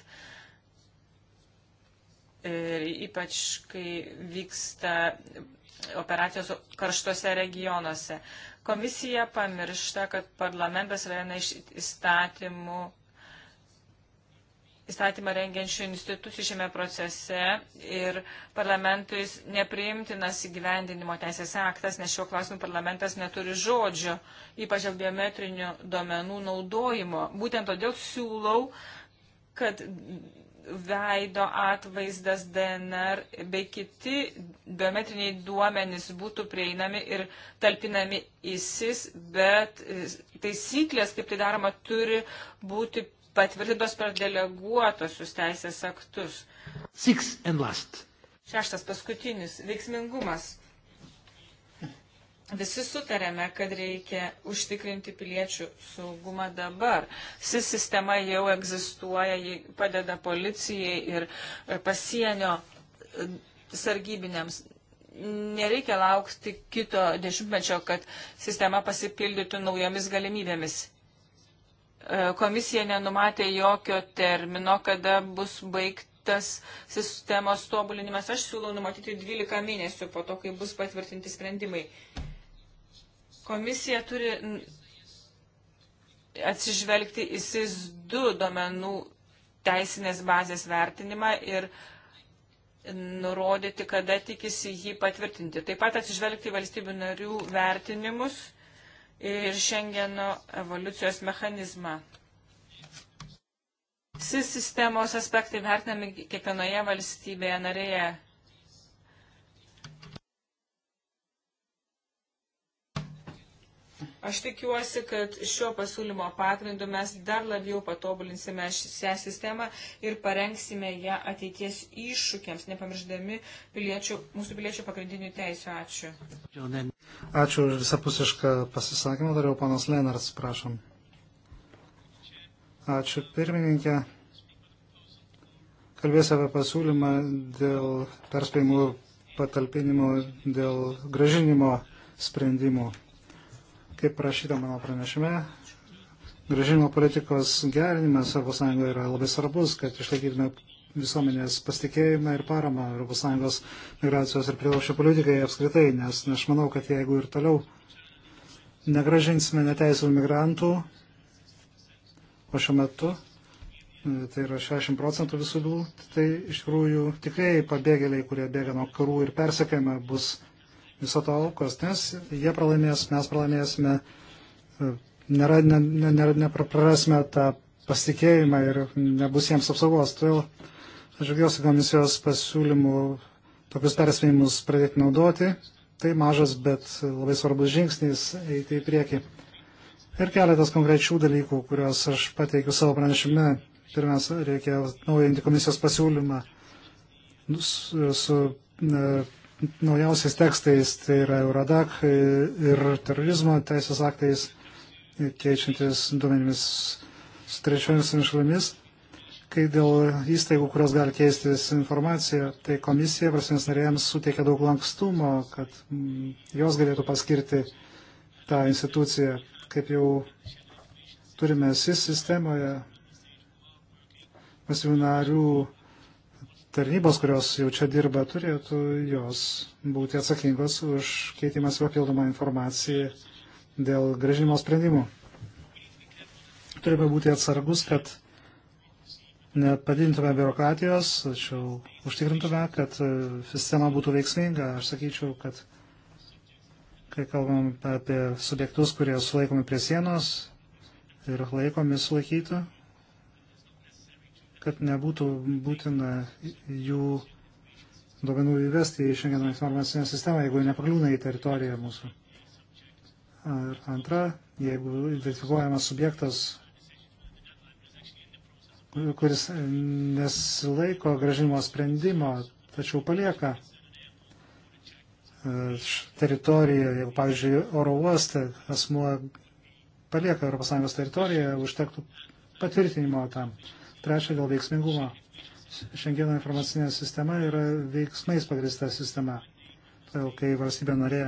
ir ypač kai vyksta operacijos karštuose regionuose. Komisija pamiršta, kad parlamentas yra viena iš įstatymų įstatymą rengiančių institucijų šiame procese ir parlamentui nepriimtinas įgyvendinimo teisės aktas, nes šiuo klausimu parlamentas neturi žodžio, ypač dėl biometrinių duomenų naudojimo. Būtent todėl siūlau, kad veido atvaizdas, DNR bei kiti biometriniai duomenys būtų prieinami ir talpinami įsis, bet e, taisyklės, kaip tai daroma, turi būti patvirtintos per deleguotosius teisės aktus.
Six and last.
Šeštas paskutinis - veiksmingumas. Visi sutarėme, kad reikia užtikrinti piliečių saugumą dabar. Si sistema jau egzistuoja, ji padeda policijai ir e, pasienio e, sargybinėms. Nereikia laukti kito dešimtmečio, kad sistema pasipildytų naujomis galimybėmis. E, komisija nenumatė jokio termino, kada bus baigtas sistemos tobulinimas. Aš siūlau numatyti 12 mėnesių po to, kai bus patvirtinti sprendimai. Komisija turi atsižvelgti į SIS-2 domenų teisinės bazės vertinimą ir nurodyti, kada tikisi jį patvirtinti. Taip pat atsižvelgti į valstybių narių vertinimus ir Šengeno evoliucijos mechanizmą. SIS sistemos aspektai vertinami kiekvienoje valstybėje narėje Aš tikiuosi, kad šio pasiūlymo pagrindu mes dar labiau patobulinsime šią sistemą ir parengsime ją ateities iššūkiams, nepamiršdami piliečių, mūsų piliečių pagrindinių teisų. Ačiū.
Ačiū už visapusišką pasisakymą. Dariau panas Lenars, prašom. Ačiū pirmininkė. Kalbėsiu apie pasiūlymą dėl perspėjimų patalpinimo, dėl gražinimo sprendimų. Kaip rašyta mano pranešime, gražinimo politikos gerinimas ES yra labai svarbus, kad išlaikytume visuomenės pasitikėjimą ir paramą ES migracijos ir prilaušio politikai apskritai, nes aš manau, kad jeigu ir toliau negražinsime neteisų migrantų, o šiuo metu e, tai yra 60 procentų visų bylų, tai iš tikrųjų tikrai pabėgėliai, kurie bėga nuo karų ir persekiojama, bus viso to aukos, nes jie pralaimės, mes pralaimėsime, nėra, ne, ne, ne, neprarasime tą pasitikėjimą ir nebus jiems apsaugos. Todėl aš žiūrėsiu komisijos pasiūlymų tokius persvėjimus pradėti naudoti. Tai mažas, bet labai svarbus žingsnis eiti į priekį. Ir keletas konkrečių dalykų, kuriuos aš pateikiu savo pranešime. Pirmiausia, reikia naujinti komisijos pasiūlymą nu, su, su ne, naujausiais tekstais, tai yra Eurodac ir terorizmo teisės aktais, keičiantis duomenimis su trečiomis šalimis. Kai dėl įstaigų, kurios gali keistis informaciją, tai komisija prasmės narėjams suteikia daug lankstumo, kad mm, jos galėtų paskirti tą instituciją, kaip jau turime SIS sistemoje, valstybių narių tarnybos, kurios jau čia dirba, turėtų jos būti atsakingos už keitimas papildomą informaciją dėl gražinimo sprendimų. Turime būti atsargus, kad nepadintume biurokratijos, tačiau užtikrintume, kad e, sistema būtų veiksminga. Aš sakyčiau, kad kai kalbam apie subjektus, kurie sulaikomi prie sienos ir laikomi sulaikyti, kad nebūtų būtina jų duomenų įvesti į šiandieną informacinę sistemą, jeigu nepakliūna į teritoriją mūsų. Ir antra, jeigu identifikuojamas subjektas, kuris nesilaiko gražimo sprendimo, tačiau palieka e, teritoriją, jeigu, pavyzdžiui, oro uoste asmuo palieka ES teritoriją, užtektų patvirtinimo tam. Trečia, dėl veiksmingumo. Šiandieną informacinė sistema yra veiksmais pagrista sistema. Todėl, kai valstybė norė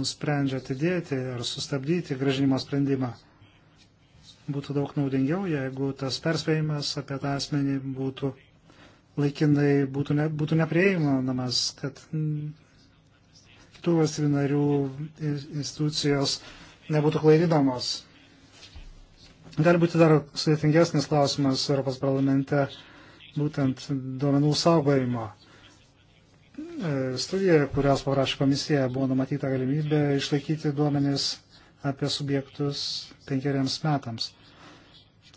nusprendžia atidėti ar sustabdyti gražinimo sprendimą, būtų daug naudingiau, jeigu tas perspėjimas apie tą asmenį būtų laikinai būtų, ne, būtų neprieinamas, kad kitų valstybių narių institucijos nebūtų klaidinamos. Gali būti dar sudėtingesnis klausimas Europos parlamente, būtent duomenų saugojimo. E, studijoje, kurios paprašė komisija, buvo numatyta galimybė išlaikyti duomenis apie subjektus penkeriams metams.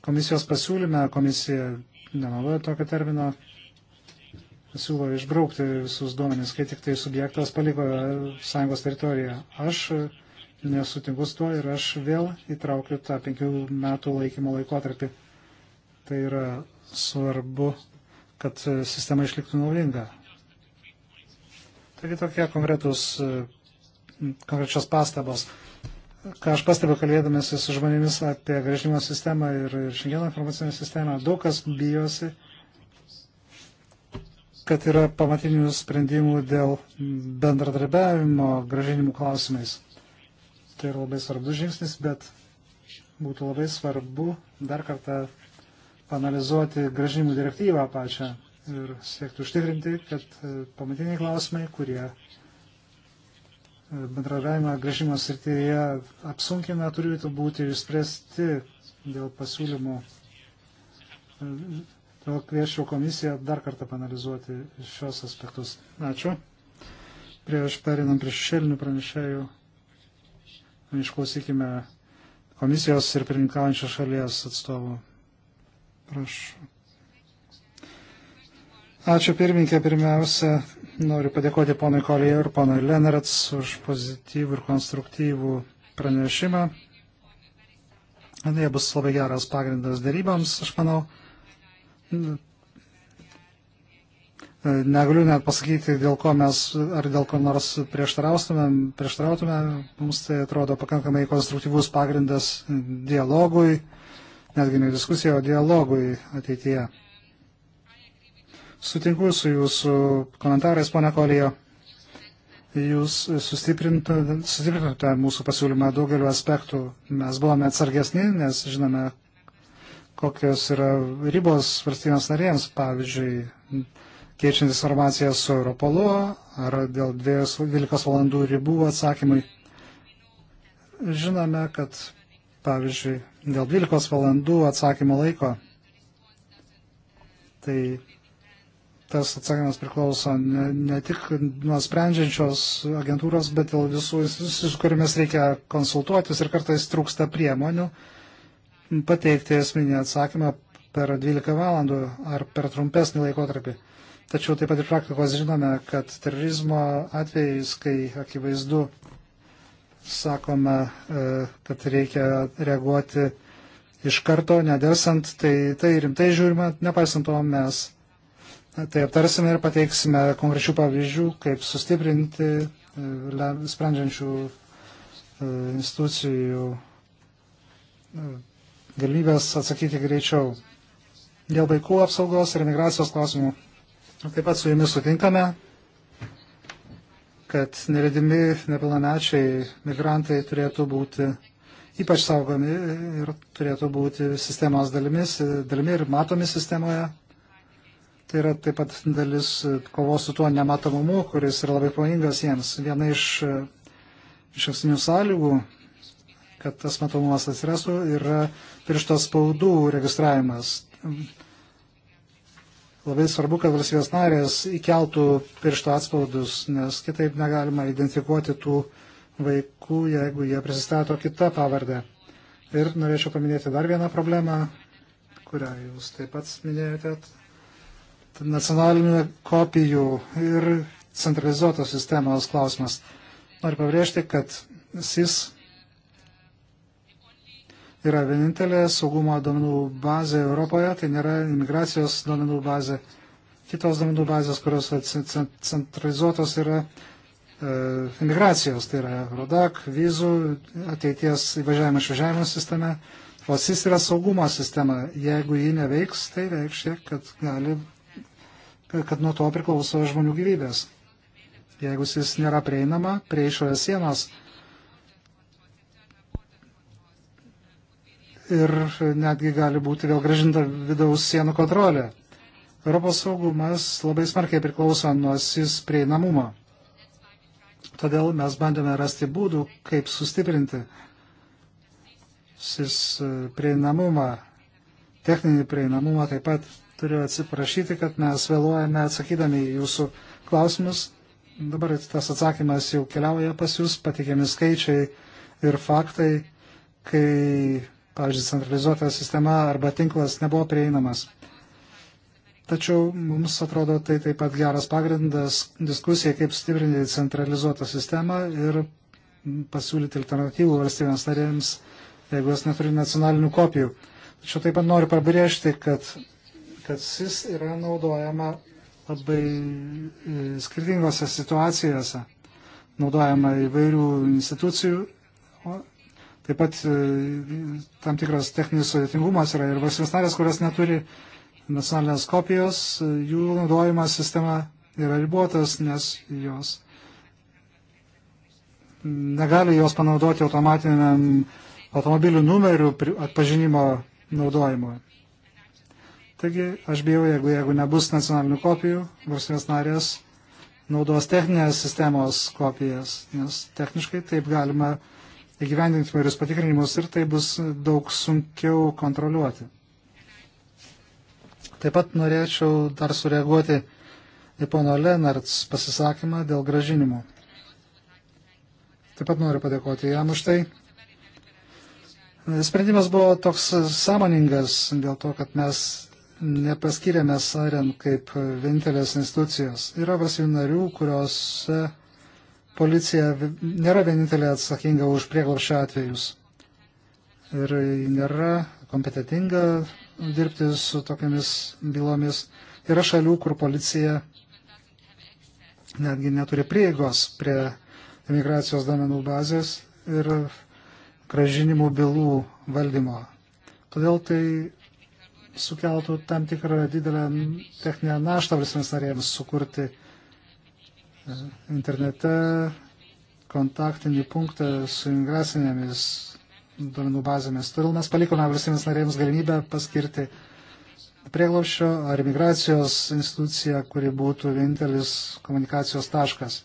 Komisijos pasiūlyme komisija nenaudoja tokio termino, siūlo išbraukti visus duomenis, kai tik tai subjektas paliko sąjungos teritoriją. Aš nesutinku su tuo ir aš vėl įtraukiu tą penkių metų laikymo laikotarpį. Tai yra svarbu, kad sistema išliktų naudinga. Taigi tokie konkretus, konkrečios pastabos. Ką aš pastebiu kalbėdamėsi su žmonėmis apie grįžimo sistemą ir šiandieną informacinę sistemą, daug kas bijosi, kad yra pamatinių sprendimų dėl bendradarbiavimo gražinimų klausimais. Tai yra labai svarbus žingsnis, bet būtų labai svarbu dar kartą panalizuoti gražinimų direktyvą pačią ir siekti užtikrinti, kad e, pamatiniai klausimai, kurie e, bendravimą gražimo srityje apsunkina, turėtų būti išspręsti dėl pasiūlymų. Todėl e, kviečiu komisiją dar kartą panalizuoti šios aspektus. Ačiū. Prieš perinam prie šešėlinių pranešėjų. Išklausykime komisijos ir pirmininkaujančios šalies atstovų. Prašau. Ačiū pirmininkė. Pirmiausia, noriu padėkoti ponui Kolijai ir ponui Lenarats už pozityvų ir konstruktyvų pranešimą. Jie bus labai geras pagrindas darybams, aš manau. E, negaliu net pasakyti, dėl ko mes ar dėl ko nors prieštarautume, prieštarautume. Mums tai atrodo pakankamai konstruktyvus pagrindas dialogui, netgi ne diskusijai, o dialogui ateityje. Sutinku su jūsų komentarais, ponia Kolijo. Jūs sustiprintumėte mūsų pasiūlymą daugeliu aspektų. Mes buvome atsargesni, nes žinome, kokios yra ribos valstybės narėms, pavyzdžiui, keičiant informaciją su Europolu ar dėl 12 valandų ribų atsakymui. Žinome, kad pavyzdžiui, dėl 12 valandų atsakymo laiko, tai tas atsakymas priklauso ne, ne tik nuo sprendžiančios agentūros, bet ir visų institucijų, su kuriamis reikia konsultuotis ir kartais trūksta priemonių pateikti esminį atsakymą per 12 valandų ar per trumpesnį laikotarpį. Tačiau taip pat ir praktikos žinome, kad terorizmo atvejais, kai akivaizdu sakome, kad reikia reaguoti iš karto, nedelsant, tai, tai rimtai žiūrime, nepaisant to mes tai aptarsime ir pateiksime konkrečių pavyzdžių, kaip sustiprinti e, sprendžiančių e, institucijų e, galimybės atsakyti greičiau. Dėl vaikų apsaugos ir migracijos klausimų Taip pat su jumis sutinkame, kad neredimi nepilnamečiai migrantai turėtų būti ypač saugomi ir turėtų būti sistemos dalimis, dalimi ir matomi sistemoje. Tai yra taip pat dalis kovos su tuo nematomumu, kuris yra labai pavojingas jiems. Viena iš iš esminių sąlygų, kad tas matomumas atsirastų, yra pirštos spaudų registravimas. Labai svarbu, kad valstybės narės įkeltų piršto atspaudus, nes kitaip negalima identifikuoti tų vaikų, jeigu jie prisistato kitą pavardę. Ir norėčiau paminėti dar vieną problemą, kurią jūs taip pat minėjote. Tai nacionalinių kopijų ir centralizuotos sistemos klausimas. Noriu pabrėžti, kad SIS yra vienintelė saugumo duomenų bazė Europoje, tai nėra imigracijos duomenų bazė. Kitos duomenų bazės, kurios centralizuotos yra e, imigracijos, tai yra RODAK, vizų, ateities įvažiavimo išvažiavimo sistema. O SIS yra saugumo sistema. Jeigu ji neveiks, tai reikšia, kad, gali, kad nuo to priklauso žmonių gyvybės. Jeigu SIS nėra prieinama prie išorės sienos, ir netgi gali būti vėl gražinta vidaus sienų kontrolė. Europos saugumas labai smarkiai priklauso nuo SIS prieinamumo. Todėl mes bandėme rasti būdų, kaip sustiprinti SIS prieinamumą, techninį prieinamumą taip pat. Turiu atsiprašyti, kad mes vėluojame atsakydami į jūsų klausimus. Dabar tas atsakymas jau keliauja pas jūs, patikėmi skaičiai ir faktai, kai pavyzdžiui, centralizuota sistema arba tinklas nebuvo prieinamas. Tačiau mums atrodo tai taip pat geras pagrindas diskusijai, kaip stiprinti centralizuotą sistemą ir pasiūlyti alternatyvų valstybėms narėms, jeigu jos neturi nacionalinių kopijų. Tačiau taip pat noriu pabrėžti, kad, kad SIS yra naudojama labai e, skirtingose situacijose, naudojama įvairių institucijų, Taip pat e, tam tikras techninis sudėtingumas yra ir valstybės narės, kurios neturi nacionalinės kopijos, e, jų naudojimas sistema yra ribotas, nes jos negali jos panaudoti automatiniam automobilių numerių atpažinimo naudojimui. Taigi aš bijau, jeigu, jeigu nebus nacionalinių kopijų, valstybės narės naudos techninės sistemos kopijas, nes techniškai taip galima uh, įgyvendinti vairius patikrinimus ir tai bus daug sunkiau kontroliuoti. Taip pat norėčiau dar sureaguoti į pono Lenarts pasisakymą dėl gražinimo. Taip pat noriu padėkoti jam už tai. Sprendimas buvo toks sąmoningas dėl to, kad mes nepaskiriame Saren kaip vienintelės institucijos. Yra valstybių narių, kurios policija nėra vienintelė atsakinga už prieglapščio atvejus. Ir nėra kompetitinga dirbti su tokiamis bylomis. Yra šalių, kur policija netgi neturi prieigos prie imigracijos domenų bazės ir gražinimų bylų valdymo. Todėl tai sukeltų tam tikrą didelę techninę naštą valstybės narėms sukurti internete kontaktinį punktą su ingrasinėmis duomenų bazėmis. Todėl mes palikome valstybės narėms galimybę paskirti prieglaušio ar imigracijos instituciją, kuri būtų vienintelis komunikacijos taškas,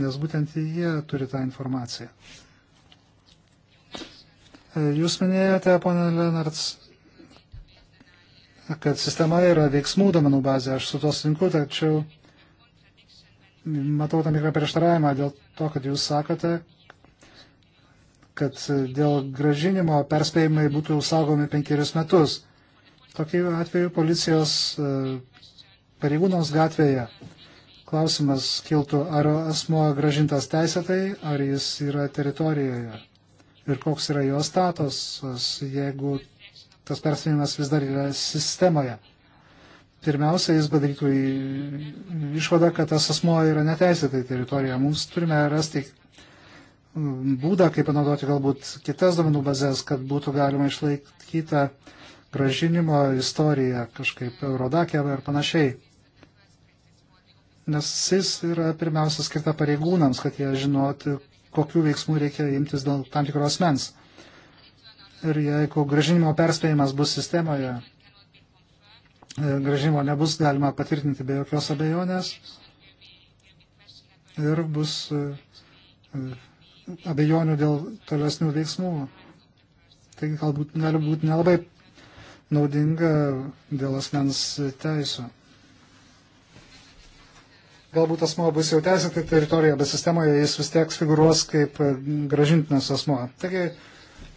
nes būtent jie turi tą informaciją. E, jūs minėjote, ponė Lenarts, kad sistema yra veiksmų domenų bazė, aš su to sutinku, tačiau matau tam tikrą prieštaravimą dėl to, kad jūs sakote, kad dėl gražinimo perspėjimai būtų saugomi penkerius metus. Tokiu atveju policijos e, pareigūnams gatvėje klausimas kiltų, ar asmo gražintas teisėtai, ar jis yra teritorijoje ir koks yra jo statusas, jeigu tas perspėjimas vis dar yra sistemoje pirmiausia, jis padarytų išvadą, kad tas asmo yra neteisėtai teritorija. Mums turime rasti um, būdą, kaip panaudoti galbūt kitas duomenų bazės, kad būtų galima išlaikyti gražinimo istoriją kažkaip Eurodakė e ar panašiai. Nes jis yra pirmiausia skirta pareigūnams, kad jie žinotų, kokiu veiksmu reikia imtis dėl tam tikros mens. Ir jeigu gražinimo perspėjimas bus sistemoje, E, gražimo nebus galima patvirtinti be jokios abejonės ir bus e, e, abejonių dėl tolesnių veiksmų. Tai galbūt gali būti nelabai naudinga dėl asmens teisų. Galbūt asmo bus jau teisėtai teritorijoje, bet sistemoje jis vis tiek figūruos kaip gražintinas asmo. Taigi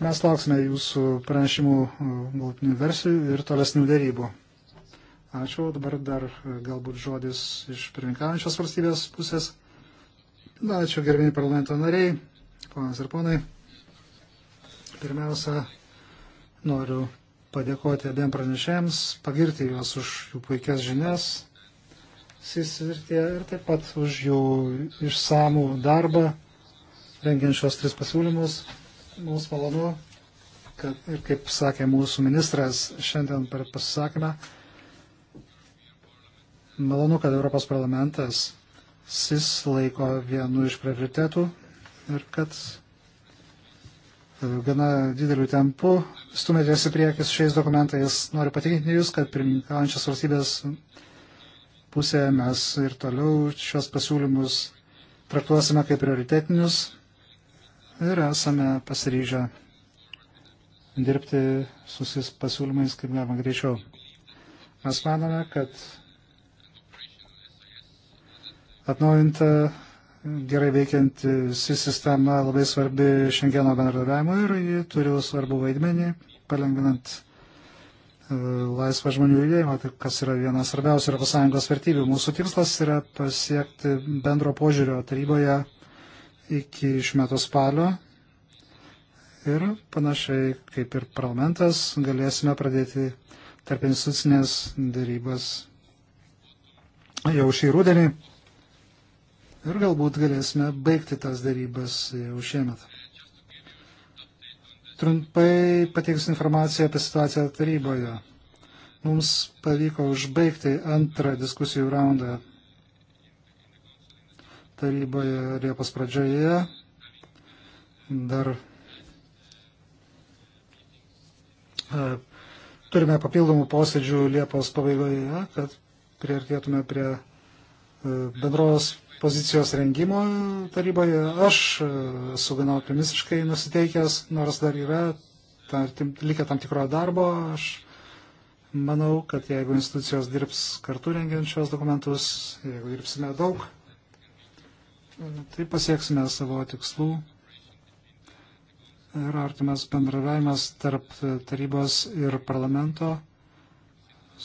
mes lauksime jūsų pranešimų galutinių versijų ir tolesnių dėrybų. Ačiū. Dabar dar e, galbūt žodis iš pirmininkaujančios valstybės pusės. Na, ačiū gerbiniai parlamento nariai, ponas ir ponai. Pirmiausia, noriu padėkoti abiem pranešėjams, pagirti juos už jų puikias žinias ir taip pat už jų išsamų darbą, rengiant šios tris pasiūlymus. Mums malonu, kad ir kaip sakė mūsų ministras šiandien per pasisakymą, Malonu, kad Europos parlamentas SIS laiko vienu iš prioritetų ir kad e, gana dideliu tempu stumėtės į priekį su šiais dokumentais. Noriu patikinti Jūs, kad pirmininkaujančios valstybės pusėje mes ir toliau šios pasiūlymus traktuosime kaip prioritetinius ir esame pasiryžę dirbti su SIS pasiūlymais kaip galima greičiau. Mes manome, kad Atnaujinta gerai veikianti sistema labai svarbi šiandieno bendradarbiavimo ir ji turi svarbu vaidmenį, palengvinant e, laisvą žmonių judėjimą, tai kas yra vienas svarbiausių ES vertybių. Mūsų tikslas yra pasiekti bendro požiūrio taryboje iki iš metų spalio ir panašiai kaip ir parlamentas galėsime pradėti tarp institucinės darybas jau šį rūdienį ir galbūt galėsime baigti tas darybas jau šiemet. Trumpai pateiksiu informaciją apie situaciją taryboje. Mums pavyko užbaigti antrą diskusijų raundą taryboje Liepos pradžioje. Dar e, turime papildomų posėdžių Liepos pabaigoje, kad priartėtume prie e, bendros pozicijos rengimo taryboje. Aš e, esu gana optimistiškai nusiteikęs, nors dar yra tartim, likę tam tikro darbo. Aš manau, kad jeigu institucijos dirbs kartu rengiant šios dokumentus, jeigu dirbsime daug, tai pasieksime savo tikslų. Ir artimas bendravimas tarp tarybos ir parlamento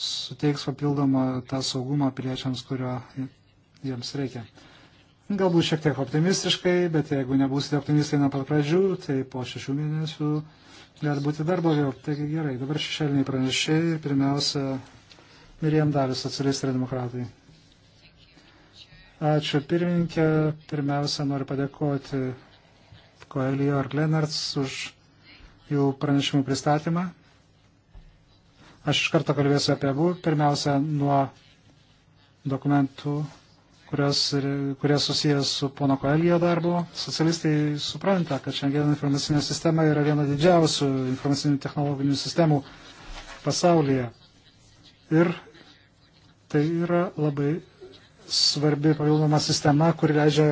suteiks papildomą tą saugumą piliečiams, kurio jiems reikia. Galbūt šiek tiek optimistiškai, bet jeigu nebūsite optimistai nuo pat pradžių, tai po šešių mėnesių gali būti dar blogiau. Taigi gerai, dabar šešėliniai pranešėjai ir pirmiausia Mirjam Dalis, socialistai ir demokratai. Ačiū pirmininkė. Pirmiausia, noriu padėkoti Koelijo ir Lenarts už jų pranešimų pristatymą. Aš iš karto kalbėsiu apie abu. Pirmiausia, nuo dokumentų kurios, kurie susijęs su pono Koelijo darbu. Socialistai supranta, kad šiandien informacinė sistema yra viena didžiausių informacinių technologinių sistemų pasaulyje. Ir tai yra labai svarbi papildoma sistema, kuri leidžia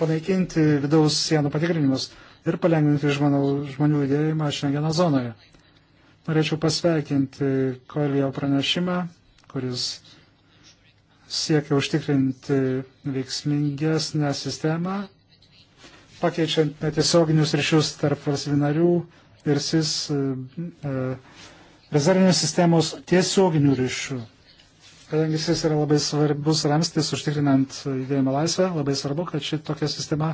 panaikinti vidaus sienų patikrinimus ir palengvinti žmonų, žmonių judėjimą šiandieną zonoje. Norėčiau pasveikinti Koelijo pranešimą, kuris siekia užtikrinti veiksmingesnę sistemą, pakeičiant netiesioginius ryšius tarp valstybinarių ir SIS e, rezervinės sistemos tiesioginių ryšių. Kadangi jis yra labai svarbus ramstis užtikrinant judėjimo laisvę, labai svarbu, kad ši tokia sistema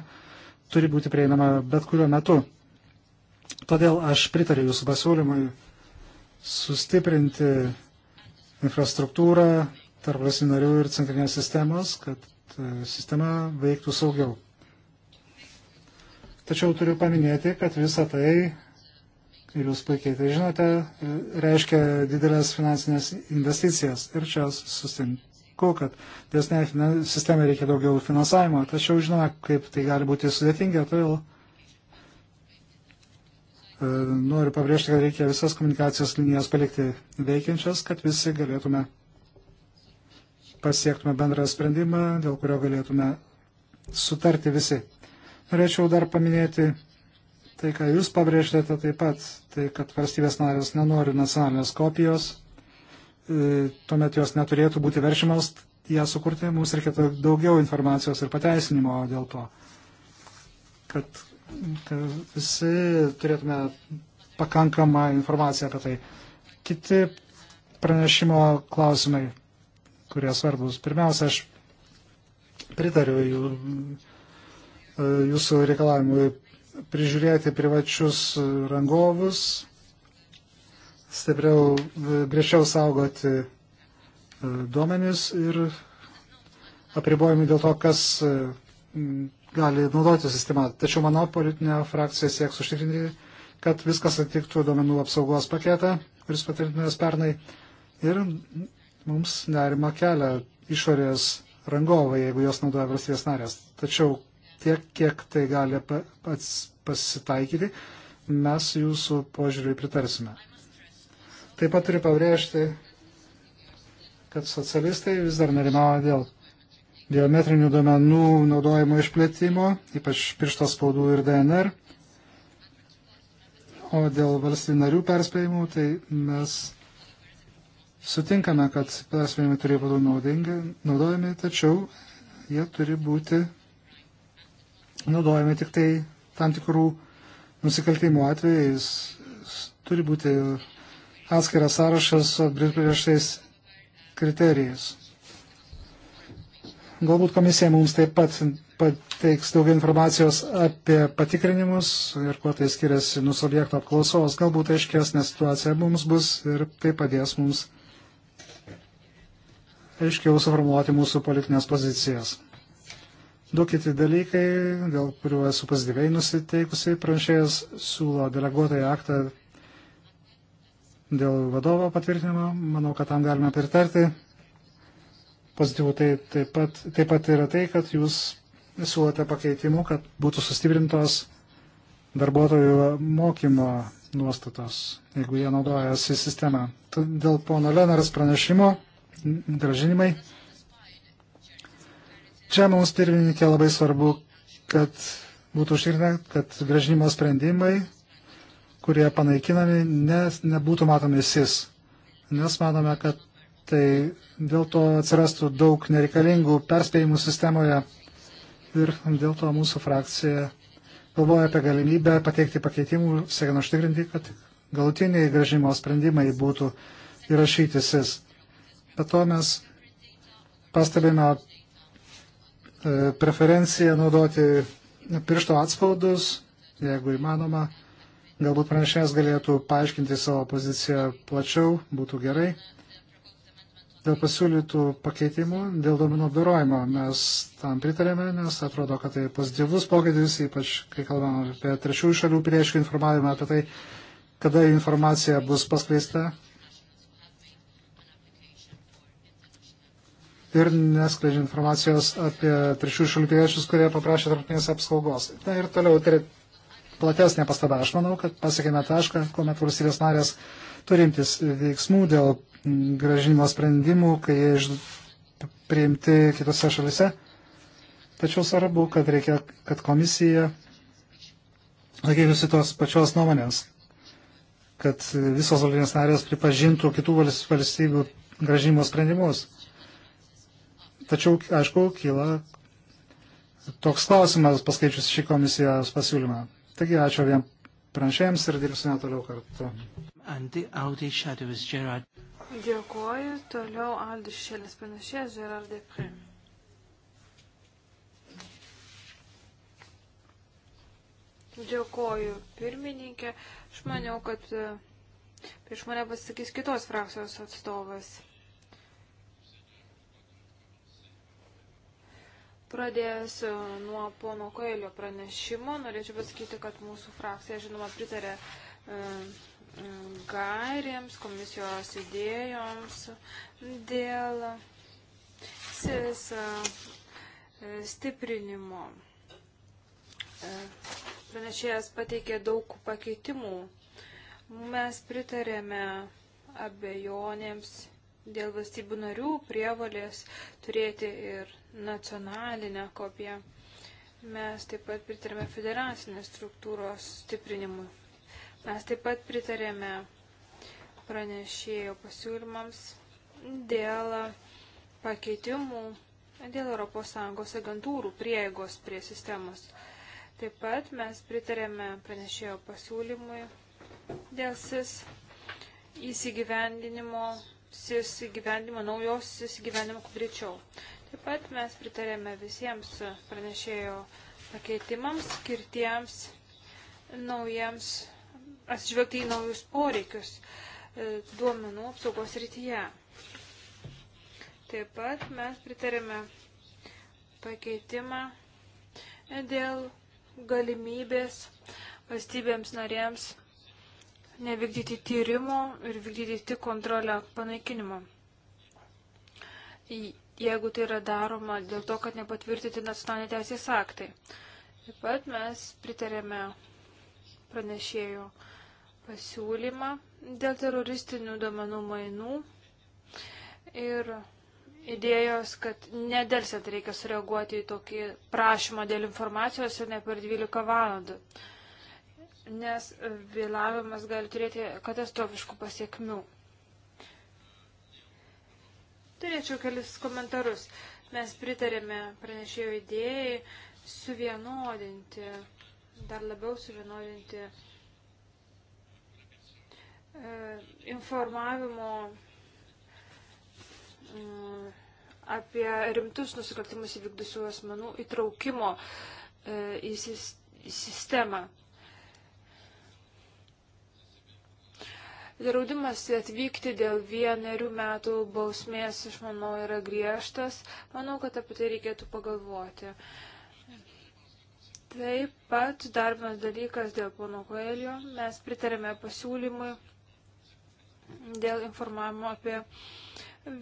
turi būti prieinama bet kuriuo metu. Todėl aš pritariu jūsų pasiūlymui sustiprinti infrastruktūrą, tarp valstybinarių ir centrinės sistemos, kad e, sistema veiktų saugiau. Tačiau turiu paminėti, kad visa tai, ir jūs puikiai tai žinote, e, reiškia didelės finansinės investicijas. Ir čia sustinku, kad dėsniai sistemai reikia daugiau finansavimo. Tačiau žinome, kaip tai gali būti sudėtinga, todėl e, noriu pabrėžti, kad reikia visas komunikacijos linijas palikti veikiančias, kad visi galėtume pasiektume bendrą sprendimą, dėl kurio galėtume sutarti visi. Norėčiau dar paminėti tai, ką jūs pabrėžtėte taip pat, tai kad valstybės narės nenori nacionalinės kopijos, e, tuomet jos neturėtų būti veršimos ją sukurti, mums reikėtų daugiau informacijos ir pateisinimo dėl to, kad, kad visi turėtume pakankamą informaciją apie tai. Kiti pranešimo klausimai kurie svarbus. Pirmiausia, aš pritariu jų, e, jūsų reikalavimui prižiūrėti privačius rangovus, stipriau, e, griežčiau saugoti e, duomenis ir apribojami dėl to, kas gali naudoti sistemą. Tačiau mano politinė frakcija sieks užtikrinti, kad viskas atitiktų duomenų apsaugos paketą, kuris patvirtintas pernai. Ir Mums nerima kelia išorės rangovai, jeigu jos naudoja valstybės narės. Tačiau tiek, kiek tai gali pats pasitaikyti, mes jūsų požiūriui pritarsime. Taip pat turiu pabrėžti, kad socialistai vis dar nerimauja dėl biometrinių duomenų naudojimo išplėtimo, ypač piršto spaudų ir DNR. O dėl valstybių narių perspėjimų, tai mes Sutinkame, kad perspėjimai turi būti naudojami, tačiau jie turi būti naudojami tik tai tam tikrų nusikaltimų atvejais. Turi būti atskiras sąrašas su apibrieštais kriterijais. Galbūt komisija mums taip pat pateiks daugiau informacijos apie patikrinimus ir kuo tai skiriasi nuo subjekto apklausos. Galbūt aiškesnė situacija mums bus ir tai padės mums aiškiau suformuoluoti mūsų politinės pozicijas. Du kiti dalykai, dėl kurių esu pozityviai nusiteikusi, pranešėjas siūlo deleguotąją aktą dėl vadovo patvirtinimo. Manau, kad tam galime pritarti. Pozityvų tai taip pat, taip pat yra tai, kad jūs siūlote pakeitimų, kad būtų sustiprintos darbuotojų mokymo nuostatos, jeigu jie naudojasi sistemą. Dėl pono Lenaras pranešimo gražinimai. Čia mums pirmininkė labai svarbu, kad būtų užtikrinę, kad gražinimo sprendimai, kurie panaikinami, ne, nebūtų matomi SIS. Nes manome, kad tai dėl to atsirastų daug nereikalingų perspėjimų sistemoje ir dėl to mūsų frakcija galvoja apie galimybę pateikti pakeitimų, siekiant užtikrinti, kad galutiniai gražimo sprendimai būtų įrašyti SIS. Bet to mes pastebime e, preferenciją naudoti piršto atspaudus, jeigu įmanoma. Galbūt pranešėjas galėtų paaiškinti savo poziciją plačiau, būtų gerai. Dėl pasiūlytų pakeitimų, dėl duomenų apdorojimo mes tam pritarėme, nes atrodo, kad tai pozityvus pokytis, ypač kai kalbame apie trečiųjų šalių priešių informavimą, apie tai, kada informacija bus paskleista ir neskleidžia informacijos apie trečių šalių piliečius, kurie paprašė tarptautinės apsaugos. Na ir toliau tai platesnė pastaba. Aš manau, kad pasiekėme tašką, kuomet valstybės narės turintis veiksmų dėl gražinimo sprendimų, kai jie iš... priimti kitose šalise. Tačiau svarbu, kad reikia, kad komisija laikytųsi tos pačios nuomonės, kad visos valstybės narės pripažintų kitų valstybių gražinimo sprendimus. Tačiau, aišku, kyla toks klausimas paskaičius šį komisijos pasiūlymą. Taigi, ačiū vien pranešėjams ir dirbsime toliau kartu.
Dėkuoju, toliau Aldis Šėlis panašės, Gerard Depre. Dėkuoju, pirmininkė. Aš maniau, kad e, prieš mane pasakys kitos frakcijos atstovas. Pradėsiu nuo pono Koelio pranešimo. Norėčiau pasakyti, kad mūsų frakcija, žinoma, pritarė e, e, gairėms, komisijos idėjoms dėl sis e, stiprinimo. Pranešėjas pateikė daug pakeitimų. Mes pritarėme abejonėms dėl valstybių narių prievalės turėti ir nacionalinę kopiją. Mes taip pat pritarėme federacinės struktūros stiprinimui. Mes taip pat pritarėme pranešėjo pasiūlymams dėl pakeitimų dėl ES agentūrų prieigos prie sistemos. Taip pat mes pritarėme pranešėjo pasiūlymui dėl SIS įsigyvendinimo įsigyvendimo, naujos įsigyvendimo greičiau. Taip pat mes pritarėme visiems pranešėjo pakeitimams skirtiems naujiems, atsižvelgti į naujus poreikius e, duomenų apsaugos rytyje. Taip pat mes pritarėme pakeitimą e, dėl galimybės valstybėms narėms nevykdyti tyrimo ir vykdyti tik kontrolę panaikinimo. Jeigu tai yra daroma dėl to, kad nepatvirtinti nacionaliniai teisės aktai. Taip pat mes pritarėme pranešėjo pasiūlymą dėl teroristinių domenų mainų ir idėjos, kad nedelsiant reikia sureaguoti į tokį prašymą dėl informacijos ir ne per 12 valandų nes vėlavimas gali turėti katastrofiškų pasiekmių. Turėčiau kelis komentarus. Mes pritarėme pranešėjo idėjai suvienodinti, dar labiau suvienodinti e, informavimo e, apie rimtus nusikaltimus įvykdusių asmenų įtraukimo e, į sistemą. Draudimas atvykti dėl vienerių metų bausmės, aš manau, yra griežtas. Manau, kad apie tai reikėtų pagalvoti. Taip pat dar vienas dalykas dėl pono Koelio. Mes pritarėme pasiūlymui dėl informavimo apie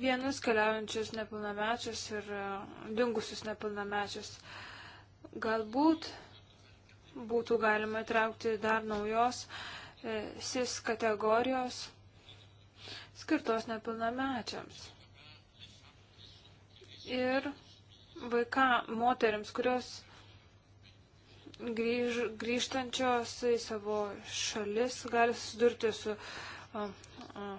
vienus keliaujančius nepilnamečius ir e, dingusius nepilnamečius. Galbūt būtų galima įtraukti dar naujos uh, E, SIS kategorijos skirtos nepilnamečiams. Ir vaiką moteriams, kurios grįž, grįžtančios į savo šalis gali susidurti su a, a,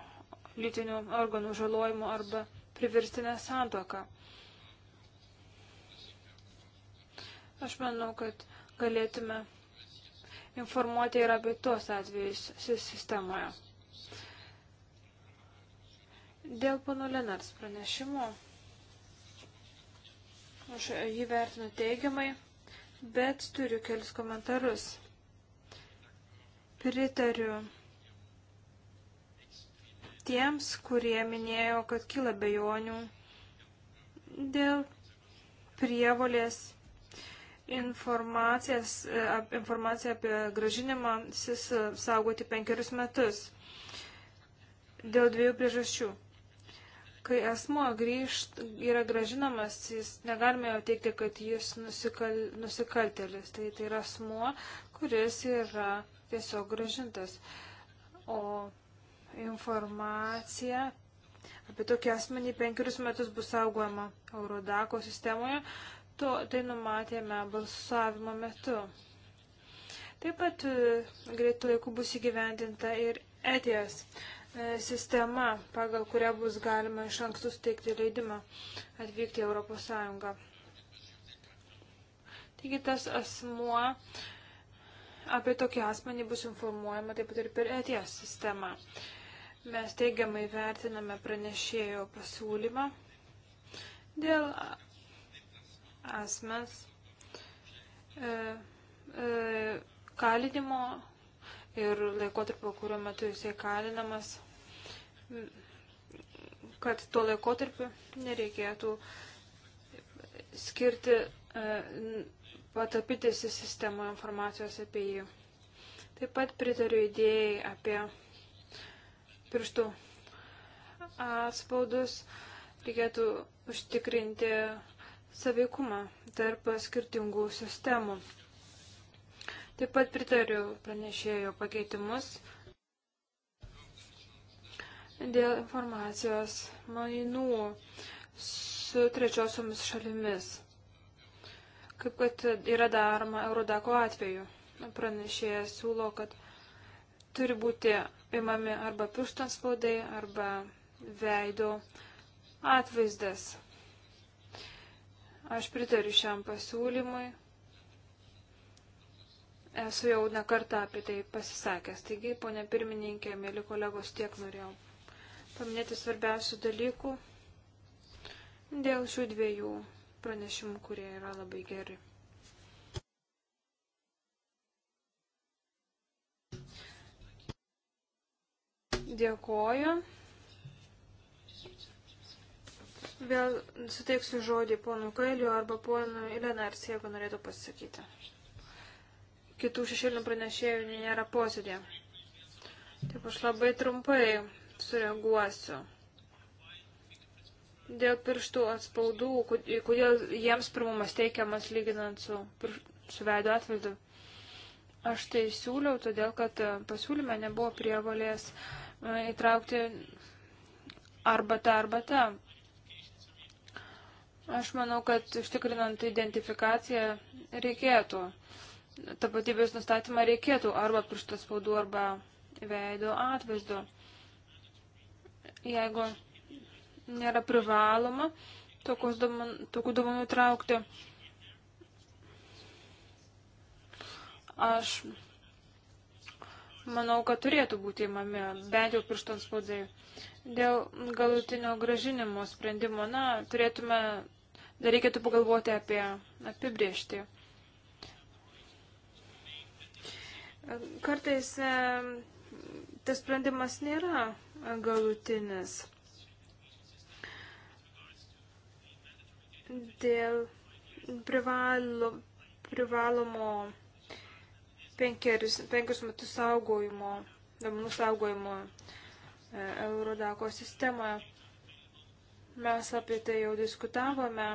lytiniu organų žalojimu arba priverstinė santoka. Aš manau, kad galėtume informuoti ir apie tuos atvejus sistemoje. Dėl pano Lenars pranešimo, aš jį vertinu teigiamai, bet turiu kelis komentarus. Pritariu tiems, kurie minėjo, kad kyla bejonių dėl prievolės E, informaciją apie gražinimą SIS e, saugoti penkerius metus dėl dviejų priežasčių. Kai asmuo grįžt, yra gražinamas, jis negalime jau teikti, kad jis nusikal, nusikaltelis. Tai, tai yra asmuo, kuris yra tiesiog gražintas. O informacija apie tokį asmenį penkerius metus bus saugojama Eurodako sistemoje, to, tai numatėme balsavimo metu. Taip pat e, greitų laikų bus įgyvendinta ir ETIAS e, sistema, pagal kurią bus galima iš anksto suteikti leidimą atvykti į Europos Sąjungą. Taigi tas asmuo, apie tokį asmenį bus informuojama taip pat ir per ETIAS sistemą. Mes teigiamai vertiname pranešėjo pasiūlymą dėl asmens e, e, kalinimo ir laikotarpio, kurio metu jisai kalinamas, kad tuo laikotarpiu nereikėtų skirti e, patapytis į sistemą informacijos apie jį. Taip pat pritariu idėjai apie pirštų atspaudus. Reikėtų užtikrinti saveikumą tarp skirtingų sistemų. Taip pat pritariu pranešėjo pakeitimus dėl informacijos mainų su trečiosiomis šalimis, kaip kad yra daroma Eurodako atveju. Pranešėjas siūlo, kad turi būti imami arba pirštanspaudai, arba veido atvaizdas. Aš pritariu šiam pasiūlymui. Esu jau ne kartą apie tai pasisakęs. Taigi, ponė pirmininkė, mėly kolegos, tiek norėjau paminėti svarbiausių dalykų dėl šių dviejų pranešimų, kurie yra labai geri. Dėkoju. Vėl suteiksiu žodį ponui Kailiu arba ponui Lenars, jeigu norėtų pasisakyti. Kitų šešėlinių pranešėjų nėra posėdė. Taip aš labai trumpai sureaguosiu. Dėl pirštų atspaudų, kodėl jiems pirmumas teikiamas lyginant su, su veido atvaizdu. Aš tai siūliau, todėl kad pasiūlyme nebuvo prievalės e, įtraukti arba tą, arba tą. Aš manau, kad užtikrinant identifikaciją reikėtų. Tapatybės nustatymą reikėtų arba piršto spaudų, arba veido atvaizdo. Jeigu nėra privaloma tokių duomenų traukti, aš manau, kad turėtų būti įmami bent jau piršto spaudai. Dėl galutinio gražinimo sprendimo, na, turėtume, dar reikėtų pagalvoti apie apibriežtį. Kartais tas sprendimas nėra galutinis. Dėl privalo, privalomo penkeris, penkius metus saugojimo, duomenų saugojimo Eurodako sistemoje. Mes apie tai jau diskutavome.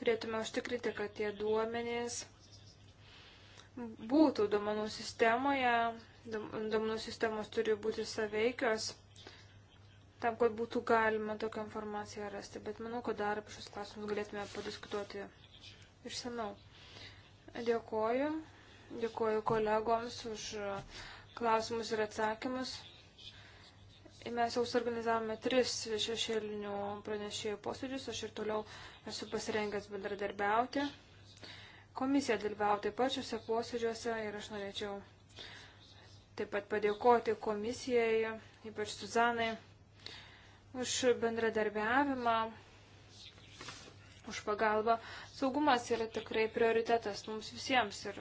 Turėtume užtikrinti, kad tie duomenys būtų duomenų sistemoje. Duomenų sistemos turi būti saveikios tam, kad būtų galima tokią informaciją rasti. Bet manau, kad dar apie šios klausimus galėtume padiskutuoti išsameu. Dėkoju. Dėkoju kolegoms už klausimus ir atsakymus. Mes jau suorganizavome tris šešėlinių pranešėjų posėdžius, aš ir toliau esu pasirengęs bendradarbiauti. Komisija dalyvavo taip pat šiuose posėdžiuose ir aš norėčiau taip pat padėkoti komisijai, ypač Suzanai, už bendradarbiavimą, už pagalbą. Saugumas yra tikrai prioritetas mums visiems ir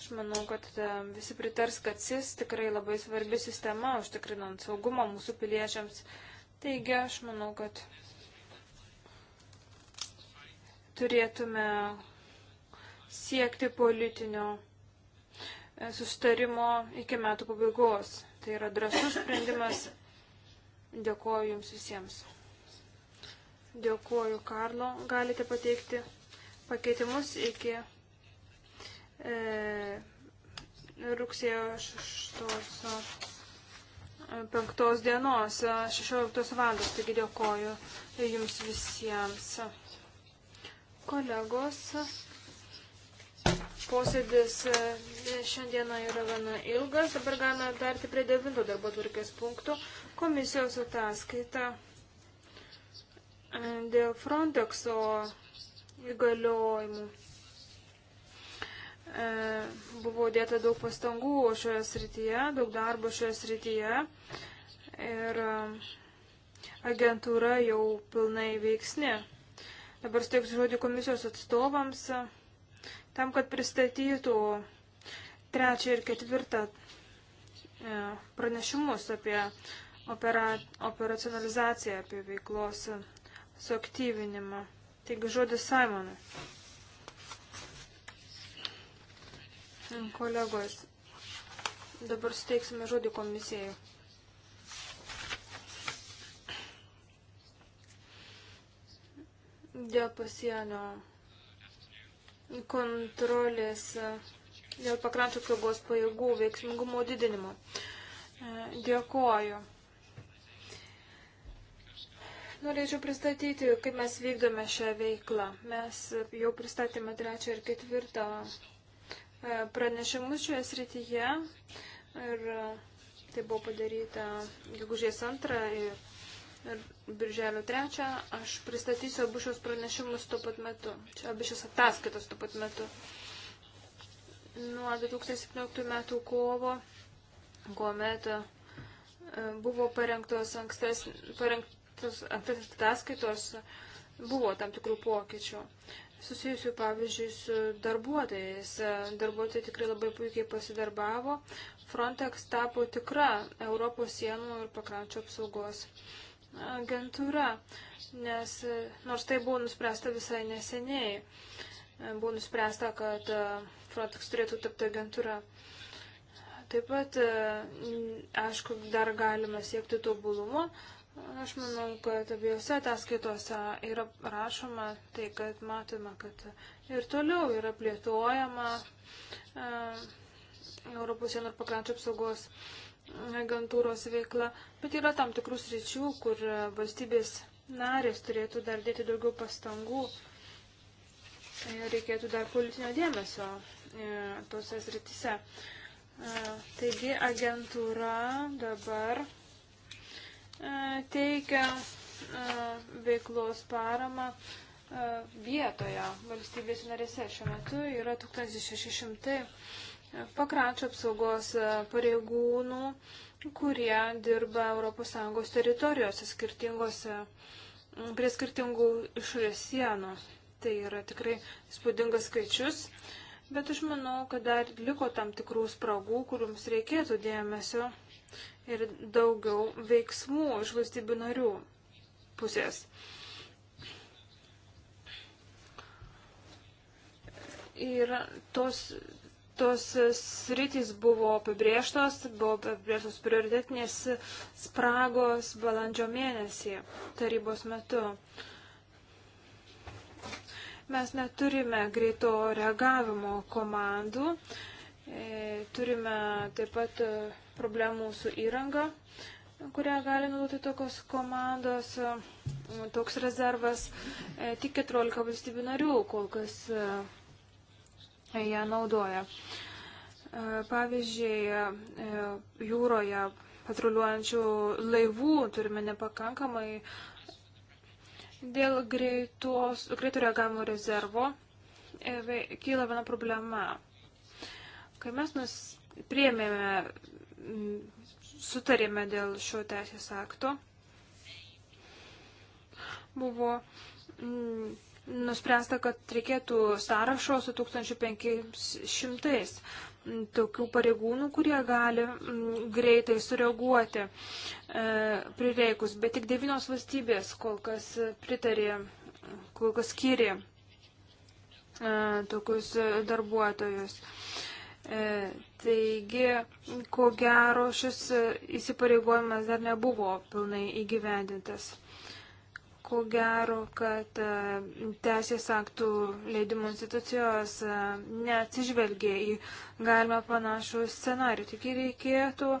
Aš manau, kad e, visi pritars, kad SIS tikrai labai svarbi sistema, užtikrinant saugumą mūsų piliečiams. Taigi, aš manau, kad turėtume siekti politinio e, sustarimo iki metų pabaigos. Tai yra drasus sprendimas. Dėkuoju Jums visiems. Dėkuoju, Karlo. Galite pateikti pakeitimus iki E, rugsėjo 6 e, penktos dienos, 16 e, valandos, taigi dėkoju jums visiems. Kolegos, posėdis šiandieną yra gana ilgas, dabar galime darti prie devinto darbo tvarkės punktų komisijos ataskaita dėl Frontexo įgaliojimų. E, buvo dėta daug pastangų šioje srityje, daug darbo šioje srityje ir e, agentūra jau pilnai veiksni. Dabar steiksiu žodį komisijos atstovams e, tam, kad pristatytų trečią ir ketvirtą pranešimus apie opera, operacionalizaciją, apie veiklos suaktyvinimą. Taigi žodis Simonui. Kolegos, dabar suteiksime žodį komisijai. Dėl pasienio kontrolės, dėl pakrančių apsaugos pajėgų veiksmingumo didinimo. E, Dėkuoju. Norėčiau pristatyti, kaip mes vykdome šią veiklą. Mes jau pristatėme trečią ir ketvirtą E, pranešimus šioje srityje ir e, tai buvo padaryta gegužės antrą ir, ir birželio trečią. Aš pristatysiu abu šios pranešimus tuo pat metu, abi šios ataskaitos tuo pat metu. Nuo 2017 metų kovo, kuomet e, buvo parengtos ankstesnės parengtos ataskaitos, buvo tam tikrų pokyčių susijusių, pavyzdžiui, su darbuotojais. Darbuotojai tikrai labai puikiai pasidarbavo. Frontex tapo tikra Europos sienų ir pakrančio apsaugos agentūra, nes nors tai buvo nuspręsta visai neseniai, buvo nuspręsta, kad e, Frontex turėtų tapti agentūra. Taip pat, e, aišku, dar galima siekti tobulumo, Aš manau, kad abiejose ataskaitose yra rašoma tai, kad matome, kad ir toliau yra plėtojama e, Europos sienų ir pakrančio apsaugos agentūros veikla, bet yra tam tikrus ryčių, kur valstybės narės turėtų dar dėti daugiau pastangų, reikėtų dar politinio dėmesio e, tose sritise. E, taigi agentūra dabar E, teikia e, veiklos paramą e, vietoje valstybės narėse. Šiuo metu yra 1600 pakrančio apsaugos pareigūnų, kurie dirba ES teritorijose skirtingose, prie skirtingų išorės sienų. Tai yra tikrai spūdingas skaičius, bet aš manau, kad dar liko tam tikrų spragų, kuriums reikėtų dėmesio ir daugiau veiksmų iš valstybių narių pusės. Ir tos, tos sritys buvo apibrieštos, buvo apibrieštos prioritetinės spragos balandžio mėnesį tarybos metu. Mes neturime greito reagavimo komandų, e, turime taip pat problemų su įranga, kurią gali naudoti tokios komandos, toks rezervas. E, tik 14 valstybių narių kol kas e, ją naudoja. E, pavyzdžiui, jūroje patruliuojančių laivų turime nepakankamai dėl greitos, greito reagavimo rezervo. Kyla viena problema. Kai mes nus, priėmėme sutarėme dėl šio teisės akto, buvo mm, nuspręsta, kad reikėtų sąrašo su 1500 tokių pareigūnų, kurie gali mm, greitai sureaguoti e, prireikus, bet tik devynios valstybės kol kas pritarė, kol kas skyrė e, tokius darbuotojus. E, E, taigi, ko gero, šis įsipareigojimas dar nebuvo pilnai įgyvendintas. Ko gero, kad e, teisės aktų leidimo institucijos e, neatsižvelgė į galima panašų scenarių. Tik reikėtų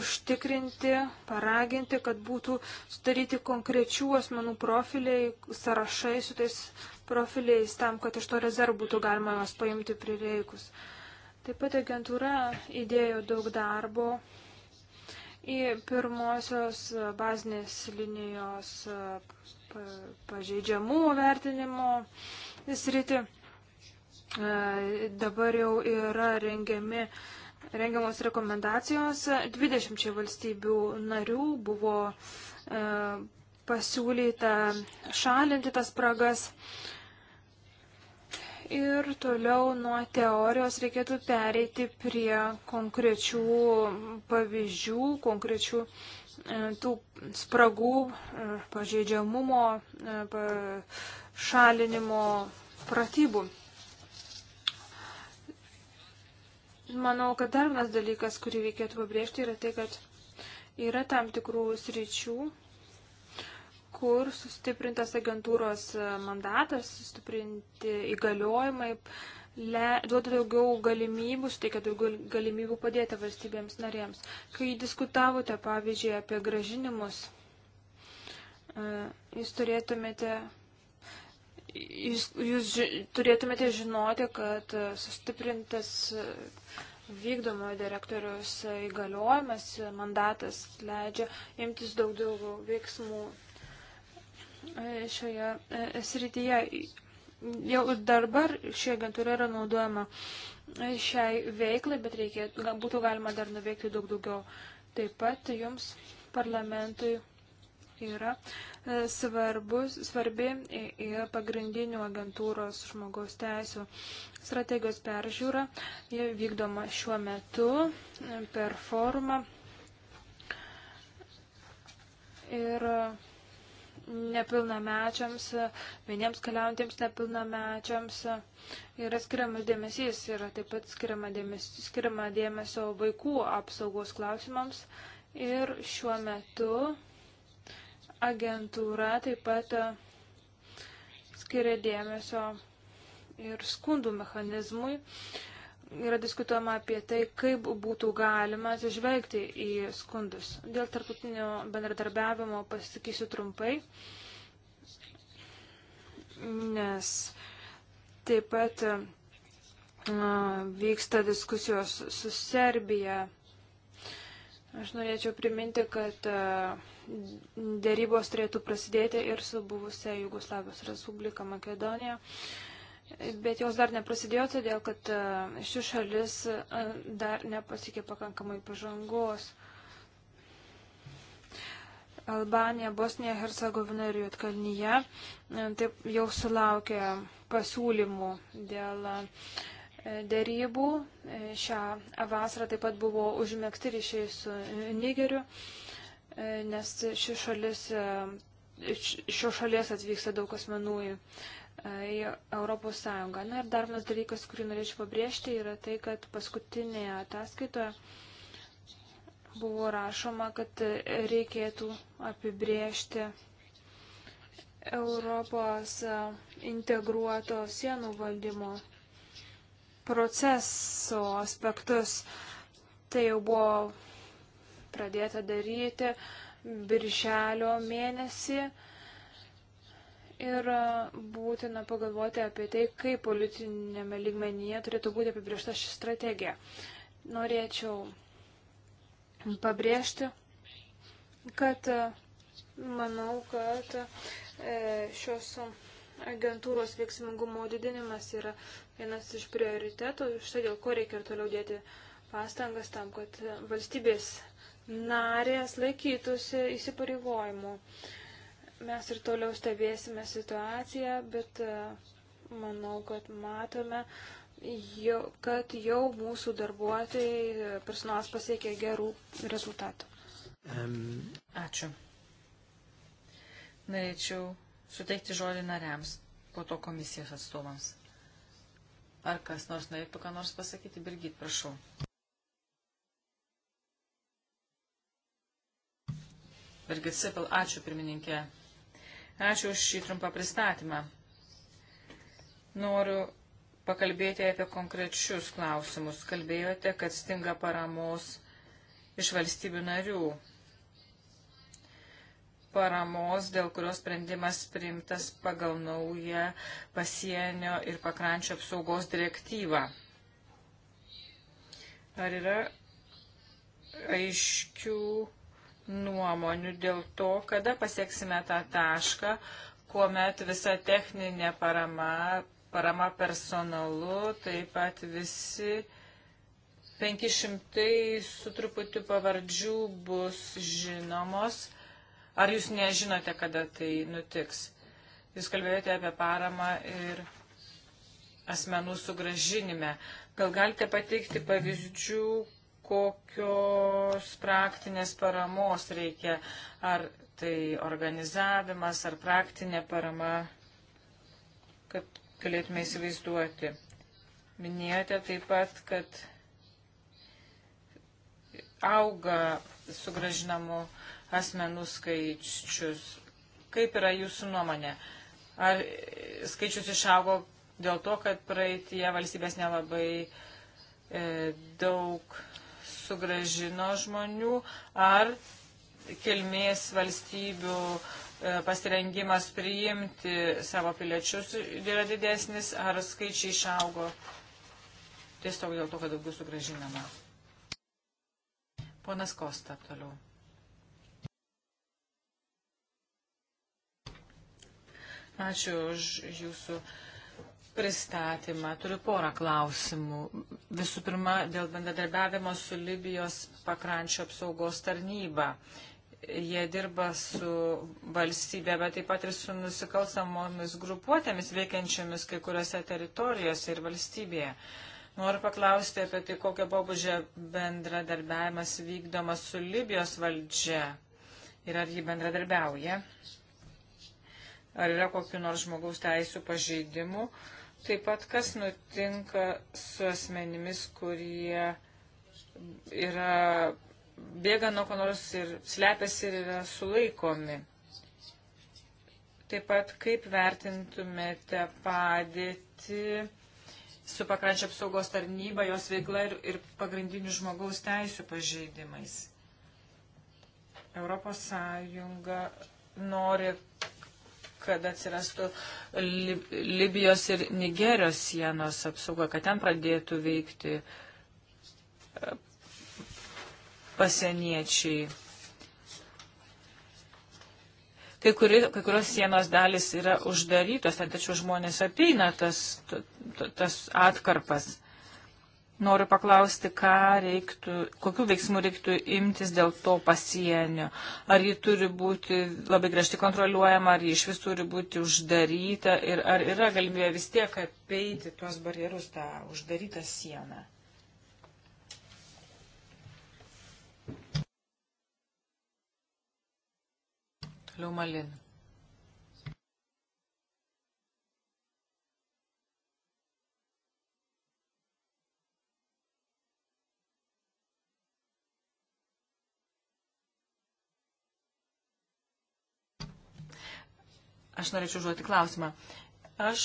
užtikrinti, paraginti, kad būtų sudaryti konkrečių asmenų profiliai, sąrašai su tais profiliais tam, kad iš to rezervų būtų galima juos paimti prireikus. Taip pat agentūra įdėjo daug darbo į pirmosios bazinės linijos e, pažeidžiamų vertinimo sritį. E, dabar jau yra rengiami rengiamos rekomendacijos 20 valstybių narių buvo e, pasiūlyta šalinti tas spragas. E, ir toliau nuo teorijos reikėtų pereiti prie konkrečių pavyzdžių, konkrečių e, tų spragų, e, pažeidžiamumo, e, šalinimo pratybų. Manau, kad dar vienas dalykas, kurį reikėtų pabrėžti, yra tai, kad yra tam tikrų sričių, kur sustiprintas agentūros mandatas, sustiprinti įgaliojimai, le, duoda daugiau galimybių, suteikia daugiau galimybių padėti valstybėms narėms. Kai diskutavote, pavyzdžiui, apie gražinimus, e, jūs turėtumėte. Jūs, jūs ži, turėtumėte žinoti, kad sustiprintas vykdomojo direktoriaus įgaliojimas, mandatas leidžia imtis daug daugiau veiksmų E, šioje e, srityje. Jau dabar ši agentūra yra naudojama e, šiai veiklai, bet reikia, būtų galima dar nuveikti daug daugiau. Taip pat jums parlamentui yra svarbus, svarbi ir pagrindinių agentūros žmogaus teisų strategijos peržiūra. Jie vykdoma šiuo metu per formą. Ir nepilnamečiams, vieniems keliaujantiems nepilnamečiams yra skiriama dėmesys, yra taip pat skiriama dėmesio, skiriama dėmesio vaikų apsaugos klausimams ir šiuo metu agentūra taip pat skiria dėmesio ir skundų mechanizmui. Uh, yra diskutuojama apie tai, kaip būtų galima atsižvelgti į skundus. Dėl tarptautinio bendradarbiavimo pasakysiu trumpai, nes taip pat a, vyksta diskusijos su Serbija. Aš norėčiau priminti, kad a, dėrybos turėtų prasidėti ir su buvusia Jugoslavijos Respublika Makedonija. A, bet jos dar neprasidėjo, todėl kad e, ši šalis e, dar nepasiekė pakankamai pažangos. Albanija, Bosnija, Hercegovina ir Jotkalnyje e, taip jau sulaukė pasiūlymų dėl dėrybų. Šią vasarą taip pat buvo užmėgti ryšiai su Nigeriu, nes ši šalis, šio šalies atvyksta daug asmenų į į Europos Sąjungą. Na ir dar vienas dalykas, kurį norėčiau pabrėžti, yra tai, kad paskutinėje ataskaitoje buvo rašoma, kad reikėtų apibrėžti Europos integruoto sienų valdymo proceso aspektus. Tai jau buvo pradėta daryti birželio mėnesį ir būtina pagalvoti apie tai, kaip politinėme lygmenyje turėtų būti apibriešta ši strategija. Norėčiau pabrėžti, kad e, manau, kad e, šios agentūros veiksmingumo didinimas yra vienas iš prioritetų, štai dėl ko reikia ir toliau dėti pastangas tam, kad valstybės narės laikytųsi įsipareigojimų. Uh, Mes ir toliau stebėsime situaciją, bet e, manau, kad matome, jau, kad jau mūsų darbuotojai, e, personalas pasiekė gerų rezultatų. Um. Ačiū.
Norėčiau suteikti žodį nariams, po to komisijos atstovams. Ar kas nors norėtų ką nors pasakyti? Birgit, prašau. Birgit Sipil, ačiū pirmininkė. Ačiū už šį trumpą pristatymą. Noriu pakalbėti apie konkrečius klausimus. Kalbėjote, kad stinga paramos iš valstybių narių. Paramos, dėl kurios sprendimas priimtas pagal naują pasienio ir pakrančio apsaugos direktyvą. Ar yra aiškių nuomonių dėl to, kada pasieksime tą tašką, kuomet visa techninė parama, parama personalu, taip pat visi 500 su truputiu pavardžių bus žinomos. Ar jūs nežinote, kada tai nutiks? Jūs kalbėjote apie paramą ir asmenų sugražinime. Gal galite pateikti pavyzdžių, kokios praktinės paramos reikia, ar tai organizavimas, ar praktinė parama, kad galėtume įsivaizduoti. Minėjote taip pat, kad auga sugražinamų asmenų skaičius. Kaip yra jūsų nuomonė? Ar skaičius išaugo dėl to, kad praeitie valstybės nelabai e, daug sugražino žmonių, ar kilmės valstybių e, pasirengimas priimti savo piliečius yra didesnis, ar skaičiai išaugo tiesiog dėl to, kad daugiau sugražinama. Ponas Kosta toliau. Ačiū už jūsų pristatymą. Turiu porą klausimų. Visų pirma, dėl bendradarbiavimo su Libijos pakrančio apsaugos tarnyba. Jie dirba su valstybė, bet taip pat ir su nusikalstamomis grupuotėmis veikiančiomis kai kuriuose teritorijose ir valstybėje. Noriu paklausti apie tai, kokio pobūdžio bendradarbiavimas vykdomas su Libijos valdžia ir ar jį bendradarbiauja. Ar yra kokiu nors žmogaus teisų pažeidimų? Uh, Taip pat, kas nutinka su asmenimis, kurie yra bėga nuo ko nors ir slepiasi ir yra sulaikomi. Taip pat, kaip vertintumėte padėti su pakrančio apsaugos tarnyba, jos veikla ir, ir pagrindinių žmogaus teisų pažeidimais. Europos Sąjunga nori kad atsirastų Lib Libijos ir Nigerijos sienos apsauga, kad ten pradėtų veikti e, pasieniečiai. Kai, kuri, kai kurios sienos dalis yra uždarytos, tačiau žmonės apeina tas, tas atkarpas. Noriu paklausti, reiktų, kokiu veiksmu reiktų imtis dėl to pasienio. Ar ji turi būti labai griežtai kontroliuojama, ar ji iš vis turi būti uždaryta ir ar yra galimybė vis tiek apeiti tuos barjerus, tą uždarytą sieną. Toliau Malin. Aš norėčiau žuoti klausimą. Aš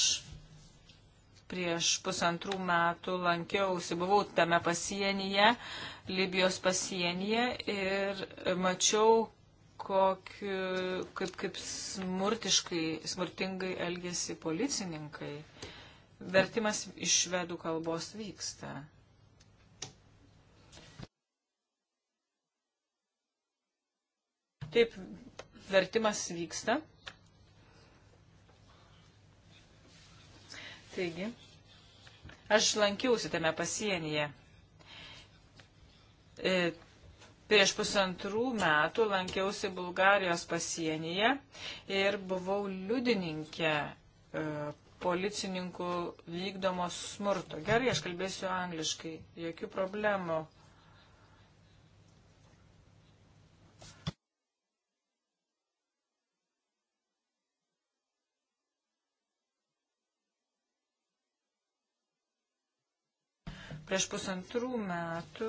prieš pusantrų metų lankiausi, buvau tame pasienyje, Libijos pasienyje ir mačiau, kokiu, kaip, kaip smurtiškai, smurtingai elgesi policininkai. Vertimas iš švedų kalbos vyksta. Taip, vertimas vyksta. Taigi, aš lankiausi tame pasienyje. E, prieš pusantrų metų lankiausi Bulgarijos pasienyje ir buvau liudininkė e, policininkų vykdomos smurto. Gerai, aš kalbėsiu angliškai, jokių problemų. Prieš pusantrų metų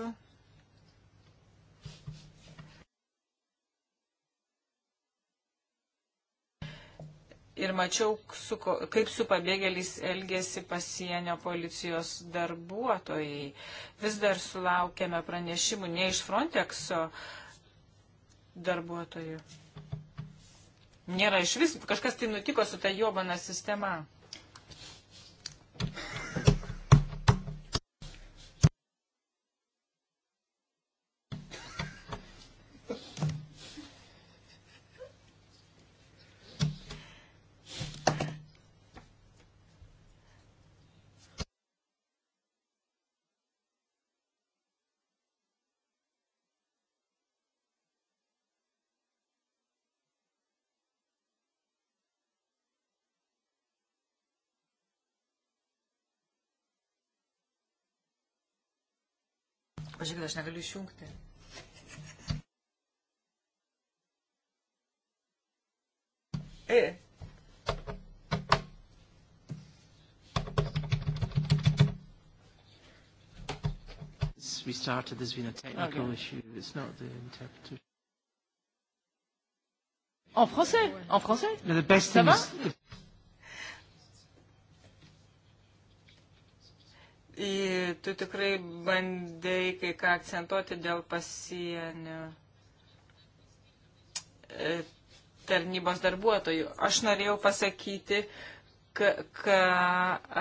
ir mačiau, su, kaip su pabėgėliais elgėsi pasienio policijos darbuotojai. Vis dar sulaukėme pranešimų ne iš Frontexo darbuotojų. Nėra iš vis, kažkas tai nutiko su ta jobana sistema. Pažiūrėkit, aš negaliu išjungti.
E.
We started, there's been a technical okay. issue. It's not the interpreter.
En français En français no, the best Ça va is... Tu tikrai bandai kai ką akcentuoti dėl pasienio e, tarnybos darbuotojų. Aš norėjau pasakyti, ka, ka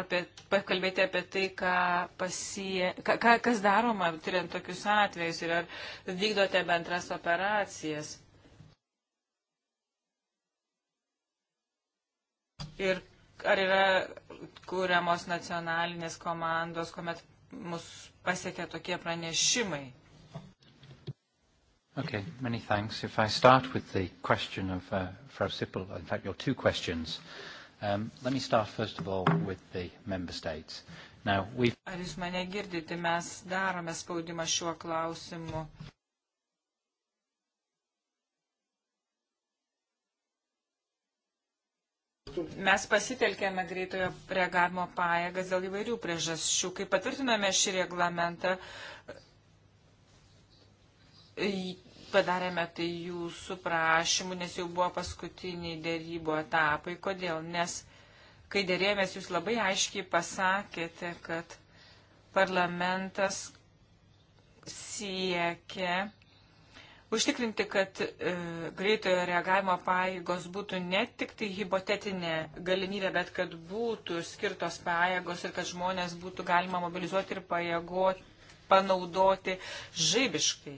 apie, pakalbėti apie tai, ką pasie, ka, ka, kas daroma, turint tokius atvejus ir ar vykdote bendras operacijas. Ir ar yra kūriamos nacionalinės komandos, kuomet mus pasiekia tokie pranešimai? Okay, many thanks. If I start with the question of uh, Frau Sippel, in fact, your two questions.
Um, let me start first of all with the member states. Now, we've...
Ar jūs mane girdite, mes darome spaudimą šiuo klausimu. Mes pasitelkėme greitojo reagavimo pajėgas dėl įvairių priežasčių. Kai patvirtinome šį reglamentą, padarėme tai jūsų prašymų, nes jau buvo paskutiniai dėrybo etapai. Kodėl? Nes kai dėrėjomės, jūs labai aiškiai pasakėte, kad parlamentas siekia užtikrinti, kad e, greitojo reagavimo pajėgos būtų ne tik tai hipotetinė galimybė, bet kad būtų skirtos pajėgos ir kad žmonės būtų galima mobilizuoti ir pajėgoti panaudoti žaibiškai.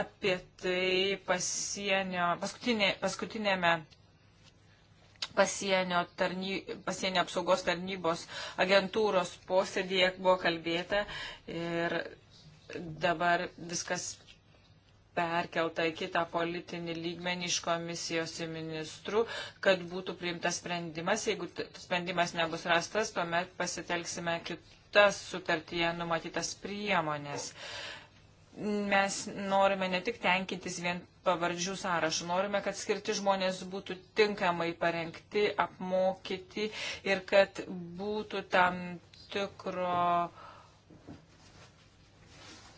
Apie tai pasienio, paskutinė, paskutinėme pasienio, tarny, pasienio apsaugos tarnybos agentūros posėdėje buvo kalbėta ir dabar viskas perkelta į kitą politinį lygmenį iš komisijos į ministrų, kad būtų priimtas sprendimas. Jeigu sprendimas nebus rastas, tuomet pasitelksime kitas sutartyje numatytas priemonės. Mes norime ne tik tenkintis vien pavardžių sąrašų, norime, kad skirti žmonės būtų tinkamai parengti, apmokyti ir kad būtų tam tikro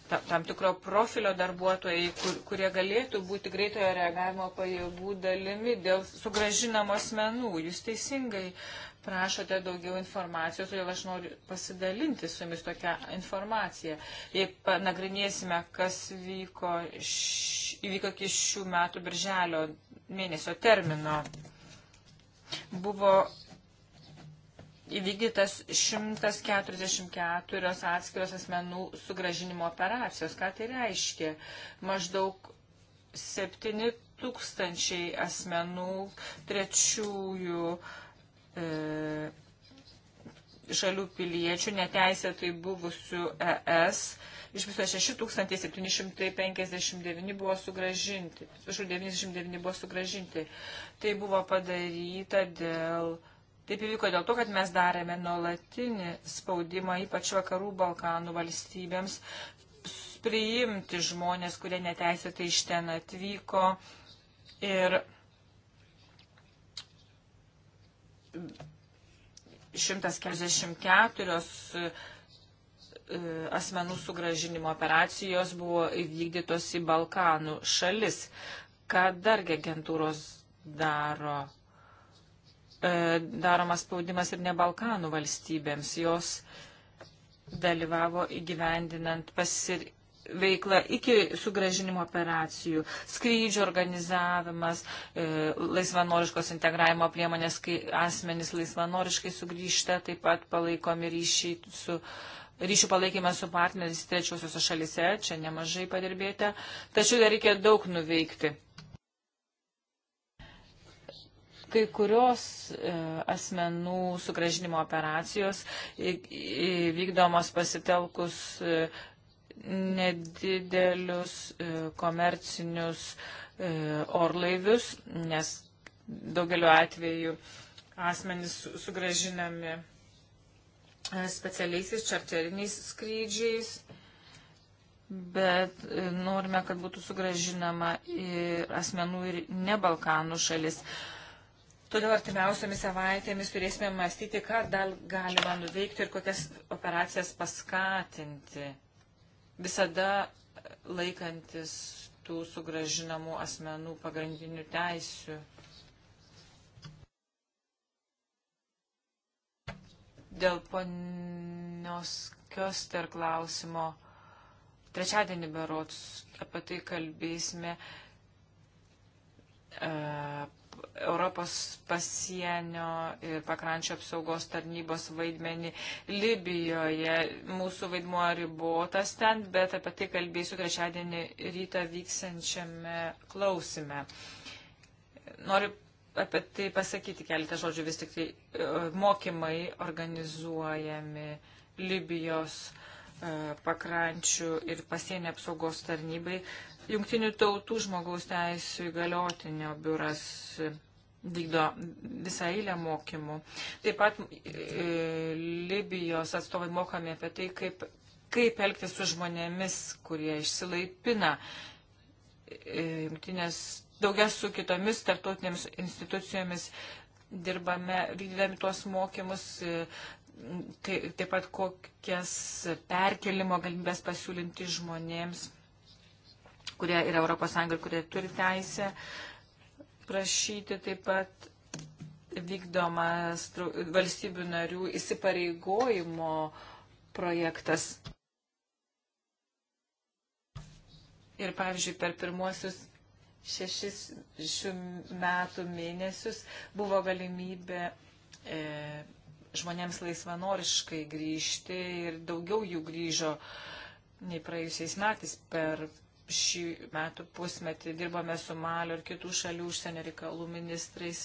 ta, tam tikro profilio darbuotojai, kur, kurie galėtų būti greitojo reagavimo pajėgų dalimi dėl sugražinamos menų. Jūs teisingai prašote daugiau informacijos, todėl aš noriu pasidalinti su jumis tokią informaciją. Jei panagrinėsime, kas vyko, š, įvyko iki šių metų birželio mėnesio termino, buvo įvykdytas 144 atskiros asmenų sugražinimo operacijos. Ką tai reiškia? Maždaug 7 tūkstančiai asmenų trečiųjų e, šalių piliečių neteisėtai buvusių ES. Iš viso 6759 buvo sugražinti. 99 buvo sugražinti. Tai buvo padaryta dėl e, Taip įvyko dėl to, kad mes darėme nuolatinį spaudimą, ypač vakarų Balkanų valstybėms, priimti žmonės, kurie neteisėtai iš ten atvyko. Ir šimtas keturiasdešimt keturios e, asmenų sugražinimo operacijos buvo įvykdytos į Balkanų šalis. Ką dargi agentūros daro? E, daromas spaudimas ir ne Balkanų valstybėms. Jos dalyvavo įgyvendinant pasir veikla iki sugražinimo operacijų, skrydžio organizavimas, e, laisvanoriškos integravimo priemonės, kai asmenys laisvanoriškai sugrįžta, taip pat palaikomi ryšiai su ryšių palaikymą su partneriais trečiosiuose šalise, čia nemažai padirbėte, tačiau dar reikia daug nuveikti. Kai kurios e, asmenų sugražinimo operacijos vykdomos pasitelkus e, nedidelius e, komercinius orlaivius, nes daugeliu atveju asmenys sugražinami specialiaisiais čarteriniais skrydžiais, bet norime, kad būtų sugražinama ir asmenų ir ne Balkanų šalis. Todėl artimiausiamis savaitėmis turėsime mąstyti, ką dar galima nuveikti ir kokias operacijas paskatinti. Visada laikantis tų sugražinamų asmenų pagrindinių teisių. Dėl ponios Kioster klausimo. Trečiadienį berots apie tai kalbėsime. E, Europos pasienio ir pakrančio apsaugos tarnybos vaidmenį Libijoje. Mūsų vaidmuo ribotas ten, bet apie tai kalbėsiu trečiadienį rytą vyksiančiame klausime. Noriu apie tai pasakyti keletą žodžių, vis tik tai e, mokymai organizuojami Libijos e, pakrančių ir pasienio apsaugos tarnybai Jungtinių tautų žmogaus teisų įgaliotinio biuras vykdo visą eilę mokymų. Taip pat e, Libijos atstovai mokami apie tai, kaip, kaip elgtis su žmonėmis, kurie išsilaipina e, jungtinės daugias su kitomis tarptautinėmis institucijomis dirbame, vykdydami tuos mokymus, e, tai, taip pat kokias perkelimo galimybės pasiūlinti žmonėms kurie yra ES ir kurie turi teisę prašyti taip pat vykdomas valstybių narių įsipareigojimo projektas. Ir pavyzdžiui, per pirmuosius šešis šių metų mėnesius buvo galimybė e, žmonėms laisvanoriškai grįžti ir daugiau jų grįžo nei praėjusiais metais per šį metų pusmetį dirbome su Malio ir kitų šalių užsienio reikalų ministrais,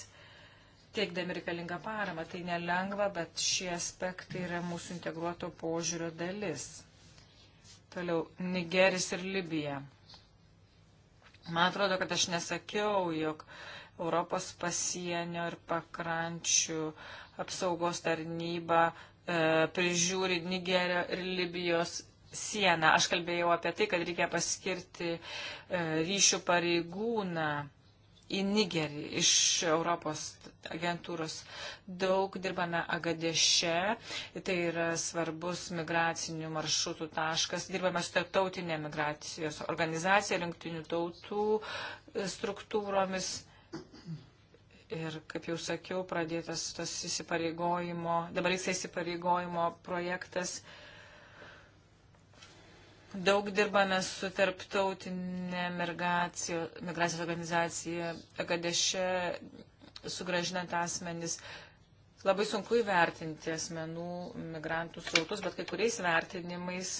teikdami reikalingą paramą. Tai nelengva, bet šie aspektai yra mūsų integruoto požiūrio dalis. Toliau Nigeris ir Libija. Man atrodo, kad aš nesakiau, jog Europos pasienio ir pakrančių apsaugos tarnyba e, prižiūri Nigerio ir Libijos sieną. Aš kalbėjau apie tai, kad reikia paskirti e, ryšių pareigūną į Nigerį iš Europos agentūros. Daug dirbame Agadeše, tai yra svarbus migracinių maršrutų taškas. Dirbame su tarptautinė migracijos organizacija, rinktinių tautų e, struktūromis. Ir, kaip jau sakiau, pradėtas tas įsipareigojimo, dabar jis įsipareigojimo projektas. Uh, Daug dirbame su tarptautinė migracijos organizacija, Agadeše, sugražinant asmenis. Labai sunku įvertinti asmenų migrantų srautus, bet kai kuriais vertinimais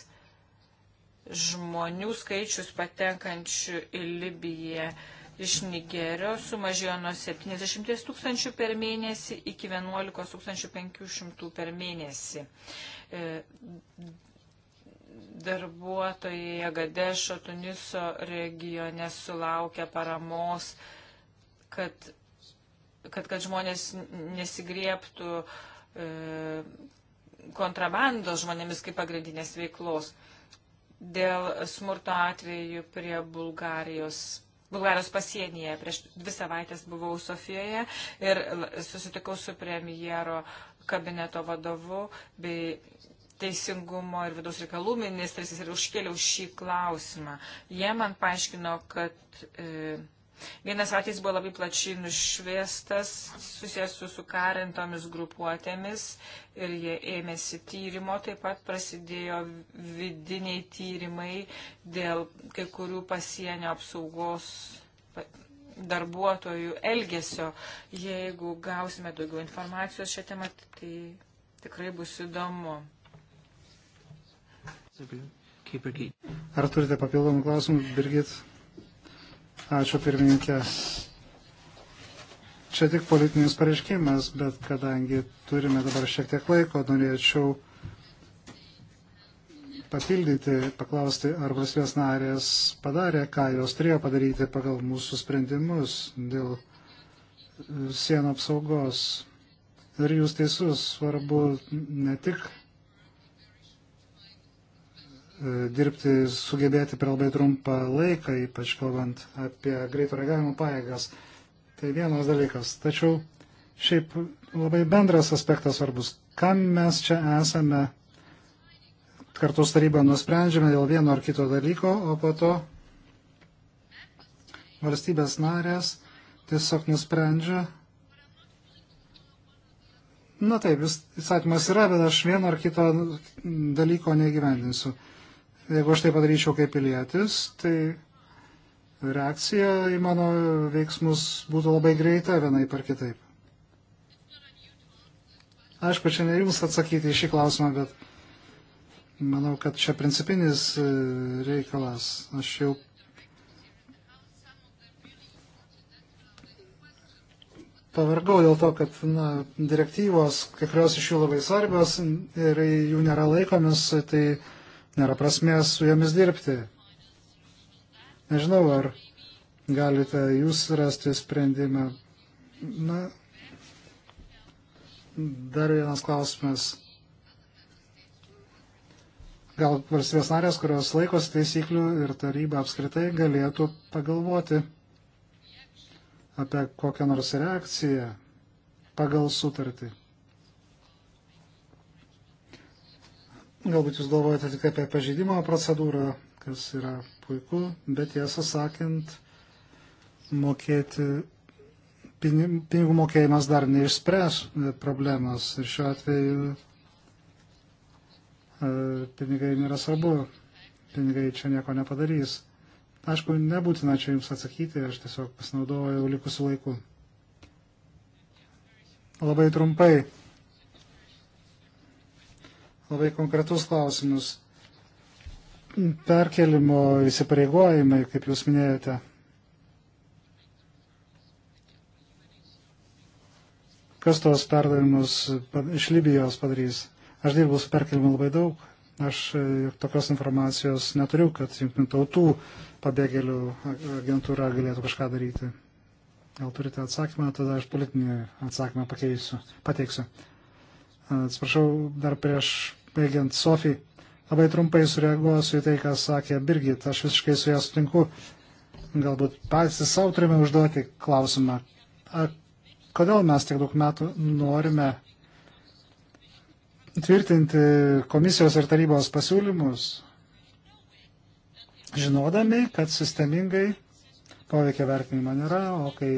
žmonių skaičius patenkančių į Libiją iš Nigerio sumažėjo nuo 70 tūkstančių per mėnesį iki 11 500 per mėnesį. E, darbuotojai Agadešo, Tuniso regione sulaukia paramos, kad, kad, kad žmonės nesigrieptų e, kontrabandos žmonėmis kaip pagrindinės veiklos. Dėl smurto atveju prie Bulgarijos. Bulgarijos pasienyje. Prieš dvi savaitės buvau Sofijoje ir susitikau su premjero kabineto vadovu bei teisingumo ir vidaus reikalų ministras, jis ir užkėliau šį klausimą. Jie man paaiškino, kad e, vienas atvejis buvo labai plačiai nušviestas, susijęs su sukarintomis grupuotėmis ir jie ėmėsi tyrimo, taip pat prasidėjo vidiniai tyrimai dėl kai kurių pasienio apsaugos darbuotojų elgesio. Jeigu gausime daugiau informacijos šią temą, tai tikrai bus įdomu.
Ar turite papildomų klausimų, Birgit? Ačiū pirmininkė. Čia tik politinis pareiškimas, bet kadangi turime dabar šiek tiek laiko, norėčiau papildyti, paklausti, ar valstybės narės padarė, ką jos turėjo padaryti pagal mūsų sprendimus dėl sienų apsaugos. Ir jūs teisus, svarbu ne tik E, dirbti, sugebėti per labai trumpą laiką, ypač kalbant apie greito reagavimo pajėgas. Tai vienas dalykas. Tačiau šiaip labai bendras aspektas svarbus. Kam mes čia esame kartu su taryba nusprendžiame dėl vieno ar kito dalyko, o po to valstybės narės tiesiog nusprendžia. Na taip, įsakymas yra, bet aš vieno ar kito dalyko negyvendinsiu. Jeigu aš tai padaryčiau kaip pilietis, tai reakcija į mano veiksmus būtų labai greita vienai par kitaip. Aišku, čia ne jums atsakyti į šį klausimą, bet manau, kad čia principinis e, reikalas. Aš jau pavargau dėl to, kad na, direktyvos, kai kurios iš jų labai svarbios ir jų nėra laikomis, tai nėra prasmės su jomis dirbti. Nežinau, ar galite jūs rasti sprendimą. Na, dar vienas klausimas. Gal valstybės narės, kurios laikosi taisyklių ir taryba apskritai galėtų pagalvoti apie kokią nors reakciją pagal sutartį. Galbūt jūs galvojate tik apie pažeidimo procedūrą, kas yra puiku, bet tiesą sakant, mokėti, pinigų mokėjimas dar neišspręs problemas ir šiuo atveju e, pinigai nėra svarbu, pinigai čia nieko nepadarys. Aišku, nebūtina čia jums atsakyti, aš tiesiog pasinaudojau likusiu laiku. Labai trumpai labai konkretus klausimus. Perkelimo įsipareigojimai, kaip jūs minėjote. Kas tos perdavimus iš Libijos padarys? Aš dirbu su perkelimu labai daug. Aš e, tokios informacijos neturiu, kad jungtinių tautų pabėgėlių agentūra galėtų kažką daryti. Gal turite atsakymą, tada aš politinį atsakymą pakeisiu, pateiksiu. Atsiprašau, dar prieš baigiant Sofijai, labai trumpai sureaguosiu į tai, ką sakė Birgit. Aš visiškai su ją sutinku. Galbūt patys savo turime užduoti klausimą, a, kodėl mes tiek daug metų norime tvirtinti komisijos ir tarybos pasiūlymus, žinodami, kad sistemingai poveikia vertinimo nėra, o kai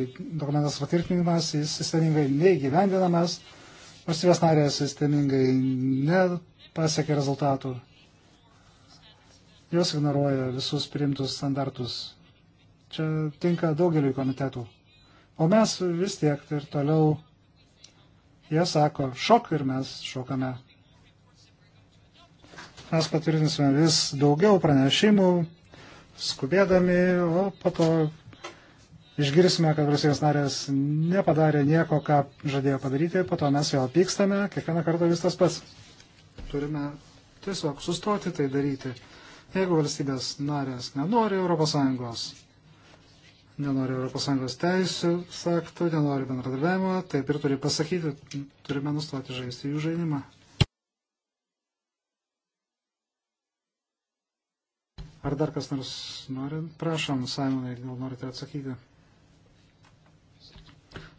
dokumentas patvirtinimas, jis sistemingai neįgyvendinamas, Valstybės narės sistemingai nepasiekia rezultatų. Jos ignoruoja visus priimtus standartus. Čia tinka daugeliu komitetų. O mes vis tiek ir toliau, jie sako, šok ir mes šokame. Mes patvirtinsime vis daugiau pranešimų, skubėdami, o po to išgirsime, kad Rusijos narės nepadarė nieko, ką žadėjo padaryti, po to mes vėl pykstame, kiekvieną kartą vis tas pats. Turime tiesiog sustoti tai daryti. Jeigu valstybės narės nenori ES, nenori ES teisų, saktų, nenori bendradarbiavimo, taip ir turi pasakyti, turime nustoti žaisti jų žaidimą. Ar dar kas nors norint? Prašom, Simonai, gal norite atsakyti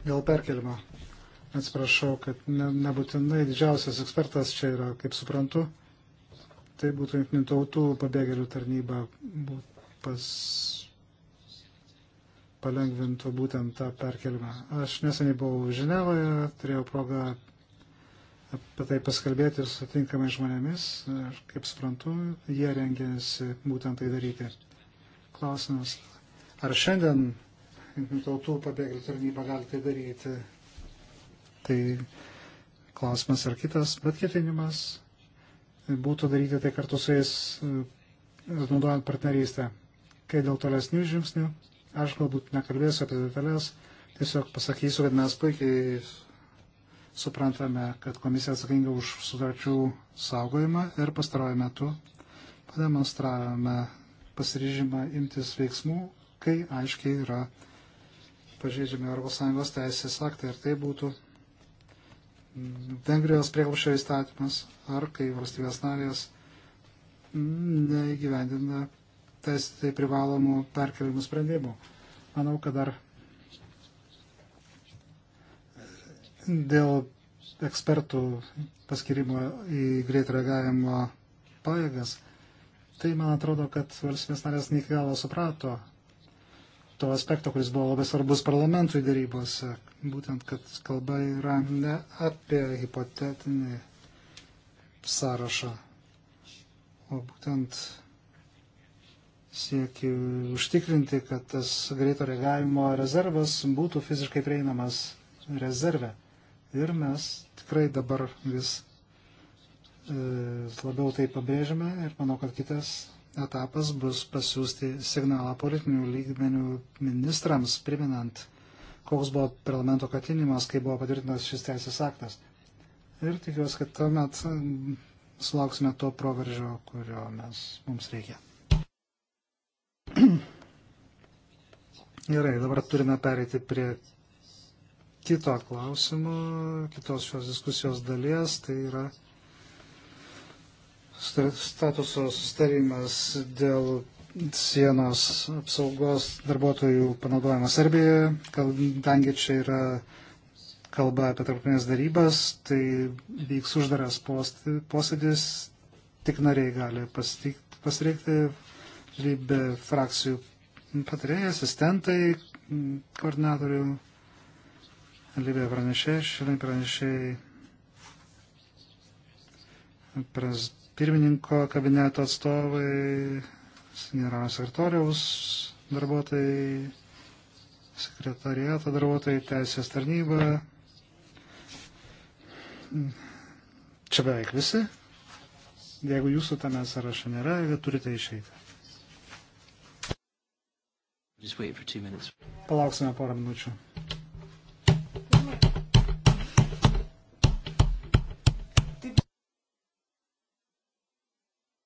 dėl perkelimo. Atsiprašau, kad ne, nebūtinai didžiausias ekspertas čia yra, kaip suprantu. Tai būtų jungtinių tautų pabėgėlių tarnyba pas, palengvintų būtent tą perkelimą. Aš neseniai buvau Ženevoje, turėjau progą apie tai paskalbėti ir sutinkamai žmonėmis. Ir, kaip suprantu, jie rengėsi būtent tai daryti. Klausimas, ar šiandien Junktinių tautų pabėgėlių tarnyba gali tai daryti. Tai klausimas ar kitas, bet ketinimas būtų daryti tai kartu su jais, e, naudojant partnerystę. Kai dėl tolesnių žingsnių, aš galbūt nekalbėsiu apie detalės, tiesiog pasakysiu, kad mes puikiai suprantame, kad komisija atsakinga už sutarčių saugojimą ir pastaruoju metu pademonstravome pasiryžimą imtis veiksmų, kai aiškiai yra pažeidžiami ES teisės aktai, ar tai būtų Vengrijos prieglupščio įstatymas, ar kai valstybės narės neįgyvendina teisėtai privalomų perkelimų sprendimų. Manau, kad dar dėl ekspertų paskirimo į greit reagavimo pajėgas, tai man atrodo, kad valstybės narės ne iki galo suprato, to aspekto, kuris buvo labai svarbus parlamentui darybose. Būtent, kad kalba yra ne apie hipotetinį sąrašą, o būtent sieki užtikrinti, kad tas greito reagavimo rezervas būtų fiziškai prieinamas rezerve. Ir mes tikrai dabar vis e, labiau tai pabrėžiame ir manau, kad kitas etapas bus pasiūsti signalą politinių lygmenių ministrams, priminant, koks buvo parlamento katinimas, kai buvo patvirtinas šis teisės aktas. Ir tikiuosi, kad tuomet mm, sulauksime to proveržio, kurio mes, mums reikia. Gerai, dabar turime pereiti prie kito klausimo, kitos šios diskusijos dalies, tai yra statuso sustarimas dėl sienos apsaugos darbuotojų panaudojimas Serbijoje, kadangi čia yra kalba apie tarptautinės darybas, tai vyks uždaras posėdis, tik nariai gali pasireikti, lybė frakcijų patarėjai, asistentai, koordinatorių, lybė pranešėjai, šiandien pranešėjai, prez, pirmininko kabineto atstovai, generalinio sekretoriaus darbuotojai, sekretariato darbuotojai, teisės tarnyba. Čia beveik visi. Jeigu jūsų tame sąraše nėra, turite išeiti. Palauksime porą minučių.